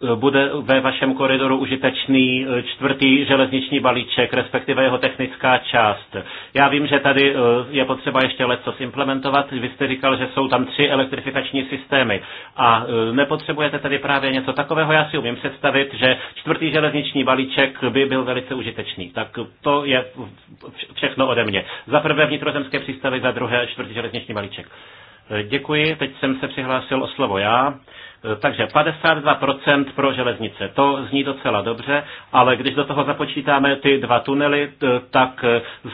eh, bude ve vašem koridoru užitečný eh, čtvrtý železniční balíček, respektive jeho technická část. Já vím, že tady eh, je potřeba ještě leco implementovat. Vy jste říkal, že jsou tam tři elektrifikační systémy. A nepotřebujete tady právě něco takového? Já si umím představit, že čtvrtý železniční balíček by byl velice užitečný. Tak to je všechno ode mě. Za prvé vnitrozemské přístavy, za druhé čtvrtý železniční balíček. Děkuji, teď jsem se přihlásil o slovo já. Takže 52% pro železnice, to zní docela dobře, ale když do toho započítáme ty dva tunely, tak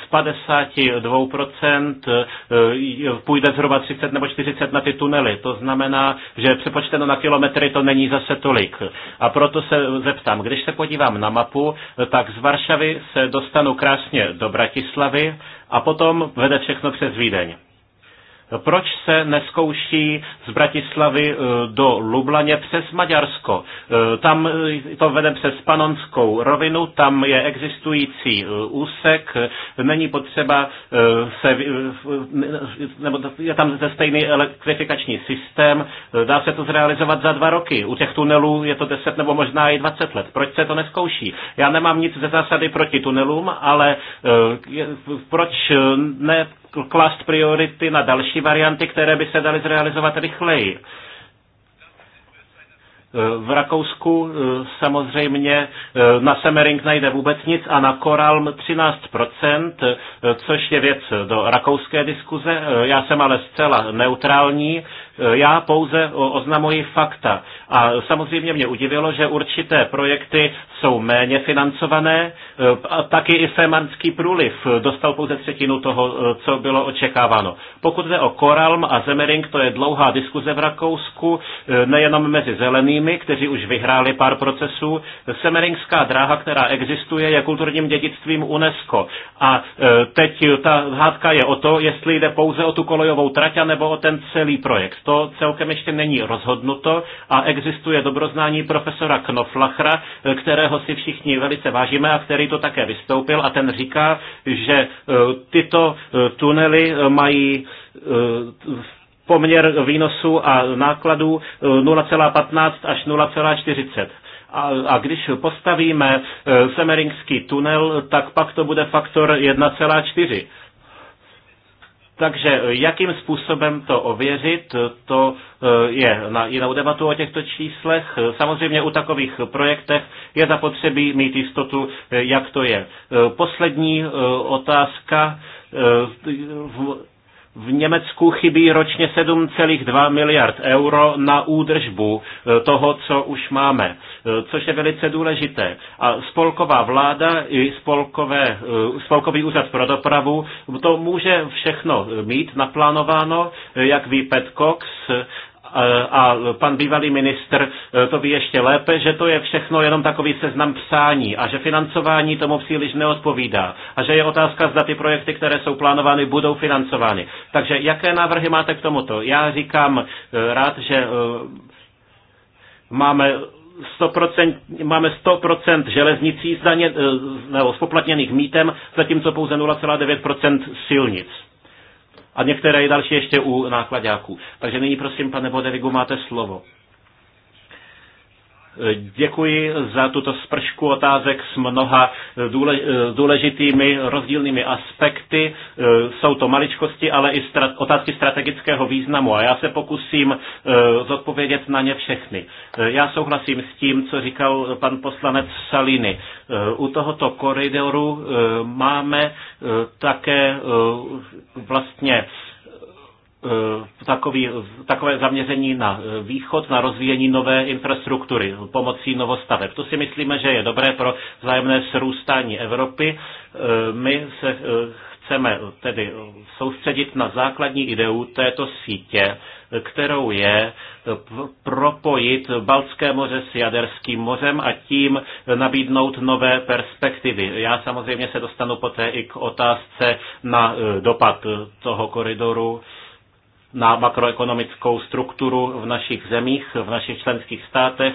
z 52% e, půjde zhruba 30 nebo 40 na ty tunely. To znamená, že přepočteno na kilometry to není zase tolik. A proto se zeptám, když se podívám na mapu, tak z Varšavy se dostanu krásně do Bratislavy a potom vede všechno přes Vídeň. Proč se neskouší z Bratislavy eh, do Lublaně přes Maďarsko? Eh, tam eh, to vede přes Panonskou rovinu, tam je existující úsek, není potřeba se, nebo je tam ze stejný elektrifikační systém, dá se to zrealizovat za dva roky. U těch tunelů je to 10 nebo možná i 20 let. Proč se to neskouší? Já nemám nic ze zásady proti tunelům, ale proč ne klást priority na další varianty, které by se daly zrealizovat rychleji. V Rakousku eh, samozřejmě eh, na Semmering najde vůbec nic a na Koralm 13%, eh, což je věc do rakouské diskuze. Já jsem ale zcela neutrální Eh, já pouze eh, oznamuji fakta. A samozřejmě mě udivilo, že určité projekty jsou méně financované. Eh, a taky i Semanský průliv dostal pouze třetinu toho, co bylo očekáváno. Pokud jde o Koralm a Zemering, to je dlouhá diskuze v Rakousku, nejenom mezi zelenými, kteří už vyhráli pár procesů. Semeringská dráha, která existuje, je kulturním dědictvím UNESCO. A teď ta hádka je o to, jestli jde pouze o tu kolejovou trať, nebo o ten celý projekt to celkem ještě není rozhodnuto a existuje dobroznání profesora Knoflachra, kterého si všichni velice vážíme a který to také vystoupil a ten říká, že e, tyto e, tunely e, mají poměr výnosu a nákladů 0,15 až 0,40. A, a když postavíme semeringský tunel, tak pak to bude faktor 1,4. Takže e, jakým způsobem to ověřit, e, to e, je na jinou debatu o těchto číslech. Samozřejmě u takových projektech je zapotřebí mít jistotu, jak to je. Poslední otázka v Německu chybí ročně 7,2 miliard euro na údržbu e, toho, co už máme, e, což je velice důležité. A spolková vláda i spolkové, e, spolkový úřad pro dopravu to může všechno mít naplánováno, jak ví Pet Cox, a pan bývalý ministr e, to ví ještě lépe, že to je všechno jenom takový seznam psání a že financování tomu příliš neodpovídá a že je otázka, zda ty projekty, které jsou plánovány, budou financovány. Takže jaké návrhy máte k tomuto? Já říkám e, rád, že e, máme 100%, máme 100% železnicí zdaně, nebo spoplatněných mítem, zatímco pouze 0,9% silnic a některé další ještě u nákladňáků. Takže nyní prosím, pane Bodevigu, máte slovo. Děkuji za tuto spršku otázek s mnoha důležitými rozdílnými aspekty. Jsou to maličkosti, ale i otázky strategického významu a já se pokusím e, zodpovědět na ně všechny. E, já souhlasím s tím, co říkal pan poslanec Salini. E, u tohoto koridoru máme také vlastně E, takový, takové zaměření na e, východ, na rozvíjení nové infrastruktury pomocí novostaveb. To si myslíme, že je dobré pro vzájemné srůstání Evropy. E, my se chceme tedy soustředit na základní ideu této sítě, kterou je propojit Baltské moře s Jaderským mořem a tím nabídnout nové perspektivy. Já samozřejmě se dostanu poté i k otázce na dopad toho koridoru na makroekonomickou strukturu v našich zemích, v našich členských státech,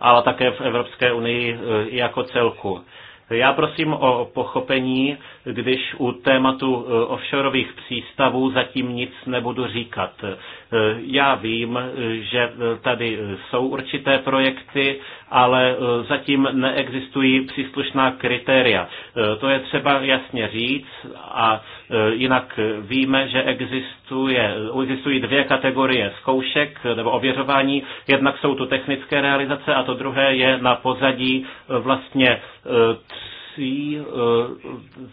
ale také v Evropské unii e, jako celku. Já prosím o pochopení, když u tématu e, offshoreových přístavů zatím nic nebudu říkat. Eh, já vím, eh, že eh, tady jsou určité projekty, ale zatím neexistují příslušná kritéria. To je třeba jasně říct a jinak víme, že existuje, existují dvě kategorie zkoušek nebo ověřování. Jednak jsou tu technické realizace a to druhé je na pozadí vlastně tří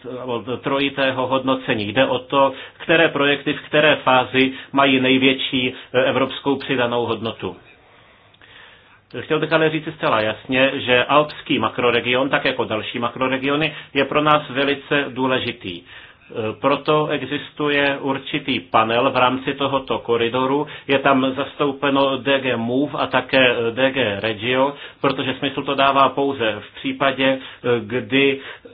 eh, trojitého hodnocení. Jde o to, které projekty v které fázi mají největší eh, evropskou přidanou hodnotu. Chtěl bych ale říct zcela jasně, že alpský makroregion, tak jako další makroregiony, je pro nás velice důležitý. Proto existuje určitý panel v rámci tohoto koridoru. Je tam zastoupeno DG Move a také DG Regio, protože smysl to dává pouze v případě, kdy eh,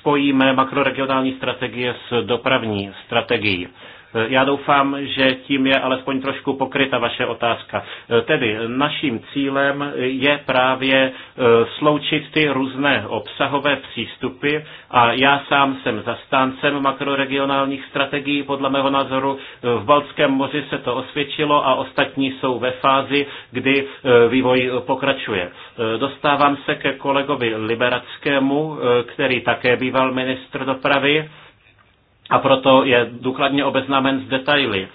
spojíme makroregionální strategie s dopravní strategií. Eh, já doufám, že tím je alespoň trošku pokryta vaše otázka. Eh, tedy naším cílem je právě eh, sloučit ty různé obsahové přístupy a já sám jsem zastáncem makroregionálních strategií. Podle mého názoru v Baltském moři se to osvědčilo a ostatní jsou ve fázi, kdy vývoj pokračuje. Dostávám se ke kolegovi Liberackému, který také býval ministr dopravy a proto je důkladně obeznámen s detaily.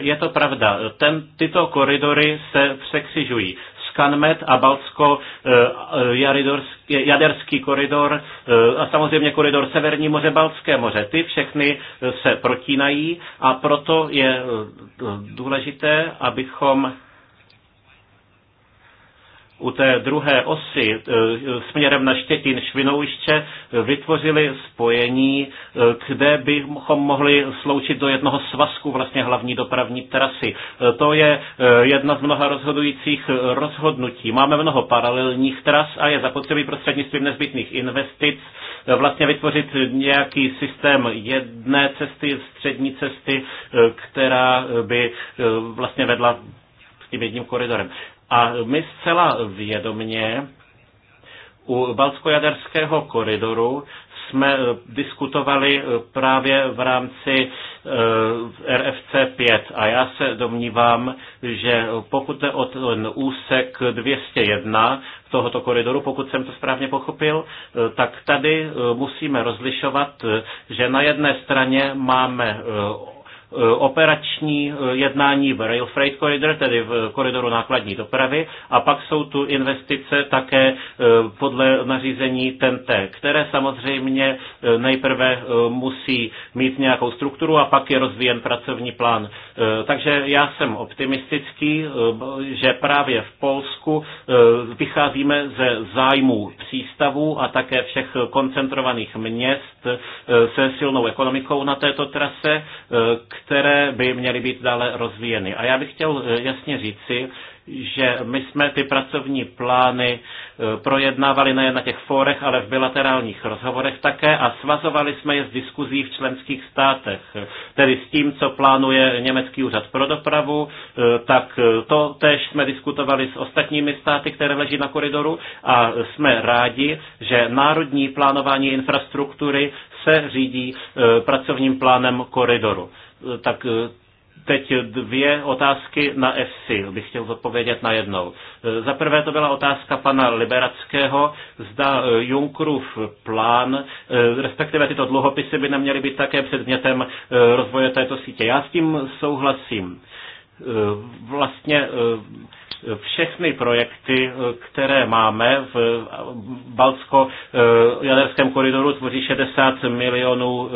Je to pravda, ten, tyto koridory se překřižují. Skanmet a Balsko, eh, Jaderský koridor eh, a samozřejmě koridor Severní moře, Balské moře. Ty všechny se protínají a proto je eh, důležité, abychom u té druhé osy eh, směrem na Štětín Švinoviště vytvořili spojení, eh, kde bychom mohli sloučit do jednoho svazku vlastně hlavní dopravní trasy. Eh, to je jedna z mnoha rozhodujících rozhodnutí. Máme mnoho paralelních tras a je zapotřebí prostřednictvím nezbytných investic vlastně vytvořit nějaký systém jedné cesty, střední cesty, která by vlastně vedla tím jedním koridorem. A my zcela vědomně u Balsko-Jaderského koridoru jsme e, diskutovali e, právě v rámci e, RFC 5 a já se domnívám, že pokud je od úsek 201 tohoto koridoru, pokud jsem to správně pochopil, tak tady musíme rozlišovat, že na jedné straně máme Eh, operační eh, jednání v Rail Freight Corridor, tedy v koridoru nákladní dopravy, a pak jsou tu investice také eh, podle nařízení TENTE, které samozřejmě nejprve musí mít nějakou strukturu a pak je rozvíjen pracovní plán. Takže já jsem optimistický, že právě v Polsku vycházíme ze zájmů přístavů a také všech koncentrovaných měst se silnou ekonomikou na této trase, které by měly být dále rozvíjeny. A já bych chtěl eh, jasně říci, že my jsme ty pracovní plány eh, projednávali nejen na těch fórech, ale v bilaterálních rozhovorech také a svazovali jsme je s diskuzí v členských státech. Tedy s tím, co plánuje Německý úřad pro dopravu, eh, tak to tež jsme diskutovali s ostatními státy, které leží na koridoru a jsme rádi, že národní plánování infrastruktury se řídí pracovním plánem koridoru tak eh, teď dvě otázky na EFSI bych chtěl odpovědět na jednou. Eh, za prvé to byla otázka pana Liberackého, zda eh, Junkerův plán, respektive tyto dluhopisy by neměly být také předmětem rozvoje této sítě. Já s tím souhlasím. Vlastně všechny projekty, eh, které máme v eh, Balsko-Jaderském eh, koridoru, tvoří 60 milionů,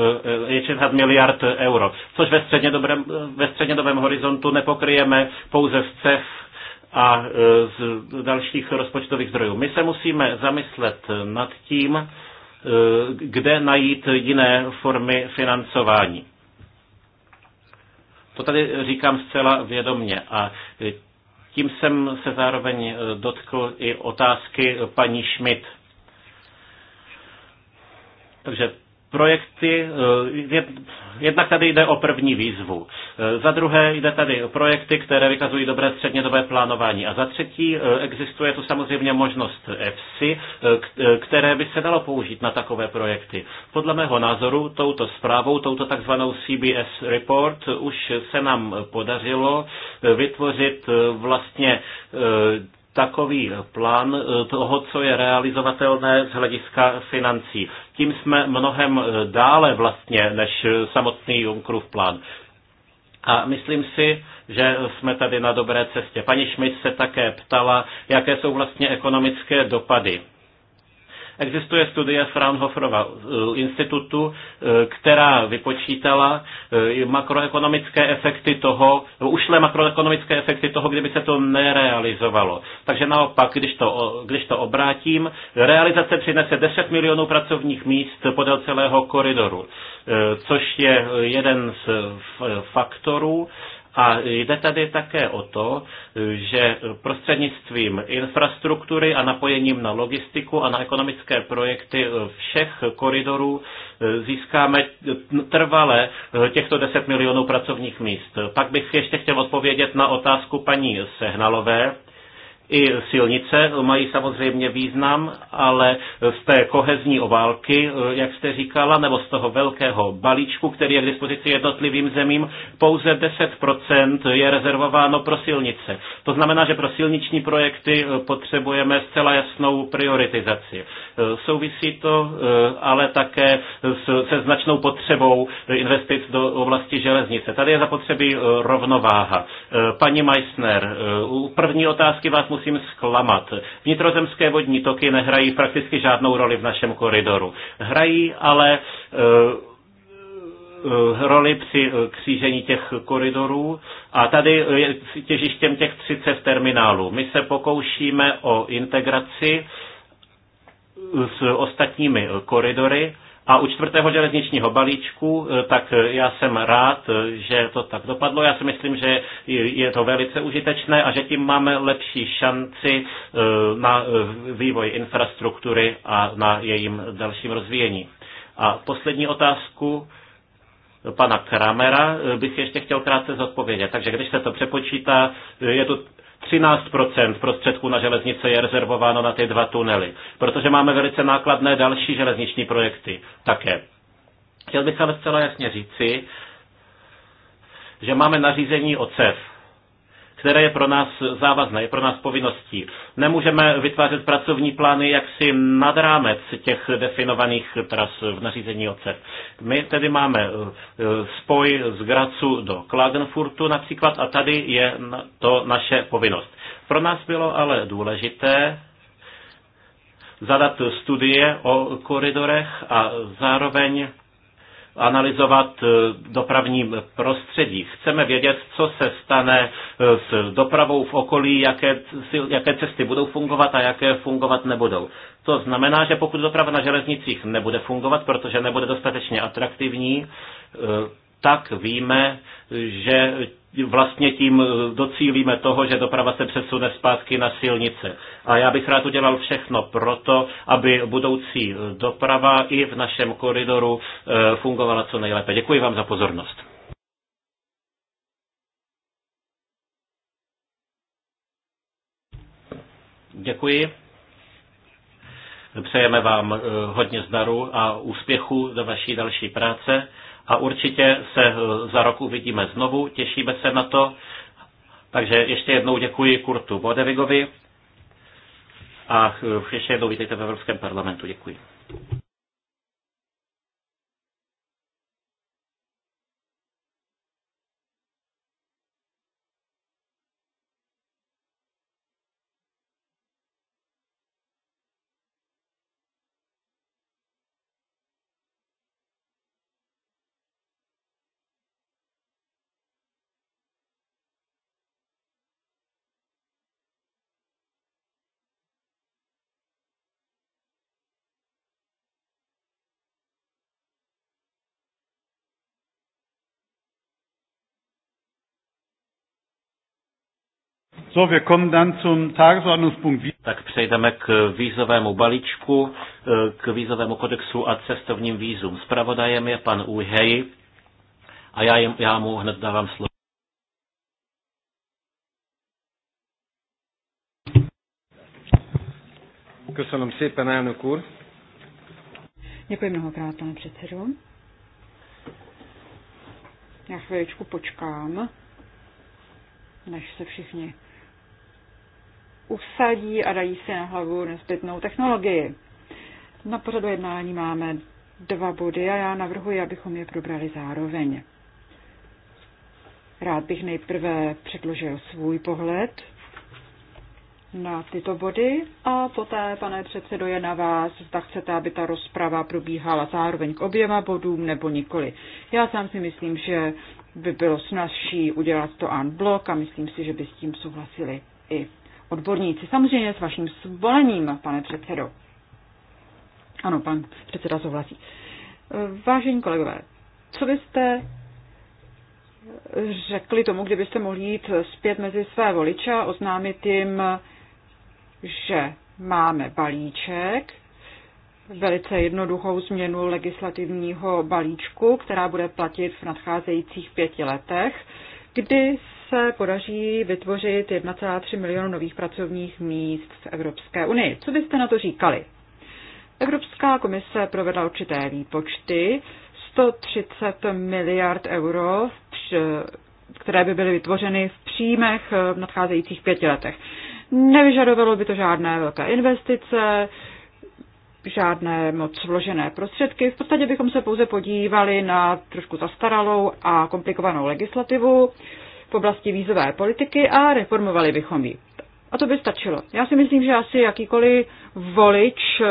60 miliard euro, což ve střednědobém, ve střednědobém horizontu nepokryjeme pouze z CEF a z dalších rozpočtových zdrojů. My se musíme zamyslet nad tím, kde najít jiné formy financování. To tady říkám zcela vědomně. A tím jsem se zároveň eh, dotkl i otázky paní Schmidt. Takže projekty, eh, jednak tady jde o první výzvu. Eh, za druhé jde tady o projekty, které vykazují dobré střednědobé plánování. A za třetí eh, existuje tu samozřejmě možnost EFSI, které by se dalo použít na takové projekty. Podle mého názoru touto zprávou, touto takzvanou CBS report, už se nám podařilo vytvořit vlastně takový eh, plán eh, toho, co je realizovatelné z hlediska financí. Tím jsme mnohem eh, dále vlastně než samotný Junckerův plán. A myslím si, že jsme tady na dobré cestě. Paní Šmit se také ptala, jaké jsou vlastně ekonomické dopady Existuje studie Fraunhoferova eh, institutu, eh, která vypočítala eh, makroekonomické efekty toho, ušle makroekonomické efekty toho, kdyby se to nerealizovalo. Takže naopak, když to, když to obrátím, realizace přinese 10 milionů pracovních míst podél celého koridoru, což je jeden z faktorů, a jde tady také o to, že prostřednictvím infrastruktury a napojením na logistiku a na ekonomické projekty všech koridorů získáme trvale těchto 10 milionů pracovních míst. Pak bych ještě chtěl odpovědět na otázku paní Sehnalové i silnice mají samozřejmě význam, ale z té kohezní oválky, eh, jak jste říkala, nebo z toho velkého balíčku, který je k dispozici jednotlivým zemím, pouze 10% je rezervováno pro silnice. To znamená, že pro silniční projekty eh, potřebujeme zcela jasnou prioritizaci. Eh, souvisí to ale také se značnou potřebou investic do oblasti železnice. Tady je zapotřebí rovnováha. Paní Meissner, u první otázky vás musím musím zklamat. Vnitrozemské vodní toky nehrají prakticky žádnou roli v našem koridoru. Hrají ale eh, eh, roli při eh, křížení těch koridorů a tady je těžištěm těch 30 terminálů. My se pokoušíme o integraci s ostatními koridory a u čtvrtého železničního balíčku, eh, tak eh, já jsem rád, eh, že to tak dopadlo. Já si myslím, že je to velice užitečné a že tím máme lepší šanci na vývoj infrastruktury a na jejím dalším rozvíjení. A poslední otázku pana Kramera bych ještě chtěl krátce zodpovědět. Takže když se to přepočítá, je to 13% prostředků na železnice je rezervováno na ty dva tunely, protože máme velice nákladné další železniční projekty také. Chtěl bych ale zcela jasně říci, že máme nařízení o CEF, které je pro nás závazné, je pro nás povinností. Nemůžeme vytvářet pracovní plány jaksi nad rámec těch definovaných tras v nařízení OCEF. My tedy máme eh, spoj z Gracu do Klagenfurtu například a tady je to naše povinnost. Pro nás bylo ale důležité zadat studie o koridorech a zároveň analyzovat e, dopravní prostředí. Chceme vědět, co se stane e, s dopravou v okolí, jaké, jaké cesty budou fungovat a jaké fungovat nebudou. To znamená, že pokud doprava na železnicích nebude fungovat, protože nebude dostatečně atraktivní, e, tak víme, že vlastně tím docílíme toho, že doprava se přesune zpátky na silnice. A já bych rád udělal všechno proto, aby budoucí doprava i v našem koridoru eh, fungovala co nejlépe. Děkuji vám za pozornost. Děkuji. Přejeme vám eh, hodně zdaru a úspěchu do vaší další práce a určitě se eh, za rok uvidíme znovu, těšíme se na to. Takže ještě jednou děkuji Kurtu Bodevigovi a eh, ještě jednou vítejte v Evropském parlamentu. Děkuji. So, wir kommen dann zum Tagesordnungspunkt. Tak přejdeme k vízovému balíčku, eh, k vízovému kodexu a cestovním vízům. Spravodajem je pan Ujhej a já, jim, já mu hned dávám slovo. Köszönöm szépen, elnök úr. Děkuji mnohokrát, pane předsedo. Já chvíličku počkám, než se všichni usadí a dají si na hlavu nezbytnou technologii. Na pořadu jednání máme dva body a já navrhuji, abychom je probrali zároveň. Rád bych nejprve předložil svůj pohled na tyto body a poté, pane předsedo, je na vás, zda chcete, aby ta rozprava probíhala zároveň k oběma bodům nebo nikoli. Já sám si myslím, že by bylo snažší udělat to en blok a myslím si, že by s tím souhlasili i odborníci. Samozřejmě s vaším svolením, pane předsedo. Ano, pan předseda souhlasí. Vážení kolegové, co byste řekli tomu, kdybyste mohli jít zpět mezi své voliče a oznámit jim, že máme balíček, velice jednoduchou změnu legislativního balíčku, která bude platit v nadcházejících pěti letech, kdy se podaří vytvořit 1,3 milionu nových pracovních míst v Evropské unii. Co byste na to říkali? Evropská komise provedla určité výpočty. 130 miliard euro, které by byly vytvořeny v příjmech eh, v nadcházejících pěti letech. Nevyžadovalo by to žádné velké investice, žádné moc vložené prostředky. V podstatě bychom se pouze podívali na trošku zastaralou a komplikovanou legislativu v oblasti vízové politiky a reformovali bychom ji. A to by stačilo. Já si myslím, že asi jakýkoliv volič eh,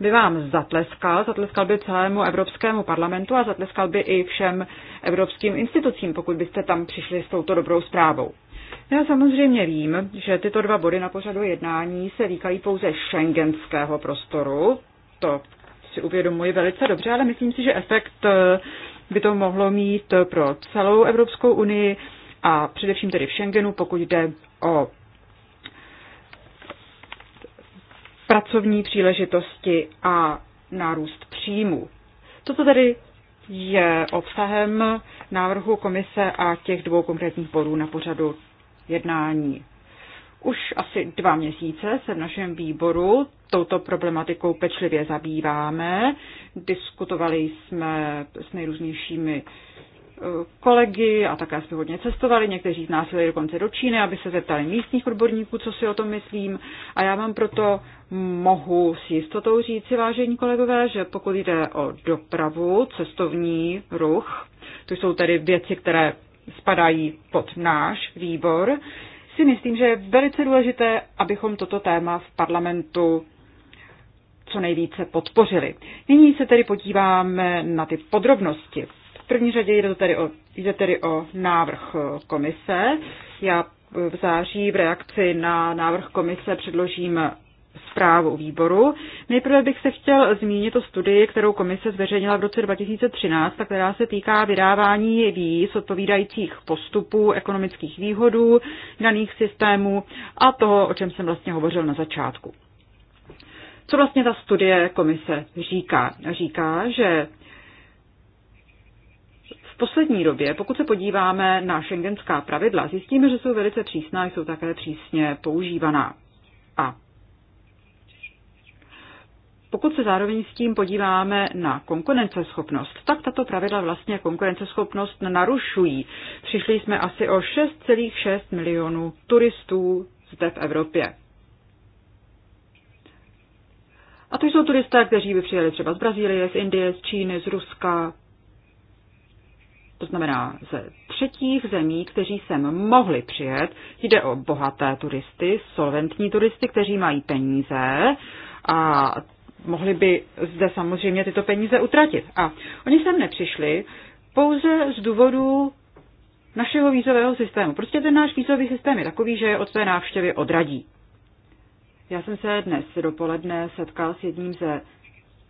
by vám zatleskal, zatleskal by celému Evropskému parlamentu a zatleskal by i všem evropským institucím, pokud byste tam přišli s touto dobrou zprávou. Já samozřejmě vím, že tyto dva body na pořadu jednání se týkají pouze šengenského prostoru, to si uvědomuji velice dobře, ale myslím si, že efekt eh, by to mohlo mít pro celou Evropskou unii a především tedy v Schengenu, pokud jde o pracovní příležitosti a nárůst příjmů. Toto tedy je obsahem návrhu komise a těch dvou konkrétních bodů na pořadu jednání. Už asi dva měsíce se v našem výboru touto problematikou pečlivě zabýváme. Diskutovali jsme s nejrůznějšími kolegy a také jsme hodně cestovali, někteří z nás jeli dokonce do Číny, aby se zeptali místních odborníků, co si o tom myslím. A já vám proto mohu s jistotou říci, vážení kolegové, že pokud jde o dopravu, cestovní ruch, to jsou tedy věci, které spadají pod náš výbor, si myslím, že je velice důležité, abychom toto téma v parlamentu co nejvíce podpořili. Nyní se tedy podíváme na ty podrobnosti první řadě jde, tedy o, jde tedy o návrh eh, komise. Já v září v reakci na návrh komise předložím zprávu výboru. Nejprve bych se chtěl zmínit o studii, kterou komise zveřejnila v roce 2013, a která se týká vydávání víz odpovídajících postupů, ekonomických výhodů daných systémů a toho, o čem jsem vlastně hovořil na začátku. Co vlastně ta studie komise říká? Říká, že v poslední době, pokud se podíváme na šengenská pravidla, zjistíme, že jsou velice přísná, jsou také přísně používaná. A pokud se zároveň s tím podíváme na konkurenceschopnost, tak tato pravidla vlastně konkurenceschopnost narušují. Přišli jsme asi o 6,6 milionů turistů zde v Evropě. A to jsou turisté, kteří by přijeli třeba z Brazílie, z Indie, z Číny, z Ruska, to znamená ze třetích zemí, kteří sem mohli přijet. Jde o bohaté turisty, solventní turisty, kteří mají peníze a mohli by zde samozřejmě tyto peníze utratit. A oni sem nepřišli pouze z důvodu našeho vízového systému. Prostě ten náš vízový systém je takový, že od té návštěvy odradí. Já jsem se dnes dopoledne setkal s jedním ze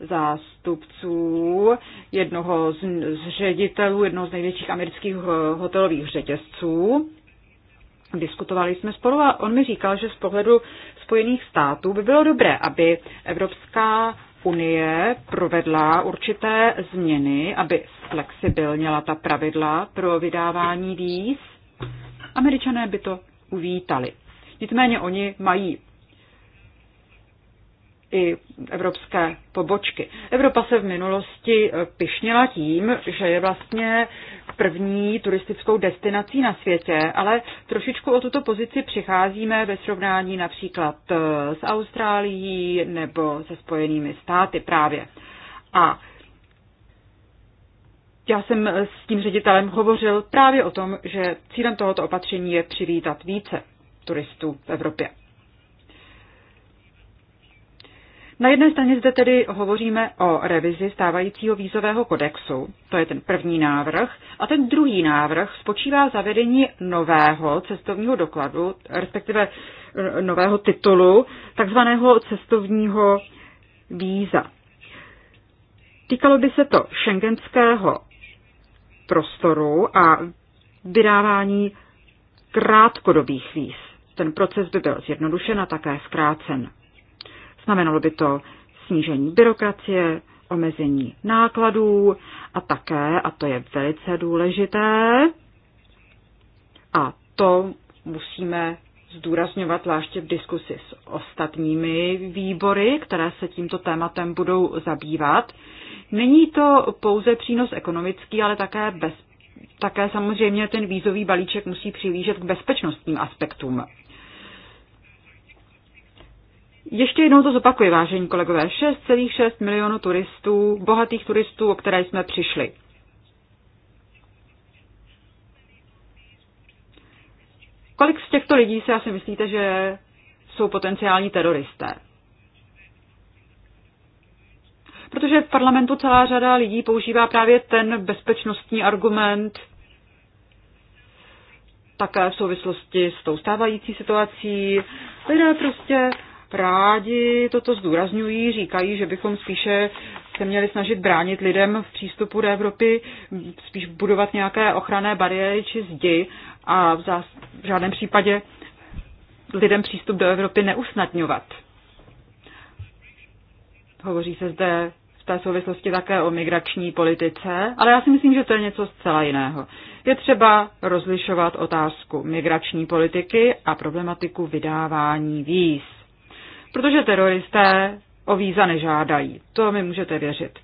zástupců jednoho z, z ředitelů jednoho z největších amerických hotelových řetězců. Diskutovali jsme spolu a on mi říkal, že z pohledu Spojených států by bylo dobré, aby Evropská unie provedla určité změny, aby flexibilněla ta pravidla pro vydávání víz. Američané by to uvítali. Nicméně oni mají i evropské pobočky. Evropa se v minulosti eh, pišnila tím, že je vlastně první turistickou destinací na světě, ale trošičku o tuto pozici přicházíme ve srovnání například eh, s Austrálií nebo se Spojenými státy právě. A já jsem eh, s tím ředitelem hovořil právě o tom, že cílem tohoto opatření je přivítat více turistů v Evropě. Na jedné straně zde tedy hovoříme o revizi stávajícího vízového kodexu, to je ten první návrh, a ten druhý návrh spočívá zavedení nového cestovního dokladu, respektive eh, nového titulu, takzvaného cestovního víza. Týkalo by se to šengenského prostoru a vydávání krátkodobých víz. Ten proces by byl zjednodušen a také zkrácen. Znamenalo by to snížení byrokracie, omezení nákladů a také, a to je velice důležité, a to musíme zdůrazňovat zvláště v diskusi s ostatními výbory, které se tímto tématem budou zabývat. Není to pouze přínos ekonomický, ale také, bez, také samozřejmě ten výzový balíček musí přilížet k bezpečnostním aspektům. Ještě jednou to zopakuji, vážení kolegové. 6,6 milionů turistů, bohatých turistů, o které jsme přišli. Kolik z těchto lidí si asi myslíte, že jsou potenciální teroristé? Protože v parlamentu celá řada lidí používá právě ten bezpečnostní argument, také v souvislosti s tou stávající situací. Lidé prostě rádi toto zdůrazňují, říkají, že bychom spíše se měli snažit bránit lidem v přístupu do Evropy, spíš budovat nějaké ochranné bariéry či zdi a v, zás, v žádném případě lidem přístup do Evropy neusnadňovat. Hovoří se zde v té souvislosti také o migrační politice, ale já si myslím, že to je něco zcela jiného. Je třeba rozlišovat otázku migrační politiky a problematiku vydávání víz protože teroristé o víza nežádají. To mi můžete věřit.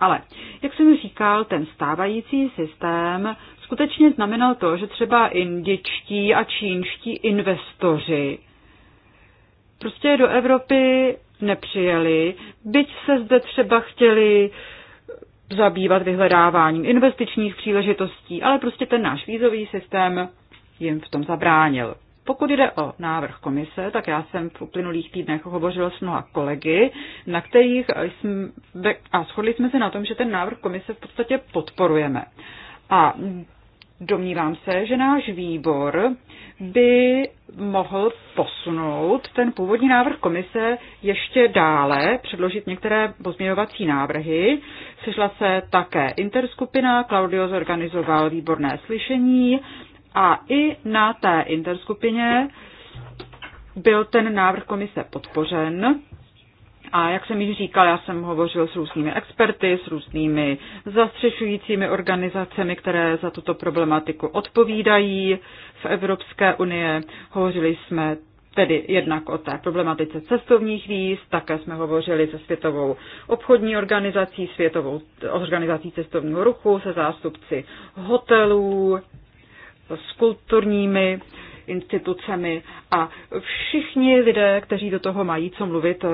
Ale, jak jsem říkal, ten stávající systém skutečně znamenal to, že třeba indičtí a čínští investoři prostě do Evropy nepřijeli, byť se zde třeba chtěli zabývat vyhledáváním investičních příležitostí, ale prostě ten náš vízový systém jim v tom zabránil. Pokud jde o návrh komise, tak já jsem v uplynulých týdnech hovořil s mnoha kolegy, na kterých jsme, a shodli jsme se na tom, že ten návrh komise v podstatě podporujeme. A domnívám se, že náš výbor by mohl posunout ten původní návrh komise ještě dále, předložit některé pozměňovací návrhy. Sešla se také interskupina, Claudio zorganizoval výborné slyšení, a i na té interskupině byl ten návrh komise podpořen. A jak jsem již říkal, já jsem hovořil s různými experty, s různými zastřešujícími organizacemi, které za tuto problematiku odpovídají v Evropské unie. Hovořili jsme tedy jednak o té problematice cestovních víz, také jsme hovořili se Světovou obchodní organizací, Světovou organizací cestovního ruchu, se zástupci hotelů, s kulturními institucemi a všichni lidé, kteří do toho mají co mluvit,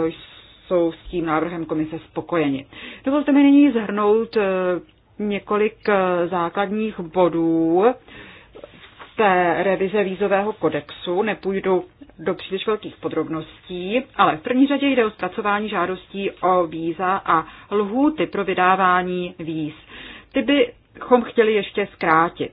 jsou s tím návrhem komise spokojeni. Dovolte mi nyní zhrnout eh, několik eh, základních bodů té revize vízového kodexu. Nepůjdu do příliš velkých podrobností, ale v první řadě jde o zpracování žádostí o víza a lhůty pro vydávání víz. Ty bychom chtěli ještě zkrátit.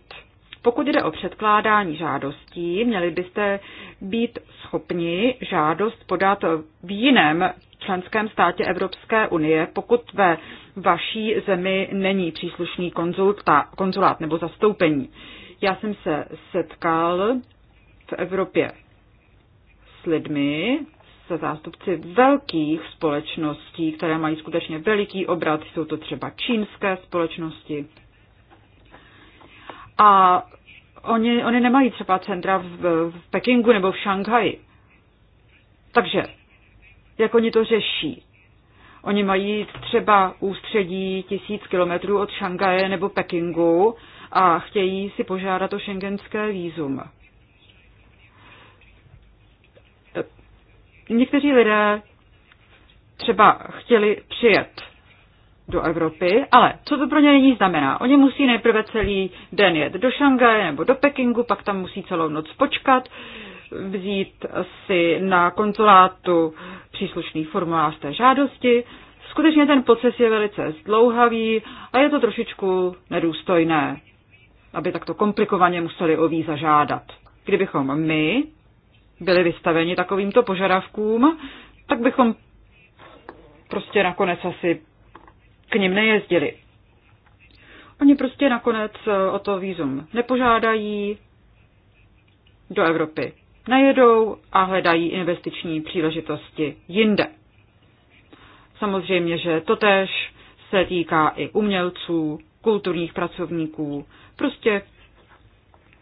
Pokud jde o předkládání žádostí, měli byste být schopni žádost podat v jiném členském státě Evropské unie, pokud ve vaší zemi není příslušný konzulta, konzulát nebo zastoupení. Já jsem se setkal v Evropě s lidmi, se zástupci velkých společností, které mají skutečně veliký obrat, jsou to třeba čínské společnosti, a oni, oni nemají třeba centra v, v Pekingu nebo v Šanghaji. Takže, jak oni to řeší? Oni mají třeba ústředí tisíc kilometrů od Šanghaje nebo Pekingu a chtějí si požádat o šengenské výzum. Někteří lidé třeba chtěli přijet do Evropy, ale co to pro ně není znamená? Oni musí nejprve celý den jet do Šangaje nebo do Pekingu, pak tam musí celou noc počkat, vzít si na konzulátu příslušný formulář té žádosti. Skutečně ten proces je velice zdlouhavý a je to trošičku nedůstojné, aby takto komplikovaně museli o víza žádat. Kdybychom my byli vystaveni takovýmto požadavkům, tak bychom prostě nakonec asi k ním nejezdili. Oni prostě nakonec eh, o to výzum nepožádají, do Evropy nejedou a hledají investiční příležitosti jinde. Samozřejmě, že totež se týká i umělců, kulturních pracovníků, prostě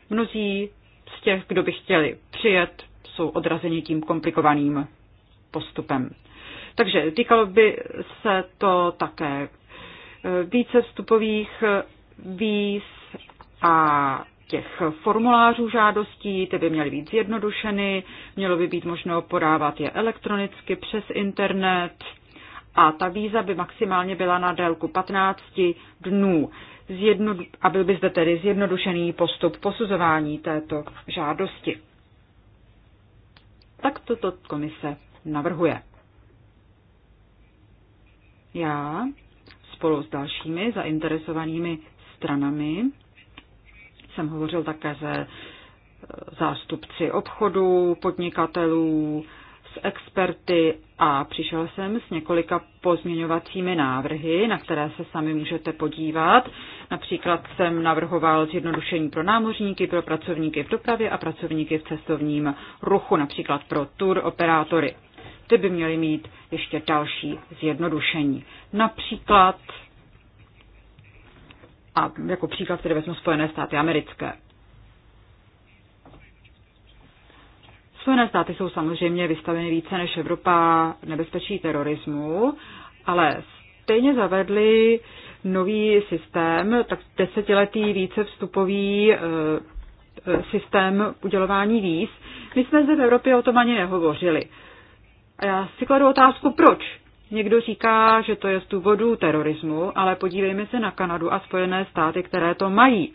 mnozí z těch, kdo by chtěli přijet, jsou odrazeni tím komplikovaným postupem. Takže týkalo by se to také více vstupových víz a těch formulářů žádostí, ty by měly být zjednodušeny, mělo by být možno podávat je elektronicky přes internet a ta víza by maximálně byla na délku 15 dnů. Zjedno, a byl by zde tedy zjednodušený postup posuzování této žádosti. Tak toto komise navrhuje. Já spolu s dalšími zainteresovanými stranami. Jsem hovořil také se e, zástupci obchodu, podnikatelů, s experty a přišel jsem s několika pozměňovacími návrhy, na které se sami můžete podívat. Například jsem navrhoval zjednodušení pro námořníky, pro pracovníky v dopravě a pracovníky v cestovním ruchu, například pro tur operátory ty by měly mít ještě další zjednodušení. Například, a jako příklad tedy vezmu Spojené státy americké. Spojené státy jsou samozřejmě vystaveny více než Evropa nebezpečí terorismu, ale stejně zavedli nový systém, tak desetiletý více vstupový eh, eh, systém udělování víz. My jsme zde v Evropě o tom ani nehovořili. A já si kladu otázku, proč? Někdo říká, že to je z důvodu terorismu, ale podívejme se na Kanadu a Spojené státy, které to mají.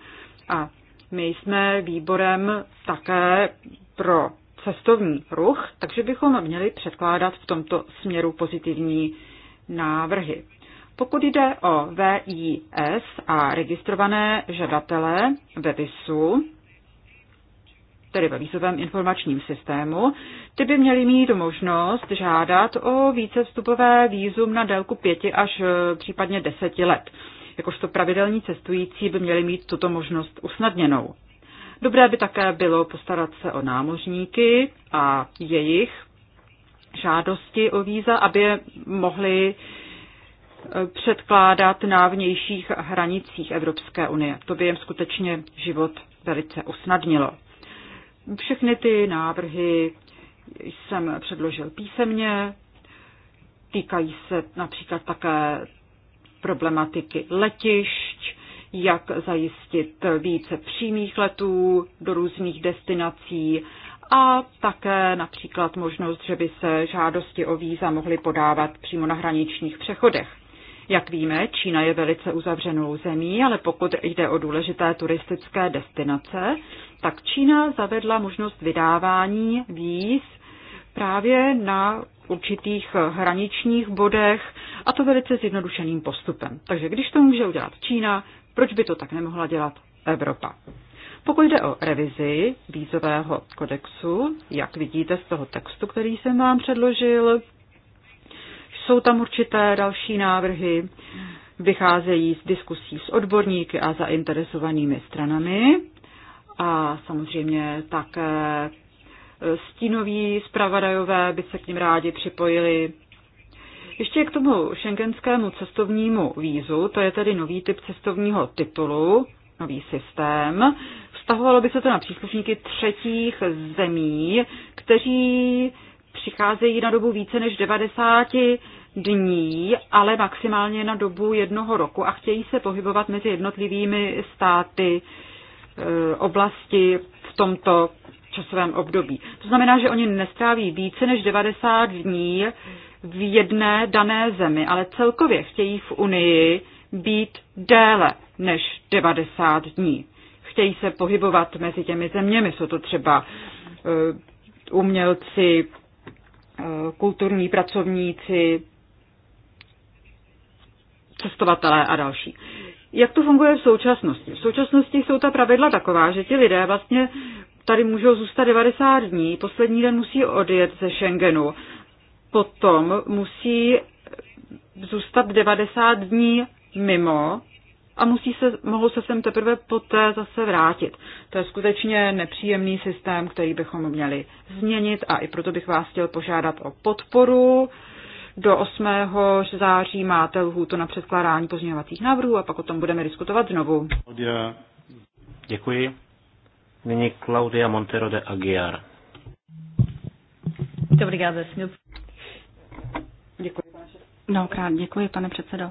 A my jsme výborem také pro cestovní ruch, takže bychom měli předkládat v tomto směru pozitivní návrhy. Pokud jde o VIS a registrované žadatele ve VISu, tedy ve výzovém informačním systému, ty by měly mít možnost žádat o vstupové výzum na délku pěti až e, případně deseti let. Jakožto pravidelní cestující by měli mít tuto možnost usnadněnou. Dobré by také bylo postarat se o námořníky a jejich žádosti o víza, aby je mohli e, předkládat na vnějších hranicích Evropské unie. To by jim skutečně život velice usnadnilo. Všechny ty návrhy jsem předložil písemně, týkají se například také problematiky letišť, jak zajistit více přímých letů do různých destinací a také například možnost, že by se žádosti o víza mohly podávat přímo na hraničních přechodech. Jak víme, Čína je velice uzavřenou zemí, ale pokud jde o důležité turistické destinace, tak Čína zavedla možnost vydávání víz právě na určitých hraničních bodech a to velice zjednodušeným postupem. Takže když to může udělat Čína, proč by to tak nemohla dělat Evropa? Pokud jde o revizi vízového kodexu, jak vidíte z toho textu, který jsem vám předložil, jsou tam určité další návrhy, vycházejí z diskusí s odborníky a zainteresovanými stranami a samozřejmě také e, stínoví zpravodajové by se k ním rádi připojili. Ještě k tomu šengenskému cestovnímu vízu, to je tedy nový typ cestovního titulu, nový systém. Vztahovalo by se to na příslušníky třetích zemí, kteří přicházejí na dobu více než 90 dní, ale maximálně na dobu jednoho roku a chtějí se pohybovat mezi jednotlivými státy e, oblasti v tomto časovém období. To znamená, že oni nestráví více než 90 dní v jedné dané zemi, ale celkově chtějí v Unii být déle než 90 dní. Chtějí se pohybovat mezi těmi zeměmi. Jsou to třeba e, umělci, e, kulturní pracovníci, cestovatelé a další. Jak to funguje v současnosti? V současnosti jsou ta pravidla taková, že ti lidé vlastně tady můžou zůstat 90 dní, poslední den musí odjet ze Schengenu, potom musí zůstat 90 dní mimo a musí se, mohou se sem teprve poté zase vrátit. To je skutečně nepříjemný systém, který bychom měli změnit a i proto bych vás chtěl požádat o podporu. Do 8. září máte lhůtu na předkládání pozměňovacích návrhů a pak o tom budeme diskutovat znovu. Claudia. Děkuji. Nyní Claudia Montero de Aguiar. Dobrý den, Děkuji, pane předsedo. Mnohokrát děkuji, pane předsedo.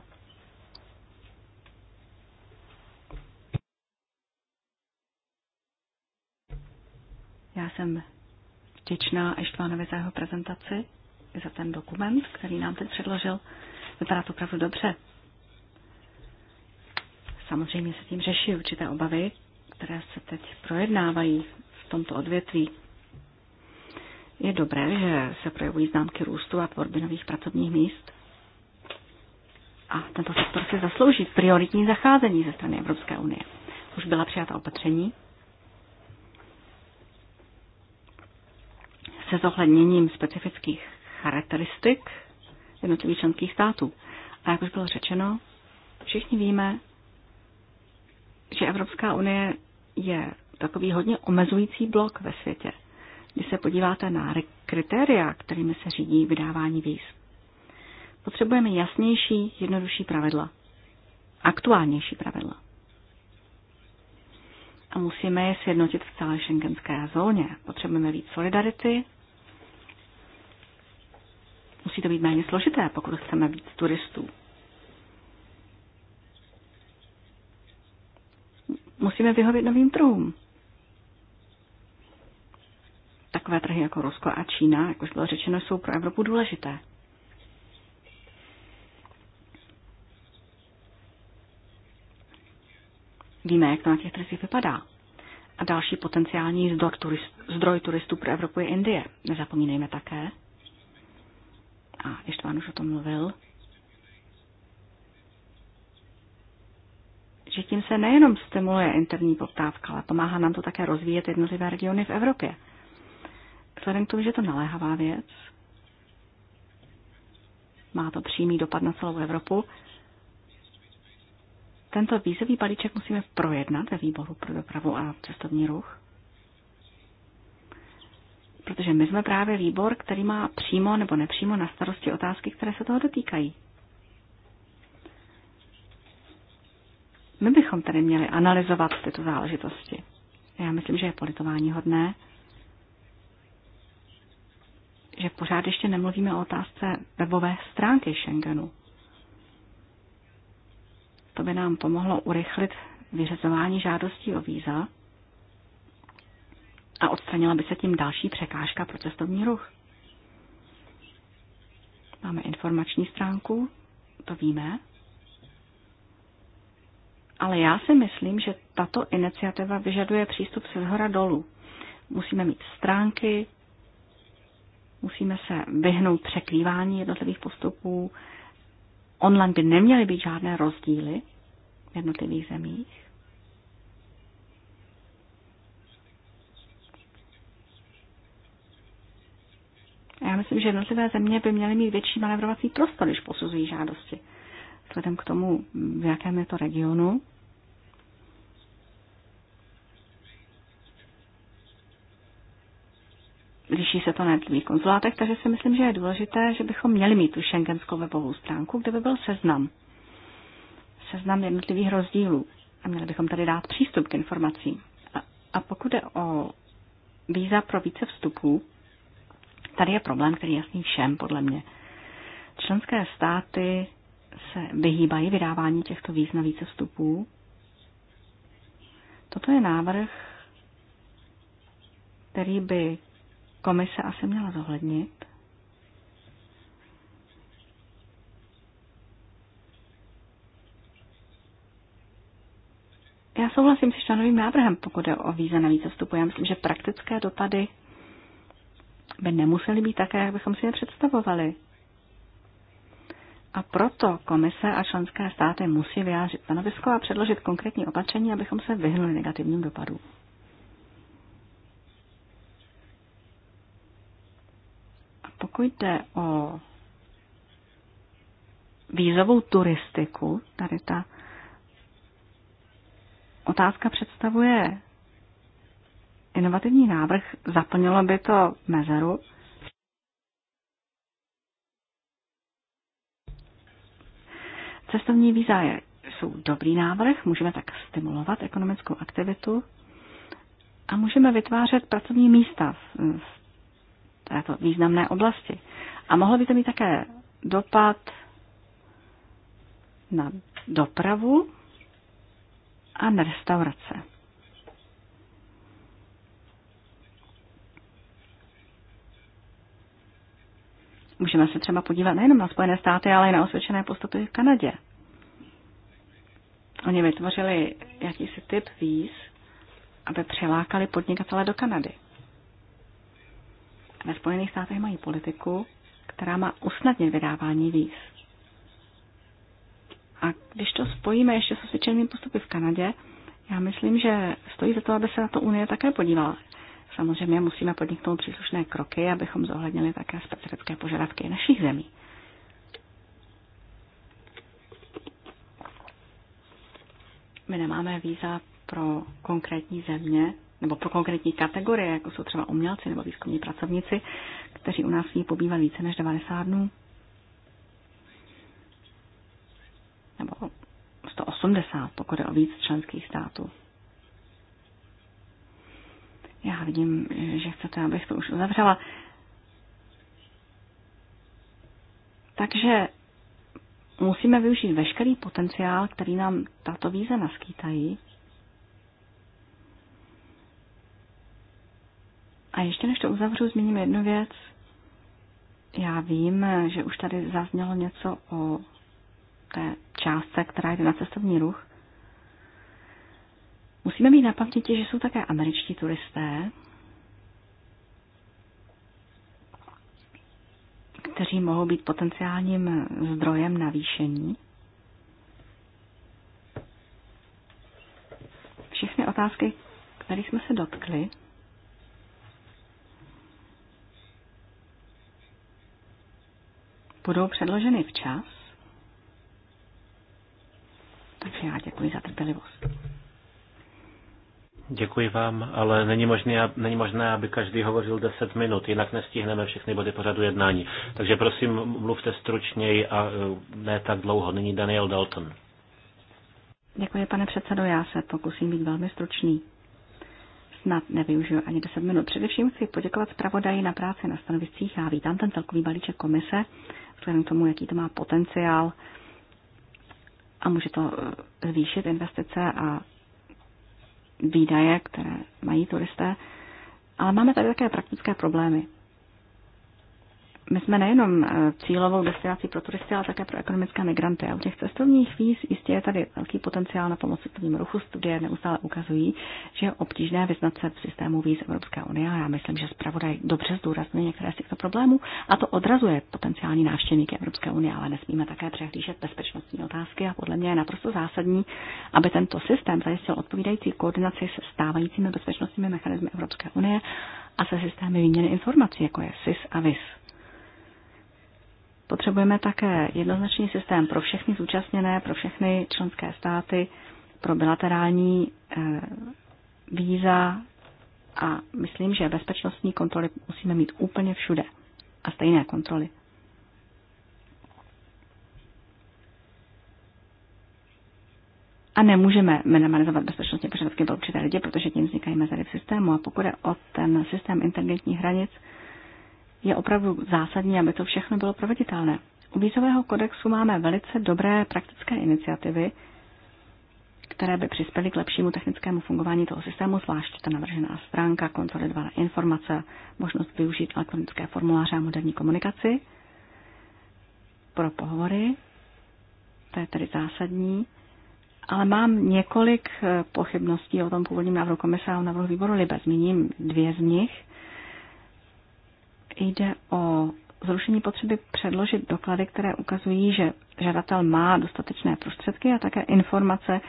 Já jsem vděčná Eštvánovi za jeho prezentaci za ten dokument, který nám teď předložil. Vypadá to opravdu dobře. Samozřejmě se tím řeší určité obavy, které se teď projednávají v tomto odvětví. Je dobré, že se projevují známky růstu a tvorby nových pracovních míst. A tento sektor si zaslouží prioritní zacházení ze strany Evropské unie. Už byla přijata opatření se zohledněním specifických charakteristik jednotlivých členských států. A jak už bylo řečeno, všichni víme, že Evropská unie je takový hodně omezující blok ve světě. Když se podíváte na kritéria, kterými se řídí vydávání víz, potřebujeme jasnější, jednodušší pravidla. Aktuálnější pravidla. A musíme je sjednotit v celé šengenské zóně. Potřebujeme víc solidarity Musí to být méně složité, pokud chceme víc turistů. Musíme vyhovět novým trhům. Takové trhy jako Rusko a Čína, jak už bylo řečeno, jsou pro Evropu důležité. Víme, jak to na těch trzích vypadá. A další potenciální zdroj turistů, zdroj turistů pro Evropu je Indie. Nezapomínejme také, a Ištván už o tom mluvil, že tím se nejenom stimuluje interní poptávka, ale pomáhá nám to také rozvíjet jednotlivé regiony v Evropě. Vzhledem k tomu, že je to naléhavá věc, má to přímý dopad na celou Evropu, tento vízový balíček musíme projednat ve výboru pro dopravu a cestovní ruch. Protože my jsme právě výbor, který má přímo nebo nepřímo na starosti otázky, které se toho dotýkají. My bychom tedy měli analyzovat tyto záležitosti. Já myslím, že je politování hodné, že pořád ještě nemluvíme o otázce webové stránky Schengenu. To by nám pomohlo urychlit vyřazování žádostí o víza a odstranila by se tím další překážka pro cestovní ruch. Máme informační stránku, to víme. Ale já si myslím, že tato iniciativa vyžaduje přístup se zhora dolů. Musíme mít stránky, musíme se vyhnout překrývání jednotlivých postupů. Online by neměly být žádné rozdíly v jednotlivých zemích. A já myslím, že jednotlivé země by měly mít větší manevrovací prostor, když posuzují žádosti. Vzhledem k tomu, v jakém je to regionu, liší se to na jednotlivých konzulátech, takže si myslím, že je důležité, že bychom měli mít tu šengenskou webovou stránku, kde by byl seznam. Seznam jednotlivých rozdílů. A měli bychom tady dát přístup k informacím. A, a pokud je o víza pro více vstupů, Tady je problém, který je jasný všem, podle mě. Členské státy se vyhýbají vydávání těchto víz na více vstupů. Toto je návrh, který by komise asi měla zohlednit. Já souhlasím s Štanovým návrhem, pokud je o víze na více vstupu. Já myslím, že praktické dopady by nemuseli být také, jak bychom si je představovali. A proto komise a členské státy musí vyjářit stanovisko a předložit konkrétní opatření, abychom se vyhnuli negativním dopadům. A pokud jde o vízovou turistiku, tady ta otázka představuje inovativní návrh, zaplnilo by to mezeru. Cestovní víza jsou dobrý návrh, můžeme tak stimulovat ekonomickou aktivitu a můžeme vytvářet pracovní místa v této významné oblasti. A mohlo by to mít také dopad na dopravu a na restaurace. Můžeme se třeba podívat nejenom na Spojené státy, ale i na osvědčené postupy v Kanadě. Oni vytvořili jakýsi typ víz, aby přilákali podnikatele do Kanady. Ve Spojených státech mají politiku, která má usnadnit vydávání víz. A když to spojíme ještě s osvědčenými postupy v Kanadě, já myslím, že stojí za to, aby se na to Unie také podívala. Samozřejmě musíme podniknout příslušné kroky, abychom zohlednili také specifické požadavky našich zemí. My nemáme víza pro konkrétní země nebo pro konkrétní kategorie, jako jsou třeba umělci nebo výzkumní pracovníci, kteří u nás pobývají více než 90 dnů. Nebo 180, pokud je o víc členských států. Já vidím, že chcete, abych to už uzavřela. Takže musíme využít veškerý potenciál, který nám tato víze naskýtají. A ještě než to uzavřu, zmíním jednu věc. Já vím, že už tady zaznělo něco o té částce, která jde na cestovní ruch. Musíme mít na paměti, že jsou také američtí turisté, kteří mohou být potenciálním zdrojem navýšení. Všechny otázky, které jsme se dotkli, budou předloženy včas. Takže já děkuji za trpělivost. Děkuji vám, ale není možné, není možné, aby každý hovořil 10 minut, jinak nestihneme všechny body pořadu jednání. Takže prosím, mluvte stručněji a e, ne tak dlouho. Nyní Daniel Dalton. Děkuji, pane předsedo, já se pokusím být velmi stručný. Snad nevyužiju ani 10 minut. Především chci poděkovat zpravodaji na práci na stanoviscích. Já vítám ten celkový balíček komise, vzhledem k tomu, jaký to má potenciál a může to e, zvýšit investice a výdaje, které mají turisté, ale máme tady také praktické problémy my jsme nejenom eh, cílovou destinací pro turisty, ale také pro ekonomické migranty. A u těch cestovních víz jistě je tady velký potenciál na pomoc cestovnímu ruchu. Studie neustále ukazují, že je obtížné vyznat se v systému víz Evropské unie. A já myslím, že zpravodaj dobře zdůrazňuje některé z těchto problémů a to odrazuje potenciální návštěvníky Evropské unie, ale nesmíme také přehlížet bezpečnostní otázky a podle mě je naprosto zásadní, aby tento systém zajistil odpovídající koordinaci se stávajícími bezpečnostními mechanismy Evropské unie a se systémy výměny informací, jako je SIS a VIS. Potřebujeme také jednoznačný systém pro všechny zúčastněné, pro všechny členské státy, pro bilaterální eh, víza a myslím, že bezpečnostní kontroly musíme mít úplně všude a stejné kontroly. A nemůžeme minimalizovat bezpečnostní požadavky pro určité lidi, protože tím vznikají mezery v systému. A pokud je o ten systém inteligentních hranic, je opravdu zásadní, aby to všechno bylo proveditelné. U vízového kodexu máme velice dobré praktické iniciativy, které by přispěly k lepšímu technickému fungování toho systému, zvlášť ta navržená stránka, konsolidovaná informace, možnost využít elektronické formuláře a moderní komunikaci pro pohovory, to je tedy zásadní, ale mám několik eh, pochybností o tom původním návrhu komise a návrhu výboru Libe. Zmíním dvě z nich. Jde o zrušení potřeby předložit doklady, které ukazují, že žadatel má dostatečné prostředky a také informace,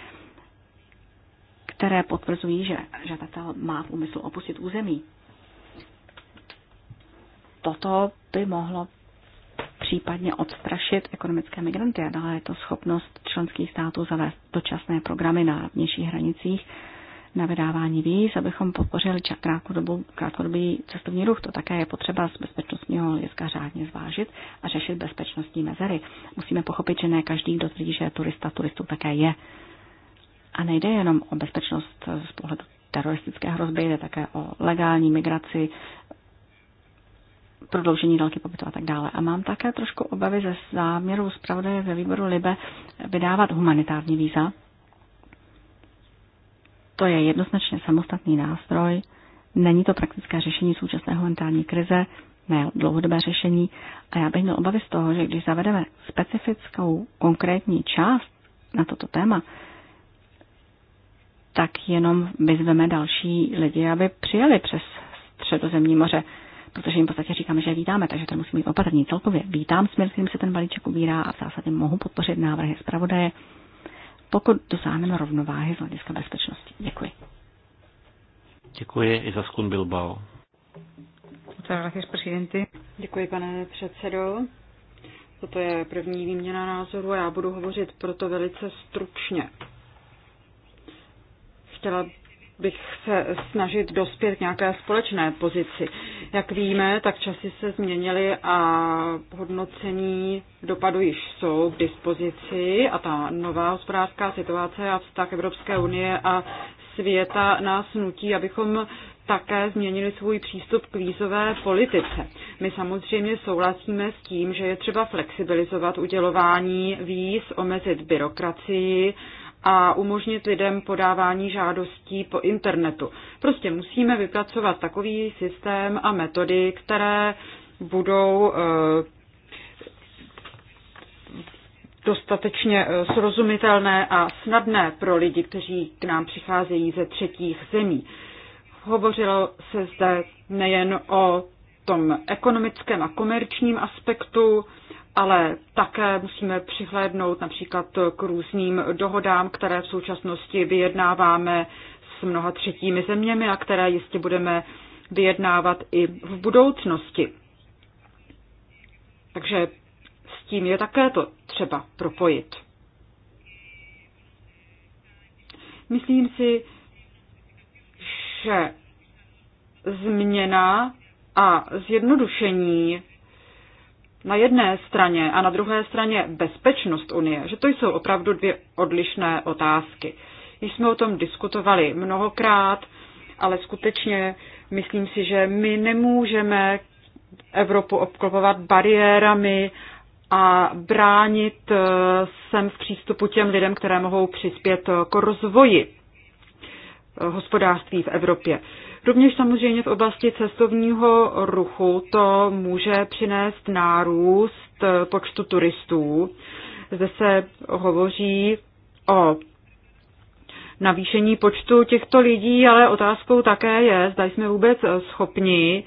které potvrzují, že žadatel má v úmyslu opustit území. Toto by mohlo případně odstrašit ekonomické migranty a dále je to schopnost členských států zavést dočasné programy na vnějších hranicích, na vydávání víz, abychom podpořili krátkodobý cestovní ruch. To také je potřeba z bezpečnostního hlediska řádně zvážit a řešit bezpečnostní mezery. Musíme pochopit, že ne každý, kdo tvrdí, že je turista, turistů také je. A nejde jenom o bezpečnost z pohledu teroristické hrozby, jde také o legální migraci, prodloužení délky pobytu a tak dále. A mám také trošku obavy ze záměru zpravodaje ve výboru Libe vydávat humanitární víza, to je jednoznačně samostatný nástroj. Není to praktické řešení současné humanitární krize, ne dlouhodobé řešení. A já bych měl obavy z toho, že když zavedeme specifickou konkrétní část na toto téma, tak jenom vyzveme další lidi, aby přijeli přes středozemní moře, protože jim v podstatě říkáme, že je vítáme, takže to musí být opatrní celkově. Vítám směr, kterým se ten balíček ubírá a v zásadě mohu podpořit návrhy zpravodaje pokud dosáhneme rovnováhy z hlediska bezpečnosti. Děkuji. Děkuji i za skun Bilbao. Děkuji, pane předsedo. Toto je první výměna názoru a já budu hovořit proto velice stručně. Chtěla bych se snažit dospět k nějaké společné pozici. Jak víme, tak časy se změnily a hodnocení dopadu již jsou k dispozici a ta nová hospodářská situace a vztah Evropské unie a světa nás nutí, abychom také změnili svůj přístup k vízové politice. My samozřejmě souhlasíme s tím, že je třeba flexibilizovat udělování víz, omezit byrokracii a umožnit lidem podávání žádostí po internetu. Prostě musíme vypracovat takový systém a metody, které budou eh, dostatečně eh, srozumitelné a snadné pro lidi, kteří k nám přicházejí ze třetích zemí. Hovořilo se zde nejen o tom ekonomickém a komerčním aspektu, ale také musíme přihlédnout například k různým dohodám, které v současnosti vyjednáváme s mnoha třetími zeměmi a které jistě budeme vyjednávat i v budoucnosti. Takže s tím je také to třeba propojit. Myslím si, že změna a zjednodušení na jedné straně a na druhé straně bezpečnost Unie, že to jsou opravdu dvě odlišné otázky. Již jsme o tom diskutovali mnohokrát, ale skutečně myslím si, že my nemůžeme Evropu obklopovat bariérami a bránit eh, sem v přístupu těm lidem, které mohou přispět k rozvoji eh, hospodářství v Evropě. Rovněž samozřejmě v oblasti cestovního ruchu to může přinést nárůst eh, počtu turistů. Zde se hovoří o navýšení počtu těchto lidí, ale otázkou také je, zda jsme vůbec eh, schopni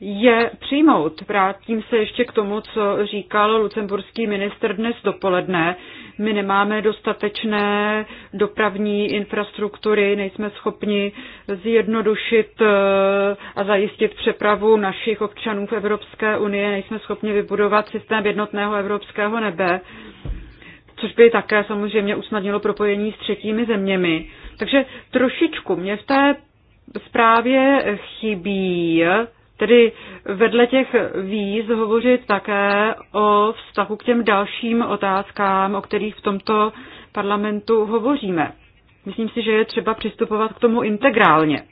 je přijmout. Vrátím se ještě k tomu, co říkal lucemburský minister dnes dopoledne. My nemáme dostatečné dopravní infrastruktury, nejsme schopni zjednodušit eh, a zajistit přepravu našich občanů v Evropské unii, nejsme schopni vybudovat systém jednotného evropského nebe, což by také samozřejmě usnadnilo propojení s třetími zeměmi. Takže trošičku mě v té zprávě chybí Tedy vedle těch víz hovořit také o vztahu k těm dalším otázkám, o kterých v tomto parlamentu hovoříme. Myslím si, že je třeba přistupovat k tomu integrálně,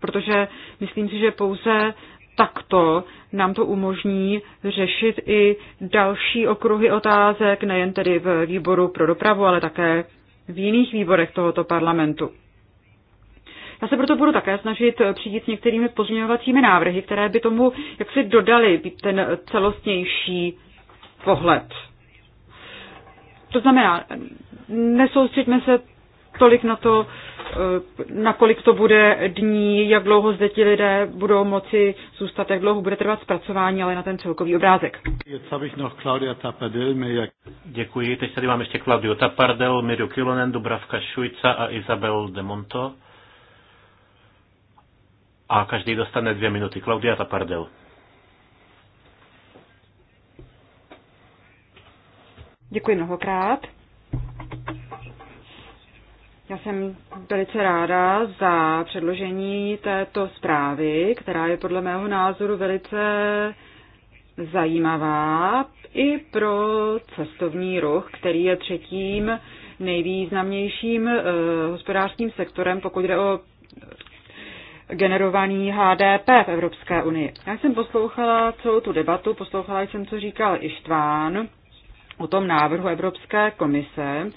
protože myslím si, že pouze takto nám to umožní řešit i další okruhy otázek, nejen tedy v výboru pro dopravu, ale také v jiných výborech tohoto parlamentu. Já se proto budu také snažit přijít s některými pozměňovacími návrhy, které by tomu jaksi dodali ten celostnější pohled. To znamená, nesoustředíme se tolik na to, eh, nakolik to bude dní, jak dlouho zde ti lidé budou moci zůstat, jak dlouho bude trvat zpracování, ale na ten celkový obrázek. Děkuji, teď tady mám ještě Claudio Tapardel, Miru Kilonen, Dubravka Šujca a Isabel Demonto a každý dostane dvě minuty. Klaudia Tapardel. Děkuji mnohokrát. Já jsem velice ráda za předložení této zprávy, která je podle mého názoru velice zajímavá i pro cestovní ruch, který je třetím nejvýznamnějším eh, hospodářským sektorem, pokud jde o generovaný HDP v Evropské unii. Já jsem poslouchala celou tu debatu, poslouchala jsem, co říkal Ištván o tom návrhu Evropské komise,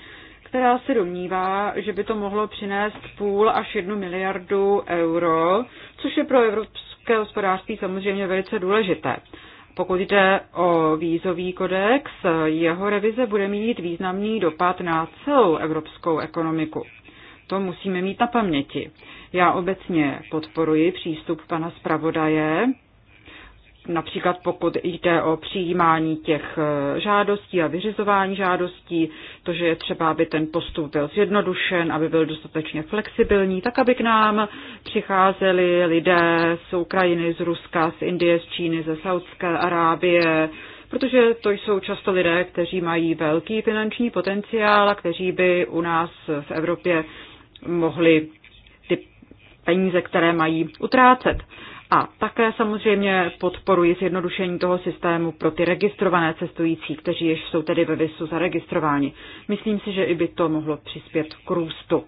která se domnívá, že by to mohlo přinést půl až jednu miliardu euro, což je pro evropské hospodářství samozřejmě velice důležité. Pokud jde o vízový kodex, jeho revize bude mít významný dopad na celou evropskou ekonomiku. To musíme mít na paměti. Já obecně podporuji přístup pana zpravodaje, například pokud jde o přijímání těch eh, žádostí a vyřizování žádostí, to, že je třeba, aby ten postup byl zjednodušen, aby byl dostatečně flexibilní, tak aby k nám přicházeli lidé z Ukrajiny, z Ruska, z Indie, z Číny, ze Saudské Arábie, protože to jsou často lidé, kteří mají velký finanční potenciál a kteří by u nás v Evropě mohli peníze, které mají utrácet. A také samozřejmě podporuji zjednodušení toho systému pro ty registrované cestující, kteří již jsou tedy ve VISu zaregistrováni. Myslím si, že i by to mohlo přispět k růstu.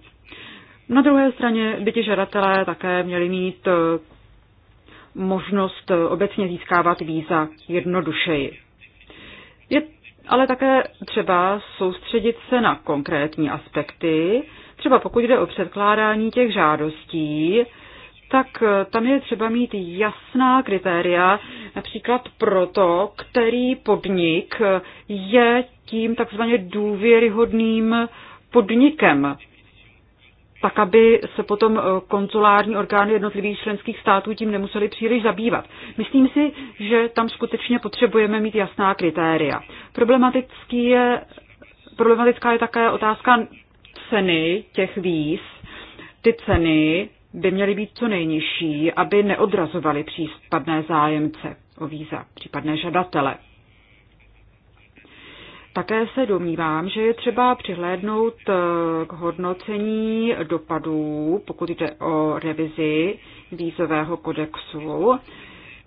Na druhé straně by ti žadatelé také měli mít eh, možnost eh, obecně získávat víza jednodušeji. Je ale také třeba soustředit se na konkrétní aspekty, Třeba pokud jde o předkládání těch žádostí, tak eh, tam je třeba mít jasná kritéria, například proto, který podnik eh, je tím takzvaně důvěryhodným podnikem tak aby se potom eh, konzulární orgány jednotlivých členských států tím nemuseli příliš zabývat. Myslím si, že tam skutečně potřebujeme mít jasná kritéria. Problematický je, problematická je také otázka ceny těch víz, ty ceny by měly být co nejnižší, aby neodrazovaly případné zájemce o víza, případné žadatele. Také se domnívám, že je třeba přihlédnout eh, k hodnocení dopadů, pokud jde o revizi vízového kodexu.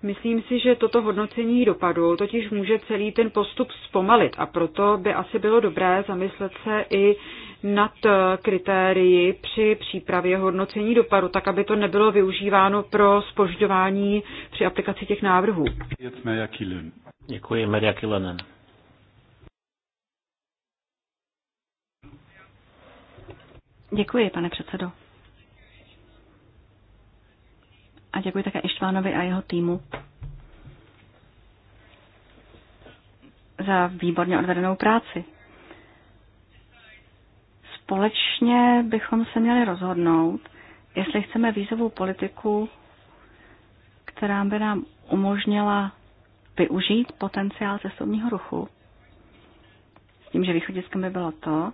Myslím si, že toto hodnocení dopadu totiž může celý ten postup zpomalit a proto by asi bylo dobré zamyslet se i nad eh, kritérii při přípravě hodnocení dopadu, tak aby to nebylo využíváno pro spožďování při aplikaci těch návrhů. Děkuji, Maria Kilenen. Děkuji, pane předsedo. A děkuji také Ištvánovi a jeho týmu za výborně odvedenou práci společně bychom se měli rozhodnout, jestli chceme výzovou politiku, která by nám umožnila využít potenciál cestovního ruchu. S tím, že východiskem by bylo to,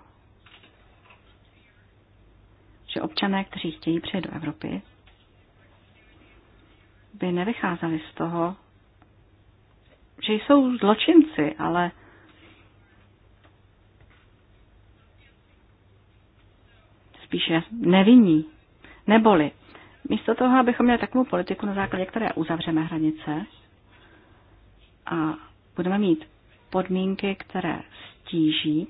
že občané, kteří chtějí přijet do Evropy, by nevycházeli z toho, že jsou zločinci, ale spíše nevinní. Neboli, místo toho, abychom měli takovou politiku, na základě které uzavřeme hranice a budeme mít podmínky, které stíží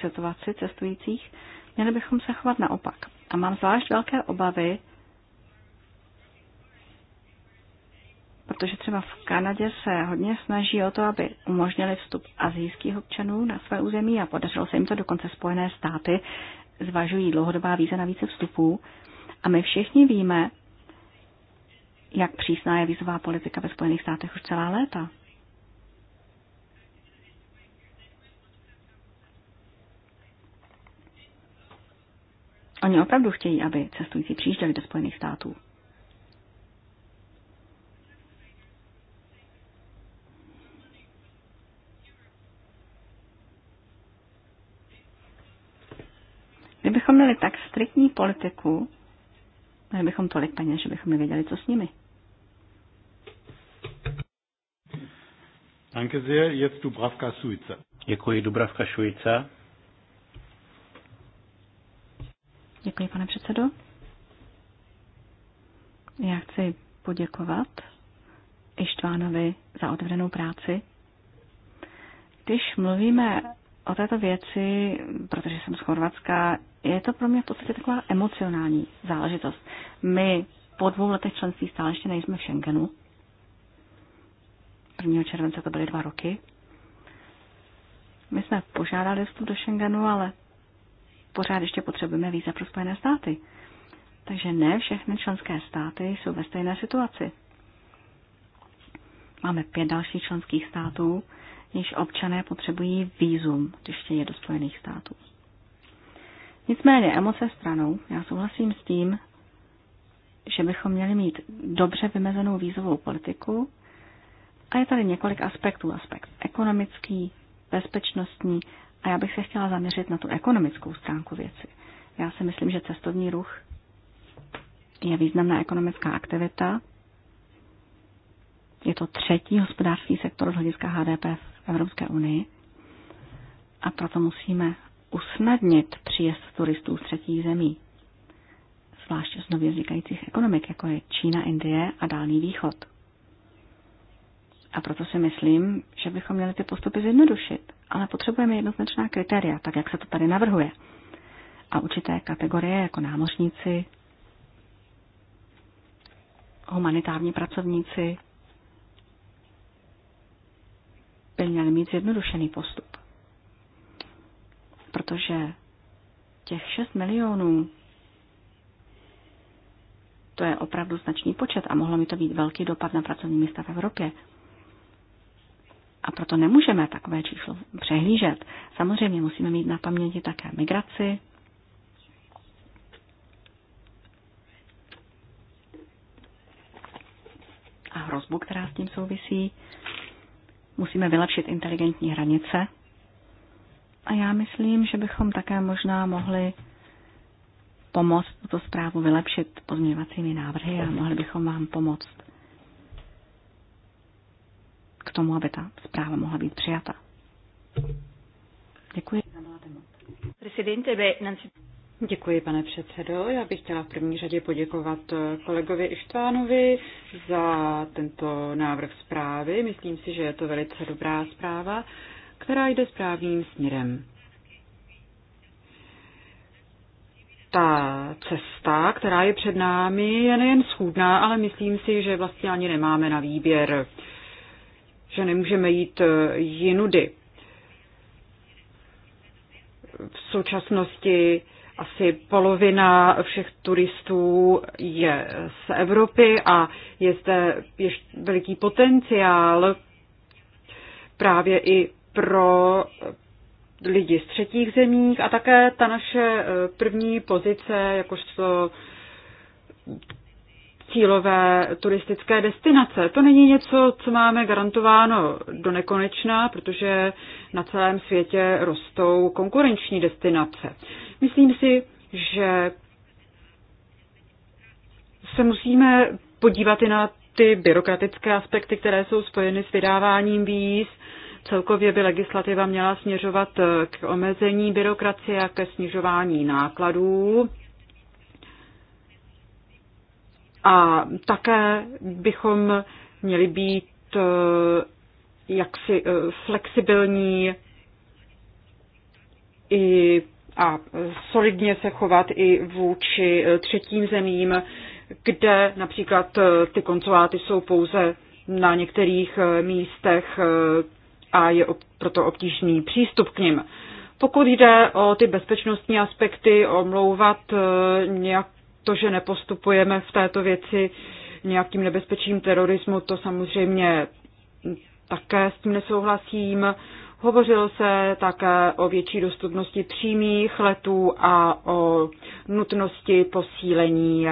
situaci cestujících, měli bychom se chovat naopak. A mám zvlášť velké obavy, protože třeba v Kanadě se hodně snaží o to, aby umožnili vstup azijských občanů na své území a podařilo se jim to dokonce Spojené státy zvažují dlouhodobá víza na více vstupů a my všichni víme, jak přísná je vízová politika ve Spojených státech už celá léta. Oni opravdu chtějí, aby cestující přijížděli do Spojených států. striktní politiku, měli bychom tolik peněz, že bychom nevěděli, co s nimi. Danke sehr. Jetzt Dubravka Suica. Děkuji, Dubravka Šujica. Děkuji, pane předsedo. Já chci poděkovat Ištvánovi za otevřenou práci. Když mluvíme o této věci, protože jsem z Chorvatska, je to pro mě v podstatě taková emocionální záležitost. My po dvou letech členství stále ještě nejsme v Schengenu. 1. července to byly dva roky. My jsme požádali vstup do Schengenu, ale pořád ještě potřebujeme víza pro Spojené státy. Takže ne všechny členské státy jsou ve stejné situaci. Máme pět dalších členských států, jejichž občané potřebují vízum, když chtějí do Spojených států. Nicméně emoce stranou, já souhlasím s tím, že bychom měli mít dobře vymezenou vízovou politiku a je tady několik aspektů. Aspekt ekonomický, bezpečnostní a já bych se chtěla zaměřit na tu ekonomickou stránku věci. Já si myslím, že cestovní ruch je významná ekonomická aktivita. Je to třetí hospodářský sektor z hlediska HDP v Evropské unii a proto musíme usnadnit příjezd turistů z třetích zemí, zvlášť z nově vznikajících ekonomik, jako je Čína, Indie a Dálný východ. A proto si myslím, že bychom měli ty postupy zjednodušit, ale potřebujeme jednoznačná kritéria, tak jak se to tady navrhuje. A určité kategorie, jako námořníci, humanitární pracovníci, by měli mít zjednodušený postup protože těch 6 milionů to je opravdu značný počet a mohlo mi to být velký dopad na pracovní místa v Evropě. A proto nemůžeme takové číslo přehlížet. Samozřejmě musíme mít na paměti také migraci, a hrozbu, která s tím souvisí. Musíme vylepšit inteligentní hranice, a já myslím, že bychom také možná mohli pomoct tuto zprávu vylepšit pozměňovacími návrhy a mohli bychom vám pomoct k tomu, aby ta zpráva mohla být přijata. Děkuji. Děkuji, pane předsedo. Já bych chtěla v první řadě poděkovat eh, kolegovi Ištvánovi za tento návrh zprávy. Myslím si, že je to velice dobrá zpráva která jde správným směrem. Ta cesta, která je před námi, je nejen schůdná, ale myslím si, že vlastně ani nemáme na výběr, že nemůžeme jít eh, jinudy. V současnosti asi polovina všech turistů je z Evropy a je zde ještě veliký potenciál právě i pro lidi z třetích zemí a také ta naše eh, první pozice, jakožto cílové turistické destinace. To není něco, co máme garantováno do nekonečna, protože na celém světě rostou konkurenční destinace. Myslím si, že se musíme podívat i na ty byrokratické aspekty, které jsou spojeny s vydáváním víz, Celkově by legislativa měla směřovat eh, k omezení byrokracie a ke snižování nákladů. A také bychom měli být eh, jaksi eh, flexibilní i a solidně se chovat i vůči třetím zemím, kde například ty konzuláty jsou pouze na některých místech a je proto obtížný přístup k ním. Pokud jde o ty bezpečnostní aspekty, omlouvat e, nějak to, že nepostupujeme v této věci nějakým nebezpečím terorismu, to samozřejmě také s tím nesouhlasím. Hovořilo se také o větší dostupnosti přímých letů a o nutnosti posílení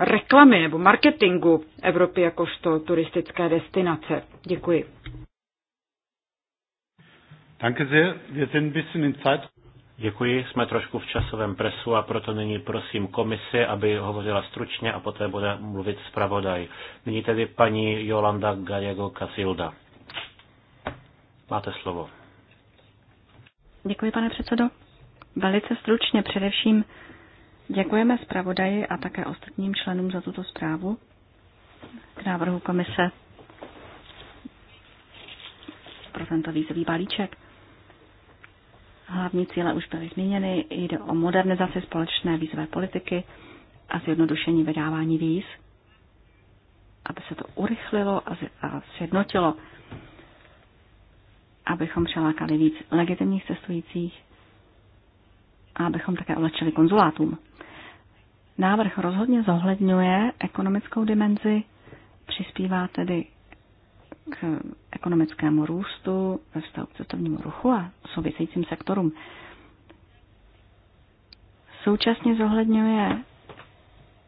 reklamy nebo marketingu Evropy jakožto turistické destinace. Děkuji. Danke sehr. Wir sind ein bisschen in Zeit. Děkuji, jsme trošku v časovém presu a proto nyní prosím komisi, aby hovořila stručně a poté bude mluvit zpravodaj. Nyní tedy paní Jolanda Gallego Casilda. Máte slovo. Děkuji, pane předsedo. Velice stručně především děkujeme zpravodaji a také ostatním členům za tuto zprávu k návrhu komise pro tento výzový balíček. Hlavní cíle už byly zmíněny. jde o modernizaci společné vízové politiky a zjednodušení vydávání víz, aby se to urychlilo a sjednotilo, abychom přelákali víc legitimních cestujících a abychom také ulečili konzulátům. Návrh rozhodně zohledňuje ekonomickou dimenzi, přispívá tedy k ekonomickému růstu ve vztahu k cestovnímu ruchu a souvisejícím sektorům. Současně zohledňuje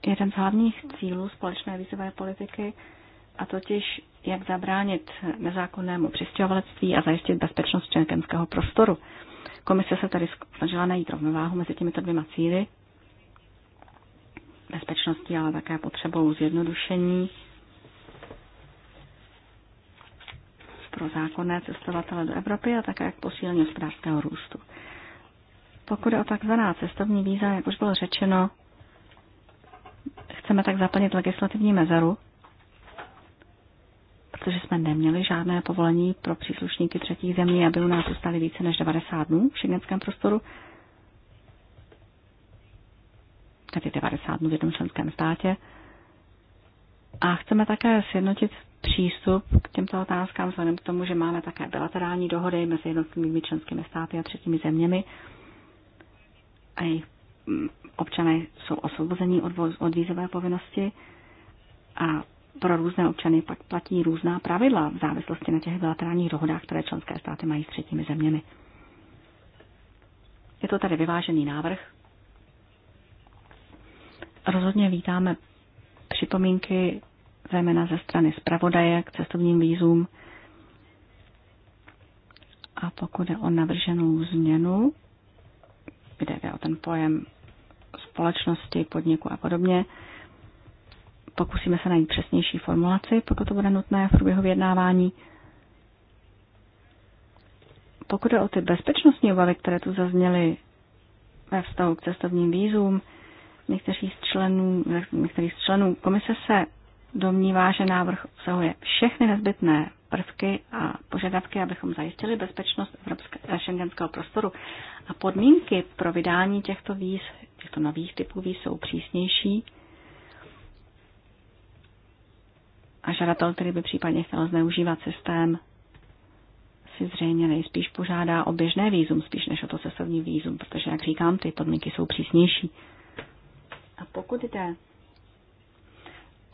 jeden z hlavních cílů společné vízové politiky, a totiž jak zabránit nezákonnému přistěhovalectví a zajistit bezpečnost čenkenského prostoru. Komise se tady snažila najít rovnováhu mezi těmito dvěma cíly, bezpečností, ale také potřebou zjednodušení pro zákonné cestovatele do Evropy a také k posílení hospodářského růstu. Pokud je o takzvaná cestovní víza, jak už bylo řečeno, chceme tak zaplnit legislativní mezeru, protože jsme neměli žádné povolení pro příslušníky třetích zemí, aby u nás zůstali více než 90 dnů v šengenském prostoru, tedy 90 dnů v jednom členském státě. A chceme také sjednotit přístup k těmto otázkám, vzhledem k tomu, že máme také bilaterální dohody mezi jednotlivými členskými státy a třetími zeměmi a jejich mm, občané jsou osvobození od, od vízové povinnosti a pro různé občany pak platí různá pravidla v závislosti na těch bilaterálních dohodách, které členské státy mají s třetími zeměmi. Je to tady vyvážený návrh. Rozhodně vítáme připomínky zejména ze strany zpravodaje k cestovním výzům. A pokud je o navrženou změnu, kde je o ten pojem společnosti, podniku a podobně, pokusíme se najít přesnější formulaci, pokud to bude nutné v průběhu vyjednávání. Pokud je o ty bezpečnostní obavy, které tu zazněly ve vztahu k cestovním výzům, někteří z členů, některý z členů komise se domnívá, že návrh obsahuje všechny nezbytné prvky a požadavky, abychom zajistili bezpečnost šengenského eh, prostoru. A podmínky pro vydání těchto víz, těchto nových typů víz jsou přísnější. A žadatel, který by případně chtěl zneužívat systém, si zřejmě nejspíš požádá o běžné výzum, spíš než o to cestovní výzum, protože, jak říkám, ty podmínky jsou přísnější. A pokud jde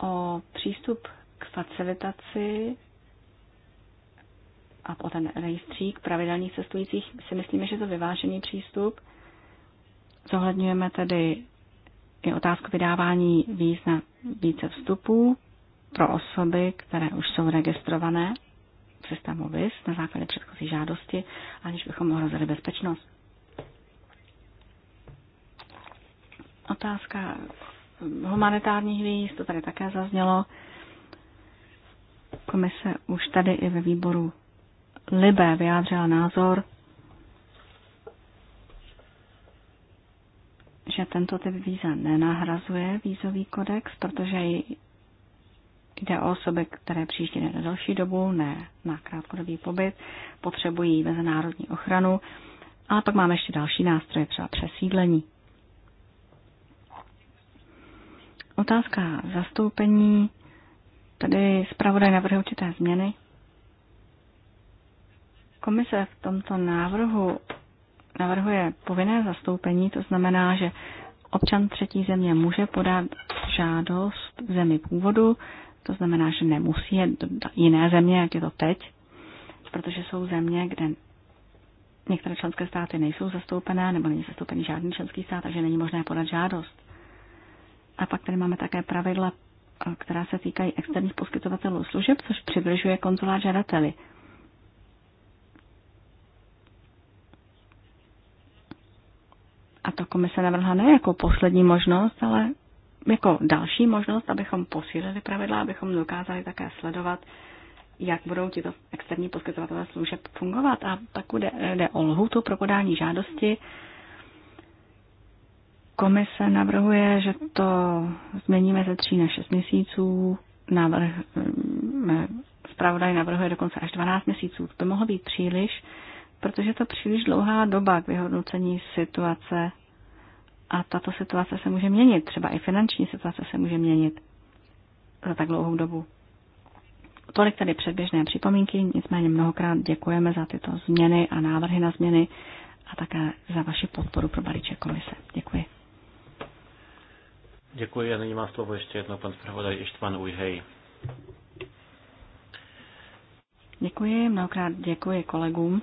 o přístup k facilitaci a o ten rejstřík pravidelných cestujících si myslíme, že je to vyvážený přístup. Zohledňujeme tedy i otázku vydávání víz na více vstupů pro osoby, které už jsou registrované v systému VIS na základě předchozí žádosti, aniž bychom ohrozili bezpečnost. Otázka humanitárních víz, to tady také zaznělo. Komise už tady i ve výboru Libé vyjádřila názor, že tento typ víza nenahrazuje vízový kodex, protože jde o osoby, které přijíždí na další dobu, ne na krátkodobý pobyt, potřebují mezinárodní ochranu. Ale pak máme ještě další nástroje, třeba přesídlení. Otázka zastoupení. Tady zpravodaj navrhuje určité změny. Komise v tomto návrhu navrhuje povinné zastoupení, to znamená, že občan třetí země může podat žádost v zemi původu, to znamená, že nemusí jet do jiné země, jak je to teď, protože jsou země, kde některé členské státy nejsou zastoupené nebo není zastoupený žádný členský stát, takže není možné podat žádost. A pak tady máme také pravidla, eh, která se týkají externích poskytovatelů služeb, což přibližuje konzulát žadateli. A to komise navrhla ne jako poslední možnost, ale jako další možnost, abychom posílili pravidla, abychom dokázali také sledovat, jak budou tyto externí poskytovatelé služeb fungovat. A pak jde, jde o lhutu pro podání žádosti, Komise navrhuje, že to změníme ze tří na šest měsíců. Návrh, mm, eh, zpravodaj navrhuje dokonce až 12 měsíců. To by mohlo být příliš, protože to příliš dlouhá doba k vyhodnocení situace a tato situace se může měnit. Třeba i finanční situace se může měnit za tak dlouhou dobu. Tolik tady předběžné připomínky, nicméně mnohokrát děkujeme za tyto změny a návrhy na změny a také za vaši podporu pro balíček komise. Děkuji. Děkuji a nyní má slovo ještě jedno pan zpravodaj Ištvan Ujhej. Děkuji, mnohokrát děkuji kolegům,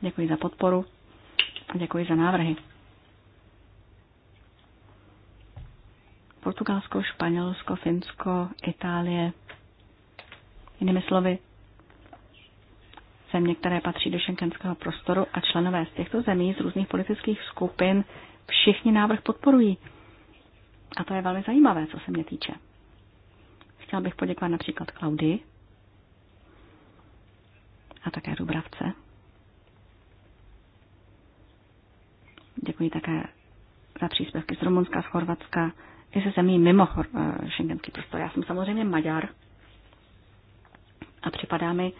děkuji za podporu a děkuji za návrhy. Portugalsko, Španělsko, Finsko, Itálie. Jinými slovy, země, které patří do šenkenského prostoru a členové z těchto zemí z různých politických skupin všichni návrh podporují. A to je velmi zajímavé, co se mě týče. Chtěla bych poděkovat například Klaudy a také Dubravce. Děkuji také za příspěvky z Rumunska, z Chorvatska i se zemí mimo šengenský eh, prostor. Já jsem samozřejmě Maďar a připadá mi,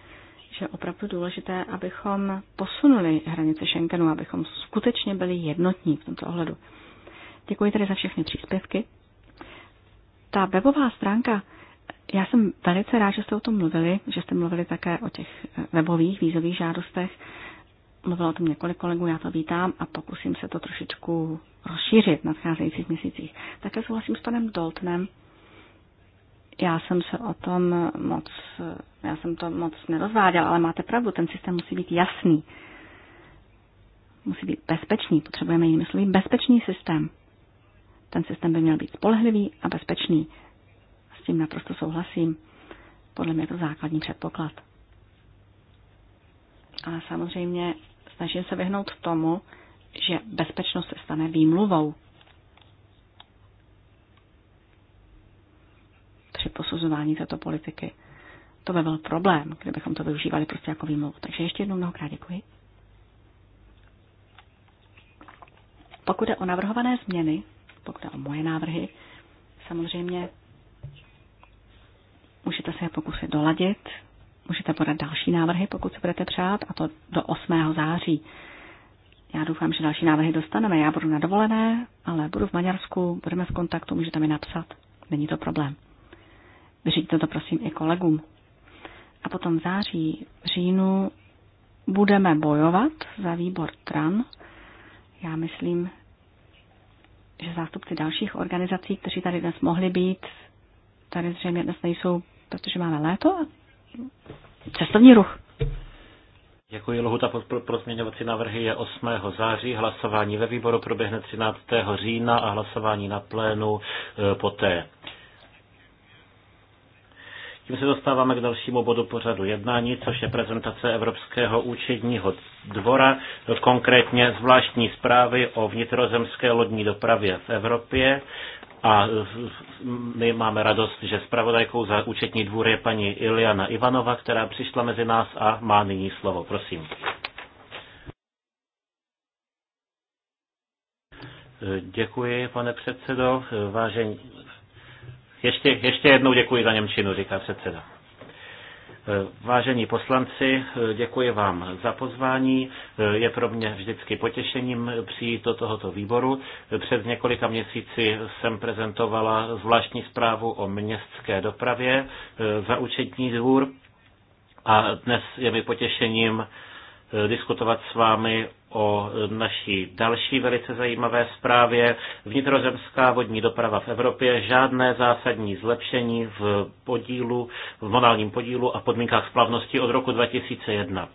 že je opravdu důležité, abychom posunuli hranice Schengenu, abychom skutečně byli jednotní v tomto ohledu. Děkuji tedy za všechny příspěvky. Ta webová stránka, já jsem velice rád, že jste o tom mluvili, že jste mluvili také o těch eh, webových vízových žádostech. Mluvilo o tom několik kolegů, já to vítám a pokusím se to trošičku rozšířit v nadcházejících měsících. Také souhlasím s panem Doltnem. Já jsem se o tom moc, eh, já jsem to moc nerozváděl, ale máte pravdu, ten systém musí být jasný musí být bezpečný, potřebujeme jinými slovy bezpečný systém. Ten systém by měl být spolehlivý a bezpečný. S tím naprosto souhlasím. Podle mě je to základní předpoklad. Ale samozřejmě snažím se vyhnout tomu, že bezpečnost se stane výmluvou. Při posuzování této politiky. To by byl problém, kdybychom to využívali prostě jako výmluvu. Takže ještě jednou mnohokrát děkuji. Pokud je o navrhované změny, pokud jde o moje návrhy. Samozřejmě můžete se je pokusit doladit, můžete podat další návrhy, pokud se budete přát, a to do 8. září. Já doufám, že další návrhy dostaneme. Já budu na dovolené, ale budu v Maďarsku, budeme v kontaktu, můžete mi napsat. Není to problém. Vyříďte to prosím i kolegům. A potom v září, v říjnu budeme bojovat za výbor TRAN. Já myslím, že zástupci dalších organizací, kteří tady dnes mohli být, tady zřejmě dnes nejsou, protože máme léto a cestovní ruch. Děkuji. Lohuta, pro, pro změňovací návrhy je 8. září, hlasování ve výboru proběhne 13. října a hlasování na plénu eh, poté. Tím se dostáváme k dalšímu bodu pořadu jednání, což je prezentace Evropského účetního dvora, konkrétně zvláštní zprávy o vnitrozemské lodní dopravě v Evropě. A my máme radost, že zpravodajkou za účetní dvůr je paní Iliana Ivanova, která přišla mezi nás a má nyní slovo. Prosím. Děkuji, pane předsedo. Vážení, ještě, ještě jednou děkuji za Němčinu, říká předseda. Eh, vážení poslanci, eh, děkuji vám za pozvání. Eh, je pro mě vždycky potěšením přijít do tohoto výboru. Před několika měsíci jsem prezentovala zvláštní zprávu o městské dopravě za účetní dvůr a dnes je mi potěšením diskutovat s vámi o naší další velice zajímavé zprávě. Vnitrozemská vodní doprava v Evropě, žádné zásadní zlepšení v podílu, v monálním podílu a podmínkách splavnosti od roku 2001.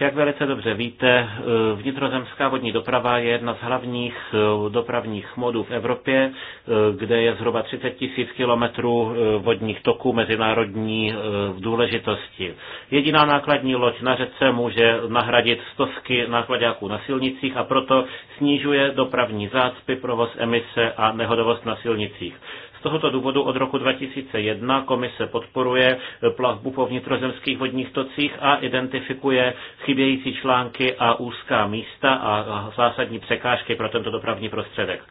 Jak velice dobře víte, eh, vnitrozemská vodní doprava je jedna z hlavních eh, dopravních modů v Evropě, eh, kde je zhruba 30 tisíc kilometrů vodních toků mezinárodní v důležitosti. Jediná nákladní loď na řece může nahradit stovky nákladáků na silnicích a proto snižuje dopravní zácpy, provoz emise a nehodovost na silnicích. Z tohoto důvodu od roku 2001 komise podporuje plavbu po vnitrozemských vodních tocích a identifikuje chybějící články a úzká místa a zásadní překážky pro tento dopravní prostředek.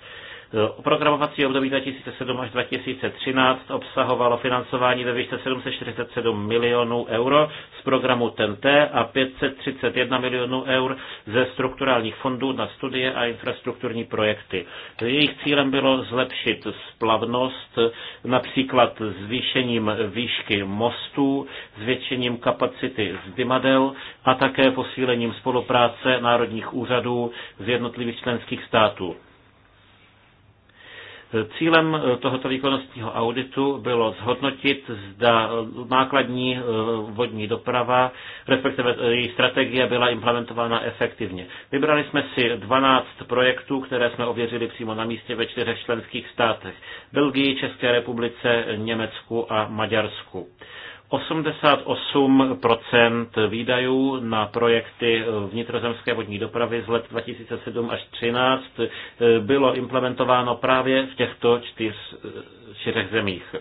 Eh, Programovací období 2007 až 2013 obsahovalo financování ve výšce 747 milionů euro z programu TNT a 531 milionů eur ze strukturálních fondů na studie a infrastrukturní projekty. Jejich cílem bylo zlepšit splavnost, například zvýšením výšky mostů, zvětšením kapacity zdymadel a také posílením spolupráce národních úřadů z jednotlivých členských států. Cílem tohoto výkonnostního auditu bylo zhodnotit, zda nákladní eh, vodní doprava, respektive eh, její strategie byla implementována efektivně. Vybrali jsme si 12 projektů, které jsme ověřili přímo na místě ve čtyřech členských státech. Belgii, České republice, Německu a Maďarsku. 88 výdajů na projekty vnitrozemské vodní dopravy z let 2007 až 2013 bylo implementováno právě v těchto čtyř, čtyřech zemích.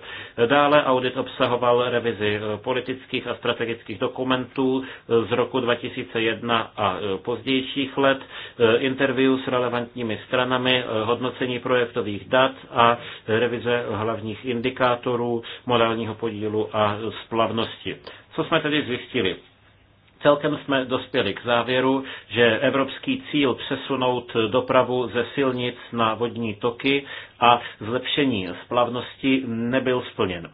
Dále audit obsahoval revizi politických a strategických dokumentů z roku 2001 a pozdějších let, interview s relevantními stranami, hodnocení projektových dat a revize hlavních indikátorů, modálního podílu a spl- plavnosti. Co jsme tedy zjistili? Celkem jsme dospěli k závěru, že evropský cíl přesunout dopravu ze silnic na vodní toky a zlepšení splavnosti nebyl splněn.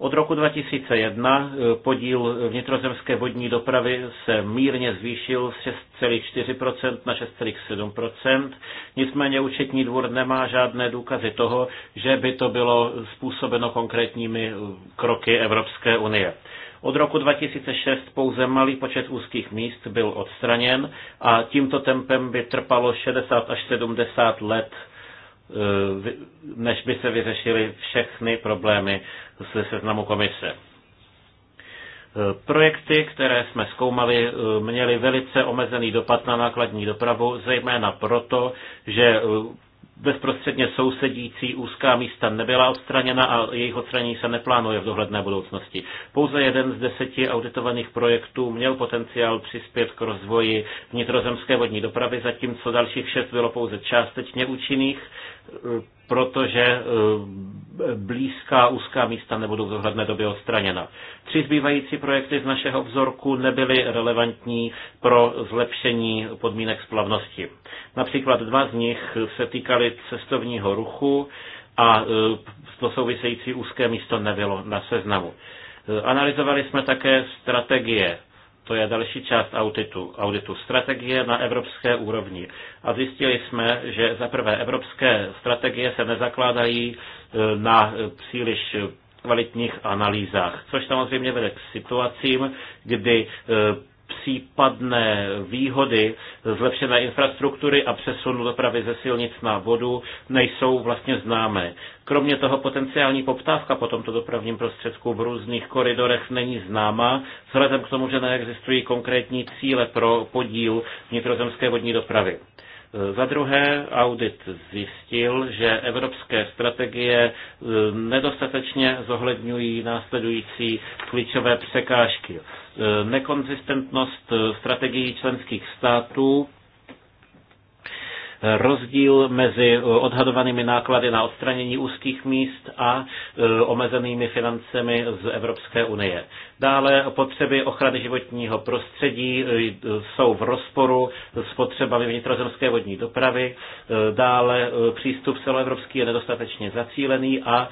Od roku 2001 e, podíl vnitrozemské vodní dopravy se mírně zvýšil z 6,4% na 6,7%, nicméně účetní dvůr nemá žádné důkazy toho, že by to bylo způsobeno konkrétními e, kroky Evropské unie. Od roku 2006 pouze malý počet úzkých míst byl odstraněn a tímto tempem by trpalo 60 až 70 let Eh, než by se vyřešily všechny problémy se seznamu komise. Eh, projekty, které jsme zkoumali, eh, měly velice omezený dopad na nákladní dopravu, zejména proto, že bezprostředně sousedící úzká místa nebyla odstraněna a jejich odstranění se neplánuje v dohledné budoucnosti. Pouze jeden z deseti auditovaných projektů měl potenciál přispět k rozvoji vnitrozemské vodní dopravy, zatímco dalších šest bylo pouze částečně účinných protože eh, blízká úzká místa nebudou v dohledné době odstraněna. Tři zbývající projekty z našeho vzorku nebyly relevantní pro zlepšení podmínek splavnosti. Například dva z nich se týkaly cestovního ruchu a eh, to související úzké místo nebylo na seznamu. Eh, analyzovali jsme také strategie to je další část auditu, auditu strategie na evropské úrovni. A zjistili jsme, že za prvé evropské strategie se nezakládají e, na příliš kvalitních analýzách, což samozřejmě vede k situacím, kdy e, případné výhody zlepšené infrastruktury a přesunu dopravy ze silnic na vodu nejsou vlastně známé. Kromě toho potenciální poptávka po tomto dopravním prostředku v různých koridorech není známa. vzhledem k tomu, že neexistují konkrétní cíle pro podíl vnitrozemské vodní dopravy. Eh, za druhé, audit zjistil, že evropské strategie eh, nedostatečně zohledňují následující klíčové překážky. Eh, nekonzistentnost strategií členských států, rozdíl mezi odhadovanými náklady na odstranění úzkých míst a omezenými financemi z Evropské unie. Dále potřeby ochrany životního prostředí e, jsou v rozporu s potřebami vnitrozemské vodní dopravy. E, dále e, přístup celoevropský je nedostatečně zacílený a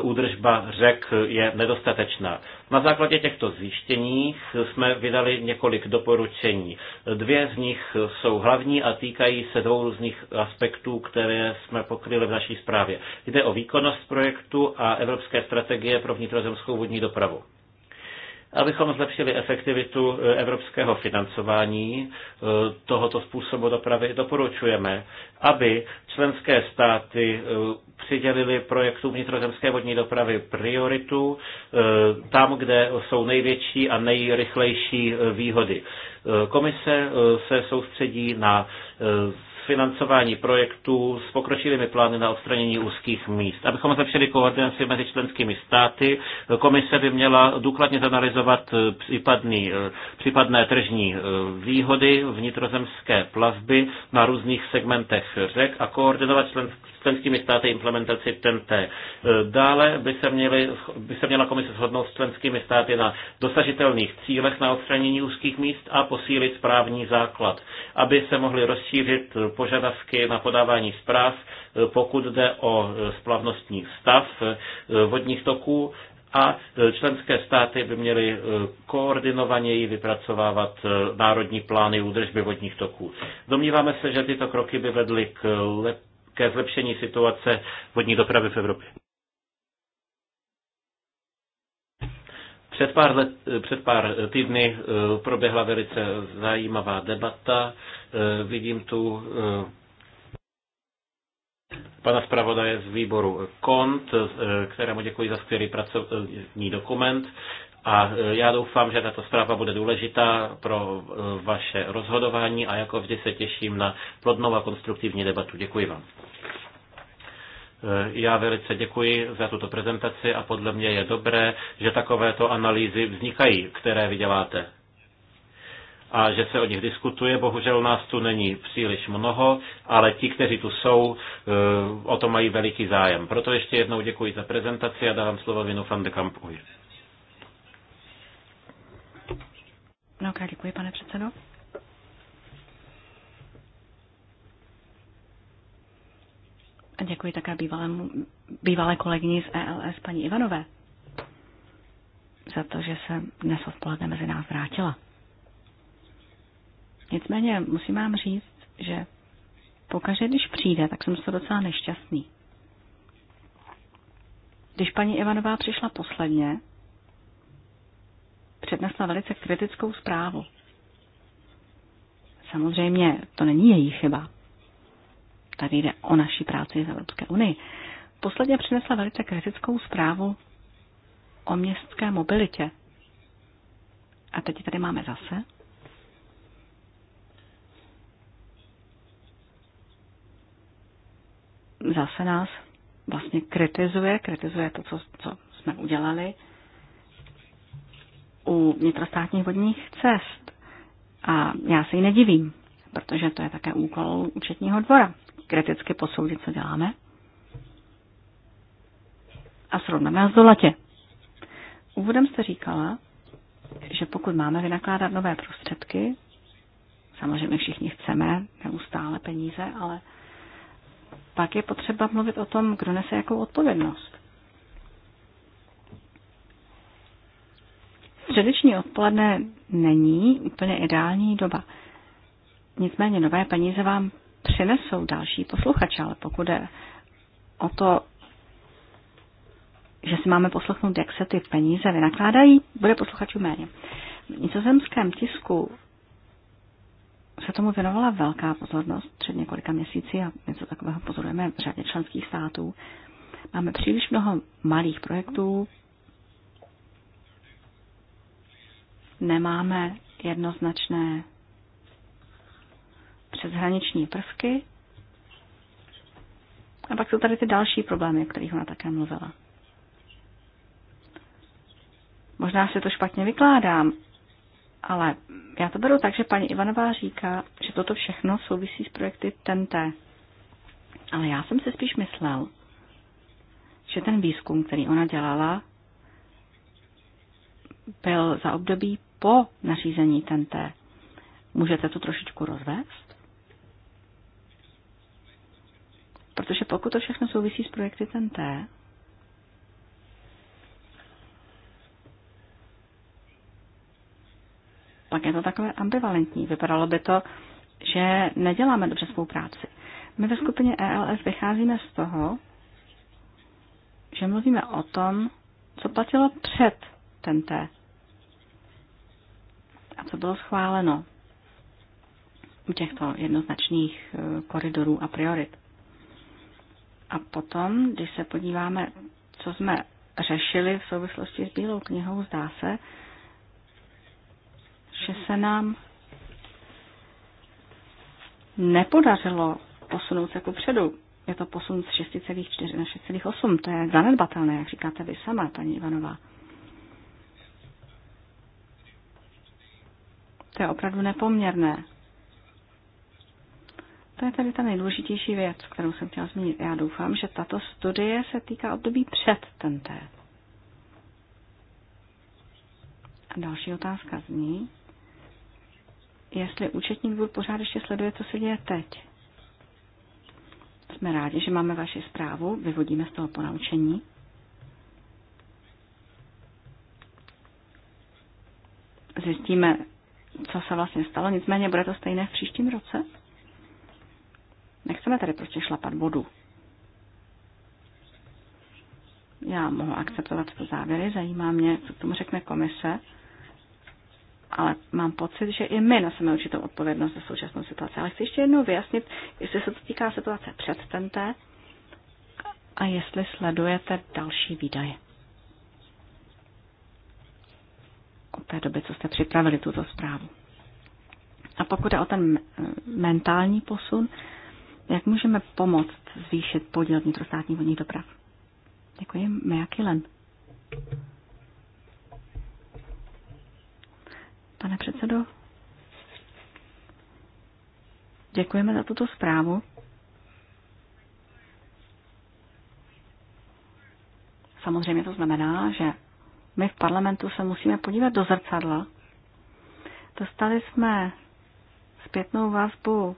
údržba řek je nedostatečná. Na základě těchto zjištění jsme vydali několik doporučení. Dvě z nich jsou hlavní a týkají se dvou různých aspektů, které jsme pokryli v naší zprávě. Jde o výkonnost projektu a Evropské strategie pro vnitrozemskou vodní dopravu abychom zlepšili efektivitu e, evropského financování e, tohoto způsobu dopravy, doporučujeme, aby členské státy e, přidělili projektu vnitrozemské vodní dopravy prioritu tam, kde jsou největší a nejrychlejší výhody. Komise se soustředí na financování projektů s pokročilými plány na odstranění úzkých míst. Abychom zlepšili koordinaci mezi členskými státy, komise by měla důkladně zanalizovat eh, případný, eh, případné tržní eh, výhody vnitrozemské plavby na různých segmentech řek a koordinovat členské členskými státy implementaci TNT. E, dále by se, měly, by se měla komise shodnout s členskými státy na dosažitelných cílech na odstranění úzkých míst a posílit správní základ, aby se mohly rozšířit požadavky na podávání zpráv, e, pokud jde o e, splavnostní stav vodních toků, a členské státy by měly koordinovaněji vypracovávat národní plány údržby vodních toků. Domníváme se, že tyto kroky by vedly k, lepší ke zlepšení situace vodní dopravy v Evropě. Před pár, let, před pár týdny eh, proběhla velice zajímavá debata. Eh, vidím tu eh, pana zpravodaje z výboru KONT, kterému děkuji za skvělý pracovní dokument. A e, já doufám, že tato zpráva bude důležitá pro e, vaše rozhodování a jako vždy se těším na plodnou a konstruktivní debatu. Děkuji vám. E, já velice děkuji za tuto prezentaci a podle mě je dobré, že takovéto analýzy vznikají, které vy děláte. A že se o nich diskutuje, bohužel nás tu není příliš mnoho, ale ti, kteří tu jsou, o to mají veliký zájem. Proto ještě jednou děkuji za prezentaci a dávám slovo Vinu van de Kampuji. Mnohokrát děkuji, pane předsedo. A děkuji také bývalému, bývalé kolegyni z ELS, paní Ivanové, za to, že se dnes odpoledne mezi nás vrátila. Nicméně musím vám říct, že pokaždé, když přijde, tak jsem se docela nešťastný. Když paní Ivanová přišla posledně, přednesla velice kritickou zprávu. Samozřejmě to není její chyba. Tady jde o naší práci v Evropské unii. Posledně přinesla velice kritickou zprávu o městské mobilitě. A teď tady máme zase. Zase nás vlastně kritizuje, kritizuje to, co, co jsme udělali u vnitrostátních vodních cest. A já se jí nedivím, protože to je také úkol účetního dvora. Kriticky posoudit, co děláme. A srovnáme nás do latě. Úvodem jste říkala, že pokud máme vynakládat nové prostředky, samozřejmě všichni chceme neustále peníze, ale pak je potřeba mluvit o tom, kdo nese jakou odpovědnost. Středeční odpoledne není úplně ideální doba. Nicméně nové peníze vám přinesou další posluchače, ale pokud je o to, že si máme poslechnout, jak se ty peníze vynakládají, bude posluchačů méně. V nizozemském tisku se tomu věnovala velká pozornost před několika měsíci a něco takového pozorujeme v řadě členských států. Máme příliš mnoho malých projektů, nemáme jednoznačné přeshraniční prvky. A pak jsou tady ty další problémy, o kterých ona také mluvila. Možná se to špatně vykládám, ale já to beru tak, že paní Ivanová říká, že toto všechno souvisí s projekty TNT. Ale já jsem si spíš myslel, že ten výzkum, který ona dělala, byl za období po nařízení TNT. Můžete to trošičku rozvést? Protože pokud to všechno souvisí s projekty TNT, pak je to takové ambivalentní. Vypadalo by to, že neděláme dobře svou práci. My ve skupině ELS vycházíme z toho, že mluvíme o tom, co platilo před TNT a co bylo schváleno u těchto jednoznačných eh, koridorů a priorit. A potom, když se podíváme, co jsme řešili v souvislosti s Bílou knihou, zdá se, že se nám nepodařilo posunout se ku předu. Je to posun z 6,4 na 6,8. To je zanedbatelné, jak říkáte vy sama, paní Ivanová. to je opravdu nepoměrné. To je tady ta nejdůležitější věc, kterou jsem chtěla zmínit. Já doufám, že tato studie se týká období před TNT. A další otázka zní, jestli účetní dvůr pořád ještě sleduje, co se děje teď. Jsme rádi, že máme vaši zprávu, vyvodíme z toho ponaučení. Zjistíme, co se vlastně stalo. Nicméně bude to stejné v příštím roce. Nechceme tady prostě šlapat vodu. Já mohu akceptovat tyto závěry, zajímá mě, co k tomu řekne komise, ale mám pocit, že i my neseme určitou odpovědnost za současnou situaci. Ale chci ještě jednou vyjasnit, jestli se to týká situace před tenté a jestli sledujete další výdaje. od té doby, co jste připravili tuto zprávu. A pokud je o ten eh, mentální posun, jak můžeme pomoct zvýšit podíl vnitrostátních vodních doprav? Děkuji. Mea Kilen. Pane předsedo, děkujeme za tuto zprávu. Samozřejmě to znamená, že my v parlamentu se musíme podívat do zrcadla. Dostali jsme zpětnou vazbu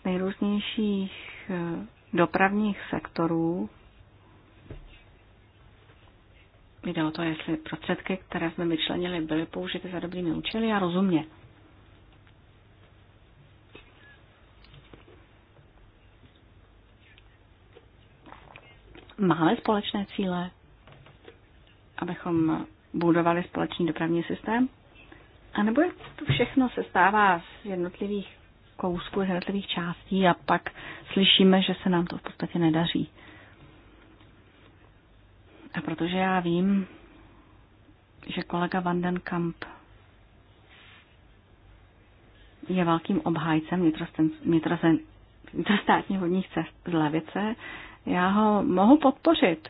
z nejrůznějších eh, dopravních sektorů. Jde o to, jestli prostředky, které jsme vyčlenili, byly použity za dobrými účely a rozumně. Máme společné cíle, abychom budovali společný dopravní systém? A nebo je to všechno se stává z jednotlivých kousků, z jednotlivých částí a pak slyšíme, že se nám to v podstatě nedaří. A protože já vím, že kolega Vandenkamp je velkým obhájcem vnitrostátních vodních cest z levice, já ho mohu podpořit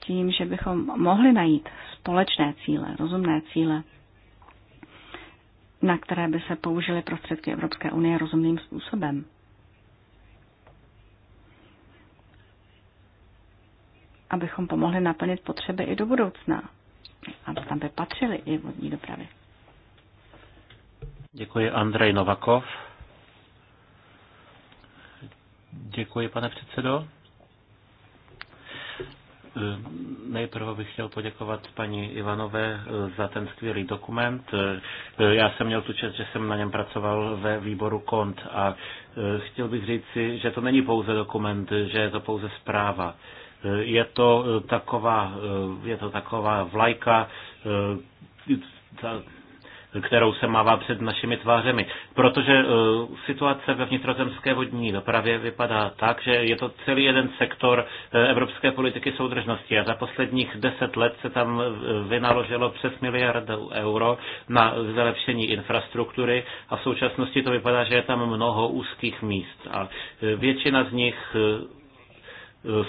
tím, že bychom mohli najít společné cíle, rozumné cíle, na které by se použily prostředky Evropské unie rozumným způsobem. Abychom pomohli naplnit potřeby i do budoucna. A tam by patřily i vodní dopravy. Děkuji Andrej Novakov. Děkuji, pane předsedo. Eh, nejprve bych chtěl poděkovat paní Ivanové eh, za ten skvělý dokument. Eh, já jsem měl tu čest, že jsem na něm pracoval ve výboru KONT a chtěl bych říci, že to není pouze dokument, že je to pouze zpráva. Je to taková, je to taková vlajka, kterou se mává před našimi tvářemi. Protože eh, situace ve vnitrozemské vodní dopravě vypadá tak, že je to celý jeden sektor eh, evropské politiky soudržnosti a za posledních deset let se tam eh, vynaložilo přes miliardu euro na zlepšení infrastruktury a v současnosti to vypadá, že je tam mnoho úzkých míst a většina z nich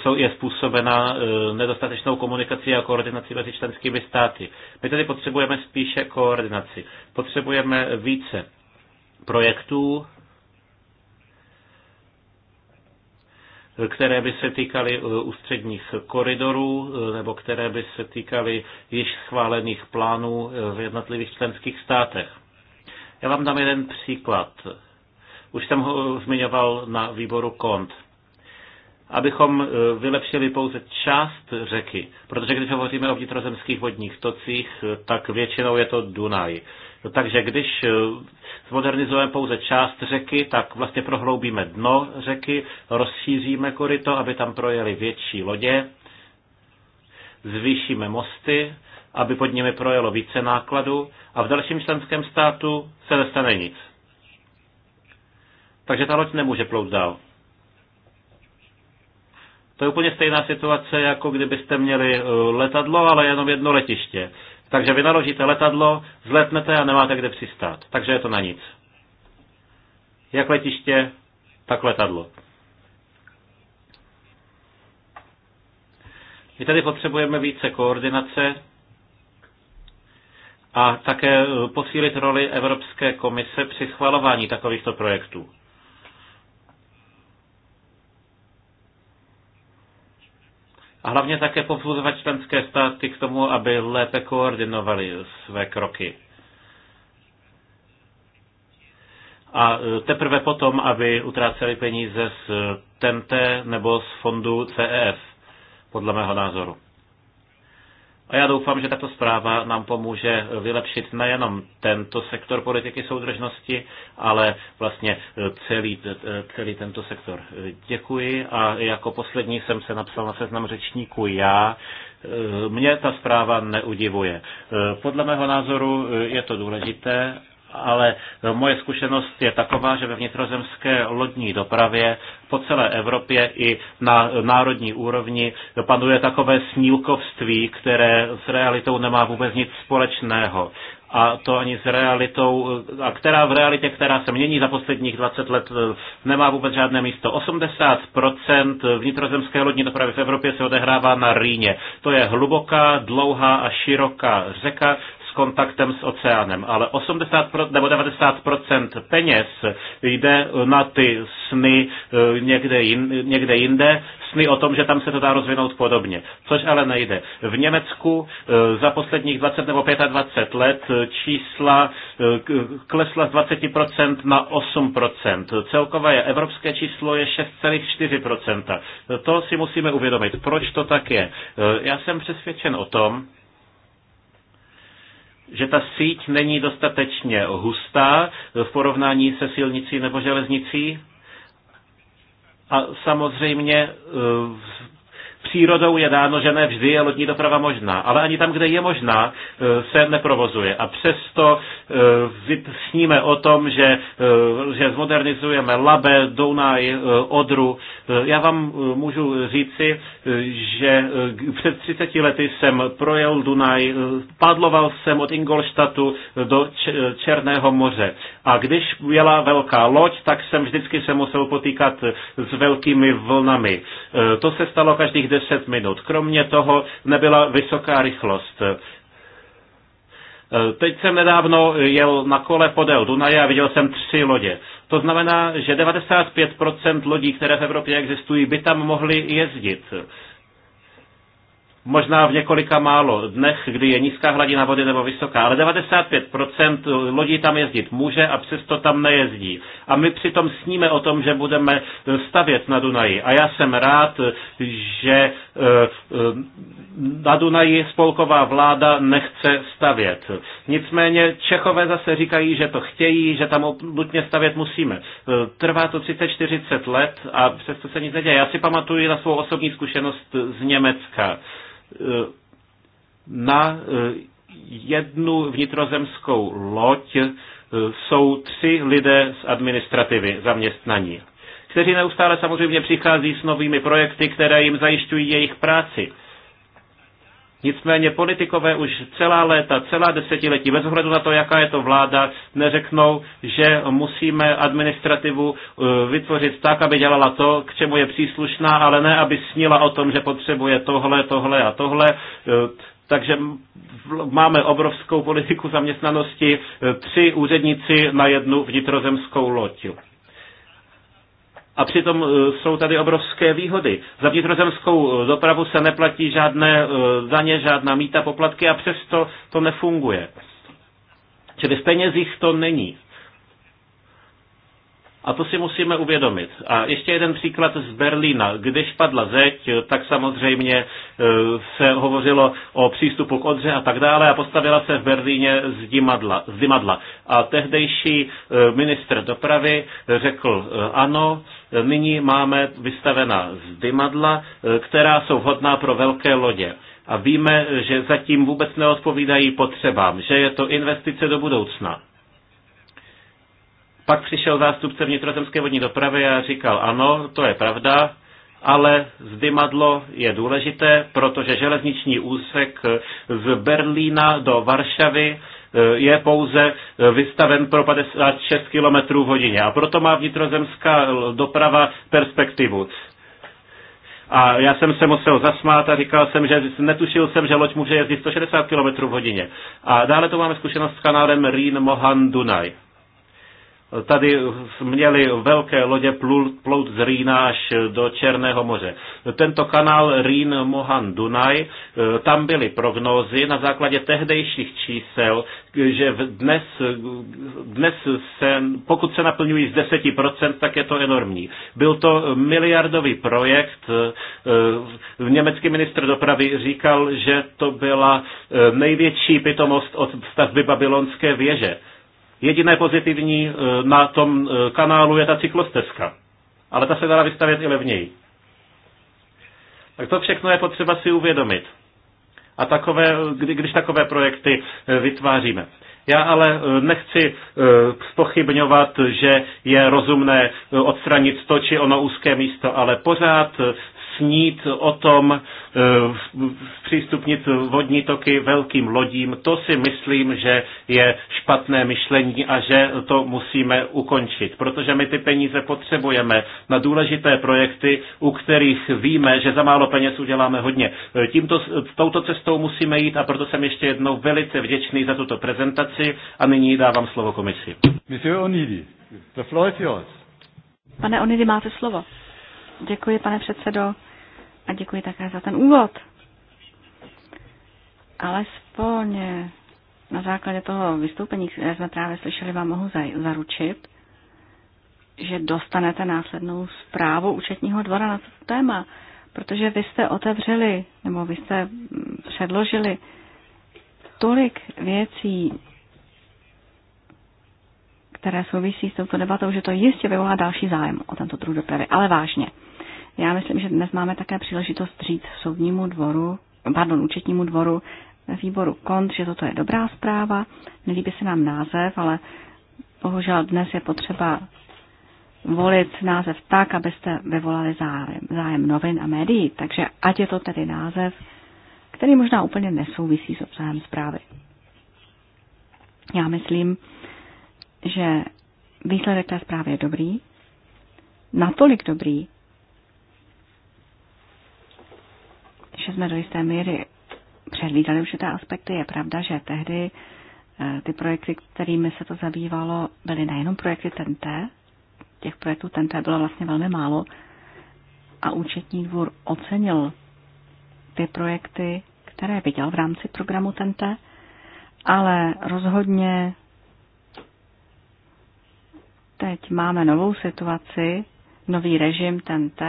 jsou je způsobena e, nedostatečnou komunikací a koordinací mezi členskými státy. My tady potřebujeme spíše koordinaci. Potřebujeme více projektů, které by se týkaly e, ústředních koridorů e, nebo které by se týkaly již schválených plánů v jednotlivých členských státech. Já vám dám jeden příklad. Už jsem ho zmiňoval na výboru KONT abychom eh, vylepšili pouze část řeky. Protože když hovoříme o vnitrozemských vodních tocích, eh, tak většinou je to Dunaj. Takže když eh, zmodernizujeme pouze část řeky, tak vlastně prohloubíme dno řeky, rozšíříme koryto, aby tam projeli větší lodě, zvýšíme mosty, aby pod nimi projelo více nákladu a v dalším členském státu se nestane nic. Takže ta loď nemůže plout dál. To je úplně stejná situace, jako kdybyste měli eh, letadlo, ale jenom jedno letiště. Takže vy naložíte letadlo, zletnete a nemáte kde přistát. Takže je to na nic. Jak letiště, tak letadlo. My tady potřebujeme více koordinace a také eh, posílit roli Evropské komise při schvalování takovýchto projektů. a hlavně také povzbuzovat členské státy k tomu, aby lépe koordinovali své kroky. A e, teprve potom, aby utráceli peníze z TNT nebo z fondu CEF, podle mého názoru. A já doufám, že tato zpráva nám pomůže vylepšit nejenom tento sektor politiky soudržnosti, ale vlastně celý, celý tento sektor. Děkuji a jako poslední jsem se napsal na seznam řečníků já. Mě ta zpráva neudivuje. Podle mého názoru je to důležité, ale moje zkušenost je taková, že ve vnitrozemské lodní dopravě po celé Evropě i na národní úrovni panuje takové snílkovství, které s realitou nemá vůbec nic společného a to ani s realitou, a která v realitě, která se mění za posledních 20 let, nemá vůbec žádné místo. 80% vnitrozemské lodní dopravy v Evropě se odehrává na Rýně. To je hluboká, dlouhá a široká řeka s kontaktem s oceánem, ale 80 nebo 90 peněz jde na ty sny eh, někde, jin, někde jinde, sny o tom, že tam se to dá rozvinout podobně, což ale nejde. V Německu eh, za posledních 20 nebo 25 let eh, čísla klesla z 20 na 8 Celkové evropské číslo je 6,4 To si musíme uvědomit. Proč to tak je? Já jsem přesvědčen o tom, že ta síť není dostatečně hustá v porovnání se silnicí nebo železnicí. A samozřejmě eh, přírodou je dáno, že ne vždy je lodní doprava možná, ale ani tam, kde je možná, eh, se neprovozuje. A přesto eh, sníme o tom, že, eh, že zmodernizujeme Labe, Dunaj, Odru. Já vám můžu říci, že před 30 lety jsem projel Dunaj, padloval jsem od Ingolštatu do Černého moře. A když jela velká loď, tak jsem vždycky se musel potýkat s velkými vlnami. To se stalo každých 10 minut. Kromě toho nebyla vysoká rychlost. E, teď jsem nedávno jel na kole podél Dunaje a viděl jsem tři lodě. To znamená, že 95% lodí, které v Evropě existují, by tam mohly jezdit možná v několika málo dnech, kdy je nízká hladina vody nebo vysoká, ale 95% lodí tam jezdit může a přesto tam nejezdí. A my přitom sníme o tom, že budeme stavět na Dunaji. A já jsem rád, že eh, eh, na Dunaji spolková vláda nechce stavět. Nicméně Čechové zase říkají, že to chtějí, že tam nutně stavět musíme. E, trvá to 30-40 let a přesto se nic neděje. Já si pamatuju na svou osobní zkušenost z Německa. E, na e, jednu vnitrozemskou loď jsou tři lidé z administrativy zaměstnaní, kteří neustále samozřejmě přichází s novými projekty, které jim zajišťují jejich práci. Nicméně politikové už celá léta, celá desetiletí, bez ohledu na to, jaká je to vláda, neřeknou, že musíme administrativu eh, vytvořit tak, aby dělala to, k čemu je příslušná, ale ne, aby snila o tom, že potřebuje tohle, tohle a tohle. Eh, takže máme obrovskou politiku zaměstnanosti, eh, tři úředníci na jednu vnitrozemskou loď a přitom e, jsou tady obrovské výhody. Za vnitrozemskou e, dopravu se neplatí žádné e, daně, žádná míta, poplatky a přesto to nefunguje. Čili v penězích to není. A to si musíme uvědomit. A ještě jeden příklad z Berlína. Když padla zeď, tak samozřejmě e, se hovořilo o přístupu k Odře a tak dále a postavila se v Berlíně z dimadla. A tehdejší e, ministr dopravy řekl e, ano, nyní máme vystavena dimadla, která jsou vhodná pro velké lodě a víme, že zatím vůbec neodpovídají potřebám, že je to investice do budoucna. Pak přišel zástupce vnitrozemské vodní dopravy a říkal, ano, to je pravda, ale zdymadlo je důležité, protože železniční úsek z Berlína do Varšavy eh, je pouze eh, vystaven pro 56 km v hodině. A proto má vnitrozemská doprava perspektivu. A já jsem se musel zasmát a říkal jsem, že netušil jsem, že loď může jezdit 160 km v hodině. A dále to máme zkušenost s kanálem Rín mohan dunaj tady měli velké lodě plout z Rýna až do Černého moře. Tento kanál Rýn Mohan Dunaj, eh, tam byly prognózy na základě tehdejších čísel, že dnes, eh, dnes se, pokud se naplňují z 10%, tak je to enormní. Byl to miliardový projekt. Eh, německý ministr dopravy říkal, že to byla největší pitomost od stavby babylonské věže Jediné pozitivní eh, na tom eh, kanálu je ta cyklostezka, ale ta se dá vystavět i levněji. Tak to všechno je potřeba si uvědomit. A takové, když takové projekty eh, vytváříme. Já ale nechci spochybňovat, že je rozumné odstranit to či ono úzké místo, ale pořád snít o tom eh, přístupnit vodní toky velkým lodím, to si myslím, že je špatné myšlení a že to musíme ukončit, protože my ty peníze potřebujeme na důležité projekty, u kterých víme, že za málo peněz uděláme hodně. Eh, tímto, touto cestou musíme jít a proto jsem ještě jednou velice vděčný za tuto prezentaci a nyní dávám slovo komisi. Onidi, Pane Onidy, máte slovo. Děkuji, pane předsedo. A děkuji také za ten úvod. Alespoň na základě toho vystoupení, které jsme právě slyšeli, vám mohu zaručit, že dostanete následnou zprávu účetního dvora na toto téma, protože vy jste otevřeli, nebo vy jste předložili tolik věcí, které souvisí s touto debatou, že to jistě vyvolá další zájem o tento druh dopravy. Ale vážně, já myslím, že dnes máme také příležitost říct soudnímu dvoru, pardon, účetnímu dvoru výboru KONT, že toto je dobrá zpráva. Nelíbí se nám název, ale bohužel dnes je potřeba volit název tak, abyste vyvolali zájem, zájem novin a médií. Takže ať je to tedy název, který možná úplně nesouvisí s obsahem zprávy. Já myslím, že výsledek té zprávy je dobrý, natolik dobrý, že jsme do jisté míry předvídali určité aspekty. Je pravda, že tehdy eh, ty projekty, kterými se to zabývalo, byly nejenom projekty TNT, těch projektů TNT bylo vlastně velmi málo a účetní dvůr ocenil ty projekty, které viděl v rámci programu TNT, ale rozhodně teď máme novou situaci, nový režim TNT,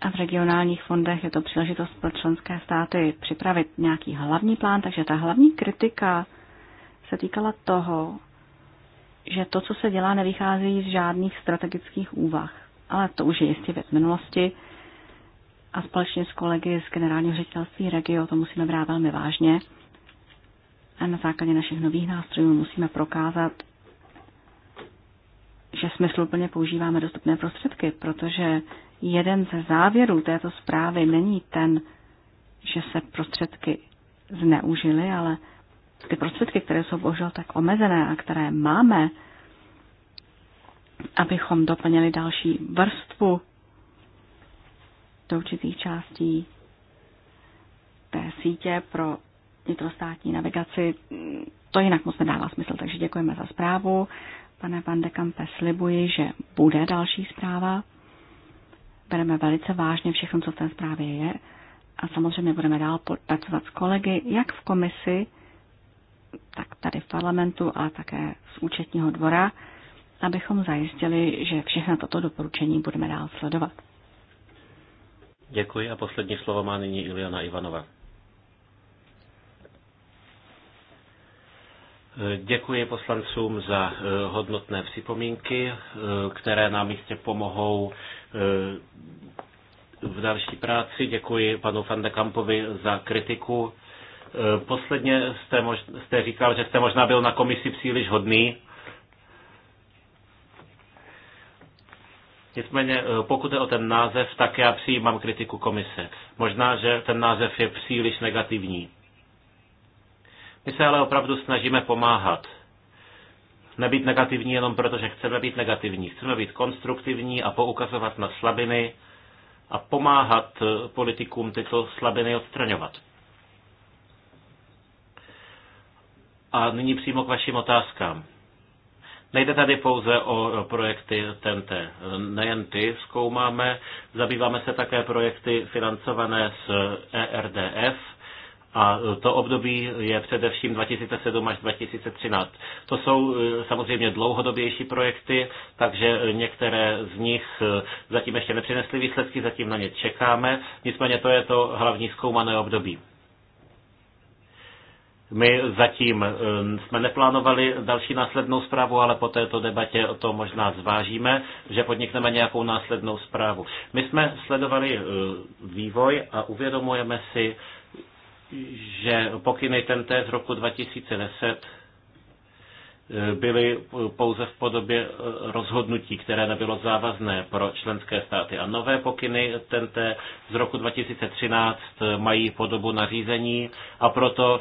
A v regionálních fondech je to příležitost pro členské státy připravit nějaký hlavní plán, takže ta hlavní kritika se týkala toho, že to, co se dělá, nevychází z žádných strategických úvah. Ale to už je jistě věc minulosti a společně s kolegy z generálního ředitelství Regio to musíme brát velmi vážně a na základě našich nových nástrojů musíme prokázat, že smysluplně používáme dostupné prostředky, protože jeden ze závěrů této zprávy není ten, že se prostředky zneužily, ale ty prostředky, které jsou bohužel tak omezené a které máme, abychom doplnili další vrstvu do určitých částí té sítě pro vnitrostátní navigaci, to jinak moc nedává smysl. Takže děkujeme za zprávu. Pane Van de Kampe, slibuji, že bude další zpráva. Bereme velice vážně všechno, co v té zprávě je a samozřejmě budeme dál pracovat s kolegy, jak v komisi, tak tady v parlamentu a také z účetního dvora, abychom zajistili, že všechna toto doporučení budeme dál sledovat. Děkuji a poslední slovo má nyní Iliana Ivanova. Děkuji poslancům za eh, hodnotné připomínky, eh, které nám jistě pomohou eh, v další práci. Děkuji panu Fandekampovi za kritiku. Posledně jste, mož, jste říkal, že jste možná byl na komisi příliš hodný. Nicméně, pokud je o ten název, tak já přijímám kritiku komise. Možná, že ten název je příliš negativní. My se ale opravdu snažíme pomáhat. Nebýt negativní jenom proto, že chceme být negativní. Chceme být konstruktivní a poukazovat na slabiny a pomáhat eh, politikům tyto slabiny odstraňovat. A nyní přímo k vašim otázkám. Nejde tady pouze o projekty TNT. Nejen ty zkoumáme, zabýváme se také projekty financované z ERDF, a to období je především 2007 až 2013. To jsou e, samozřejmě dlouhodobější projekty, takže některé z nich e, zatím ještě nepřinesly výsledky, zatím na ně čekáme. Nicméně to je to hlavní zkoumané období. My zatím e, jsme neplánovali další následnou zprávu, ale po této debatě o to možná zvážíme, že podnikneme nějakou následnou zprávu. My jsme sledovali vývoj a uvědomujeme si, že pokyny TNT z roku 2010 eh, byly pouze v podobě eh, rozhodnutí, které nebylo závazné pro členské státy. A nové pokyny TNT z roku 2013 eh, mají podobu nařízení a proto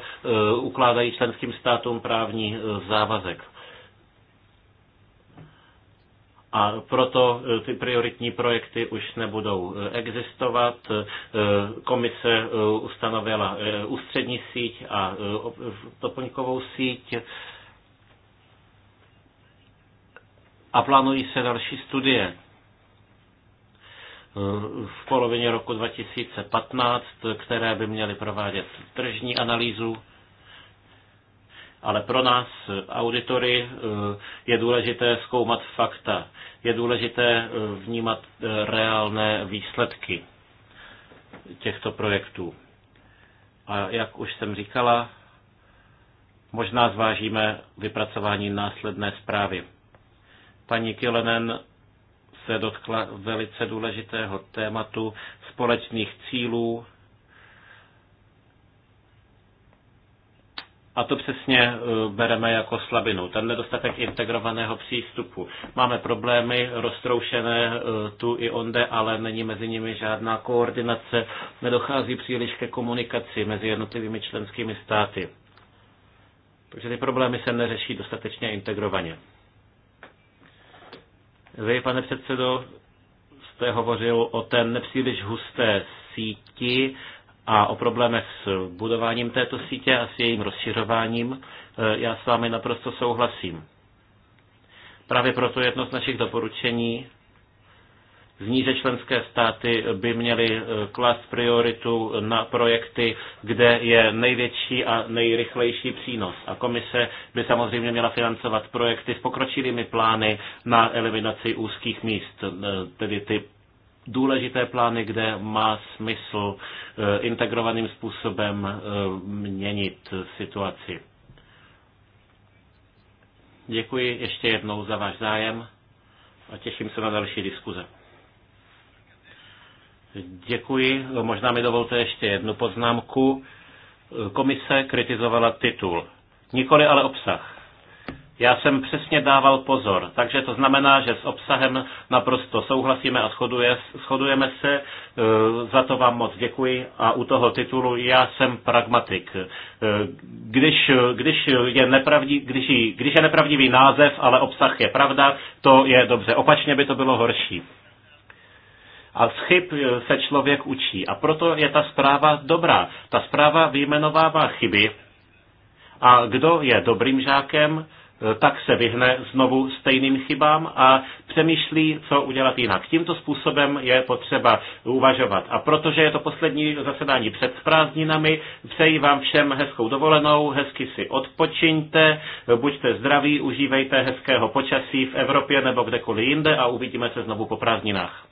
ukládají členským státům právní závazek. A proto e, ty prioritní projekty už nebudou e, existovat. E, komise ustanovila ústřední síť a doplňkovou síť. A plánují se další studie v polovině roku 2015, které by měly provádět tržní analýzu ale pro nás, eh, auditory, eh, je důležité zkoumat fakta, je důležité eh, vnímat reálné výsledky těchto projektů. A jak už jsem říkala, možná zvážíme vypracování následné zprávy. Paní Kilenen se dotkla velice důležitého tématu společných cílů A to přesně eh, bereme jako slabinu. Ten nedostatek integrovaného přístupu. Máme problémy roztroušené eh, tu i onde, ale není mezi nimi žádná koordinace. Nedochází příliš ke komunikaci mezi jednotlivými členskými státy. Takže ty problémy se neřeší dostatečně integrovaně. Vy, pane předsedo, jste hovořil o té nepříliš husté síti a o problémech s budováním této sítě a s jejím rozšiřováním, eh, já s vámi naprosto souhlasím. Právě proto jedno z našich doporučení zní, že členské státy by měly eh, klást prioritu na projekty, kde je největší a nejrychlejší přínos. A komise by samozřejmě měla financovat projekty s pokročilými plány na eliminaci úzkých míst, eh, tedy ty důležité plány, kde má smysl eh, integrovaným způsobem eh, měnit situaci. Děkuji ještě jednou za váš zájem a těším se na další diskuze. Děkuji. Možná mi dovolte ještě jednu poznámku. Komise kritizovala titul, nikoli ale obsah. Já jsem přesně dával pozor, takže to znamená, že s obsahem naprosto souhlasíme a shoduje, shodujeme se. E, za to vám moc děkuji a u toho titulu já jsem pragmatik. E, když, když, je, nepravdí, když, když je nepravdivý název, ale obsah je pravda, to je dobře. Opačně by to bylo horší. A z chyb e, se člověk učí. A proto je ta zpráva dobrá. Ta zpráva vyjmenovává chyby. A kdo je dobrým žákem, Eh, tak se vyhne znovu stejným chybám a přemýšlí, co udělat jinak. Tímto způsobem je potřeba uvažovat. A protože je to poslední zasedání před prázdninami, přeji vám všem hezkou dovolenou, hezky si odpočiňte, eh, buďte zdraví, užívejte hezkého počasí v Evropě nebo kdekoliv jinde a uvidíme se znovu po prázdninách.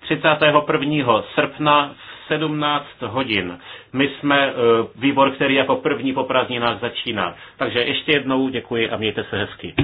31. srpna v 17 hodin. My jsme e, výbor, který jako první po prázdninách začíná. Takže ještě jednou děkuji a mějte se hezky.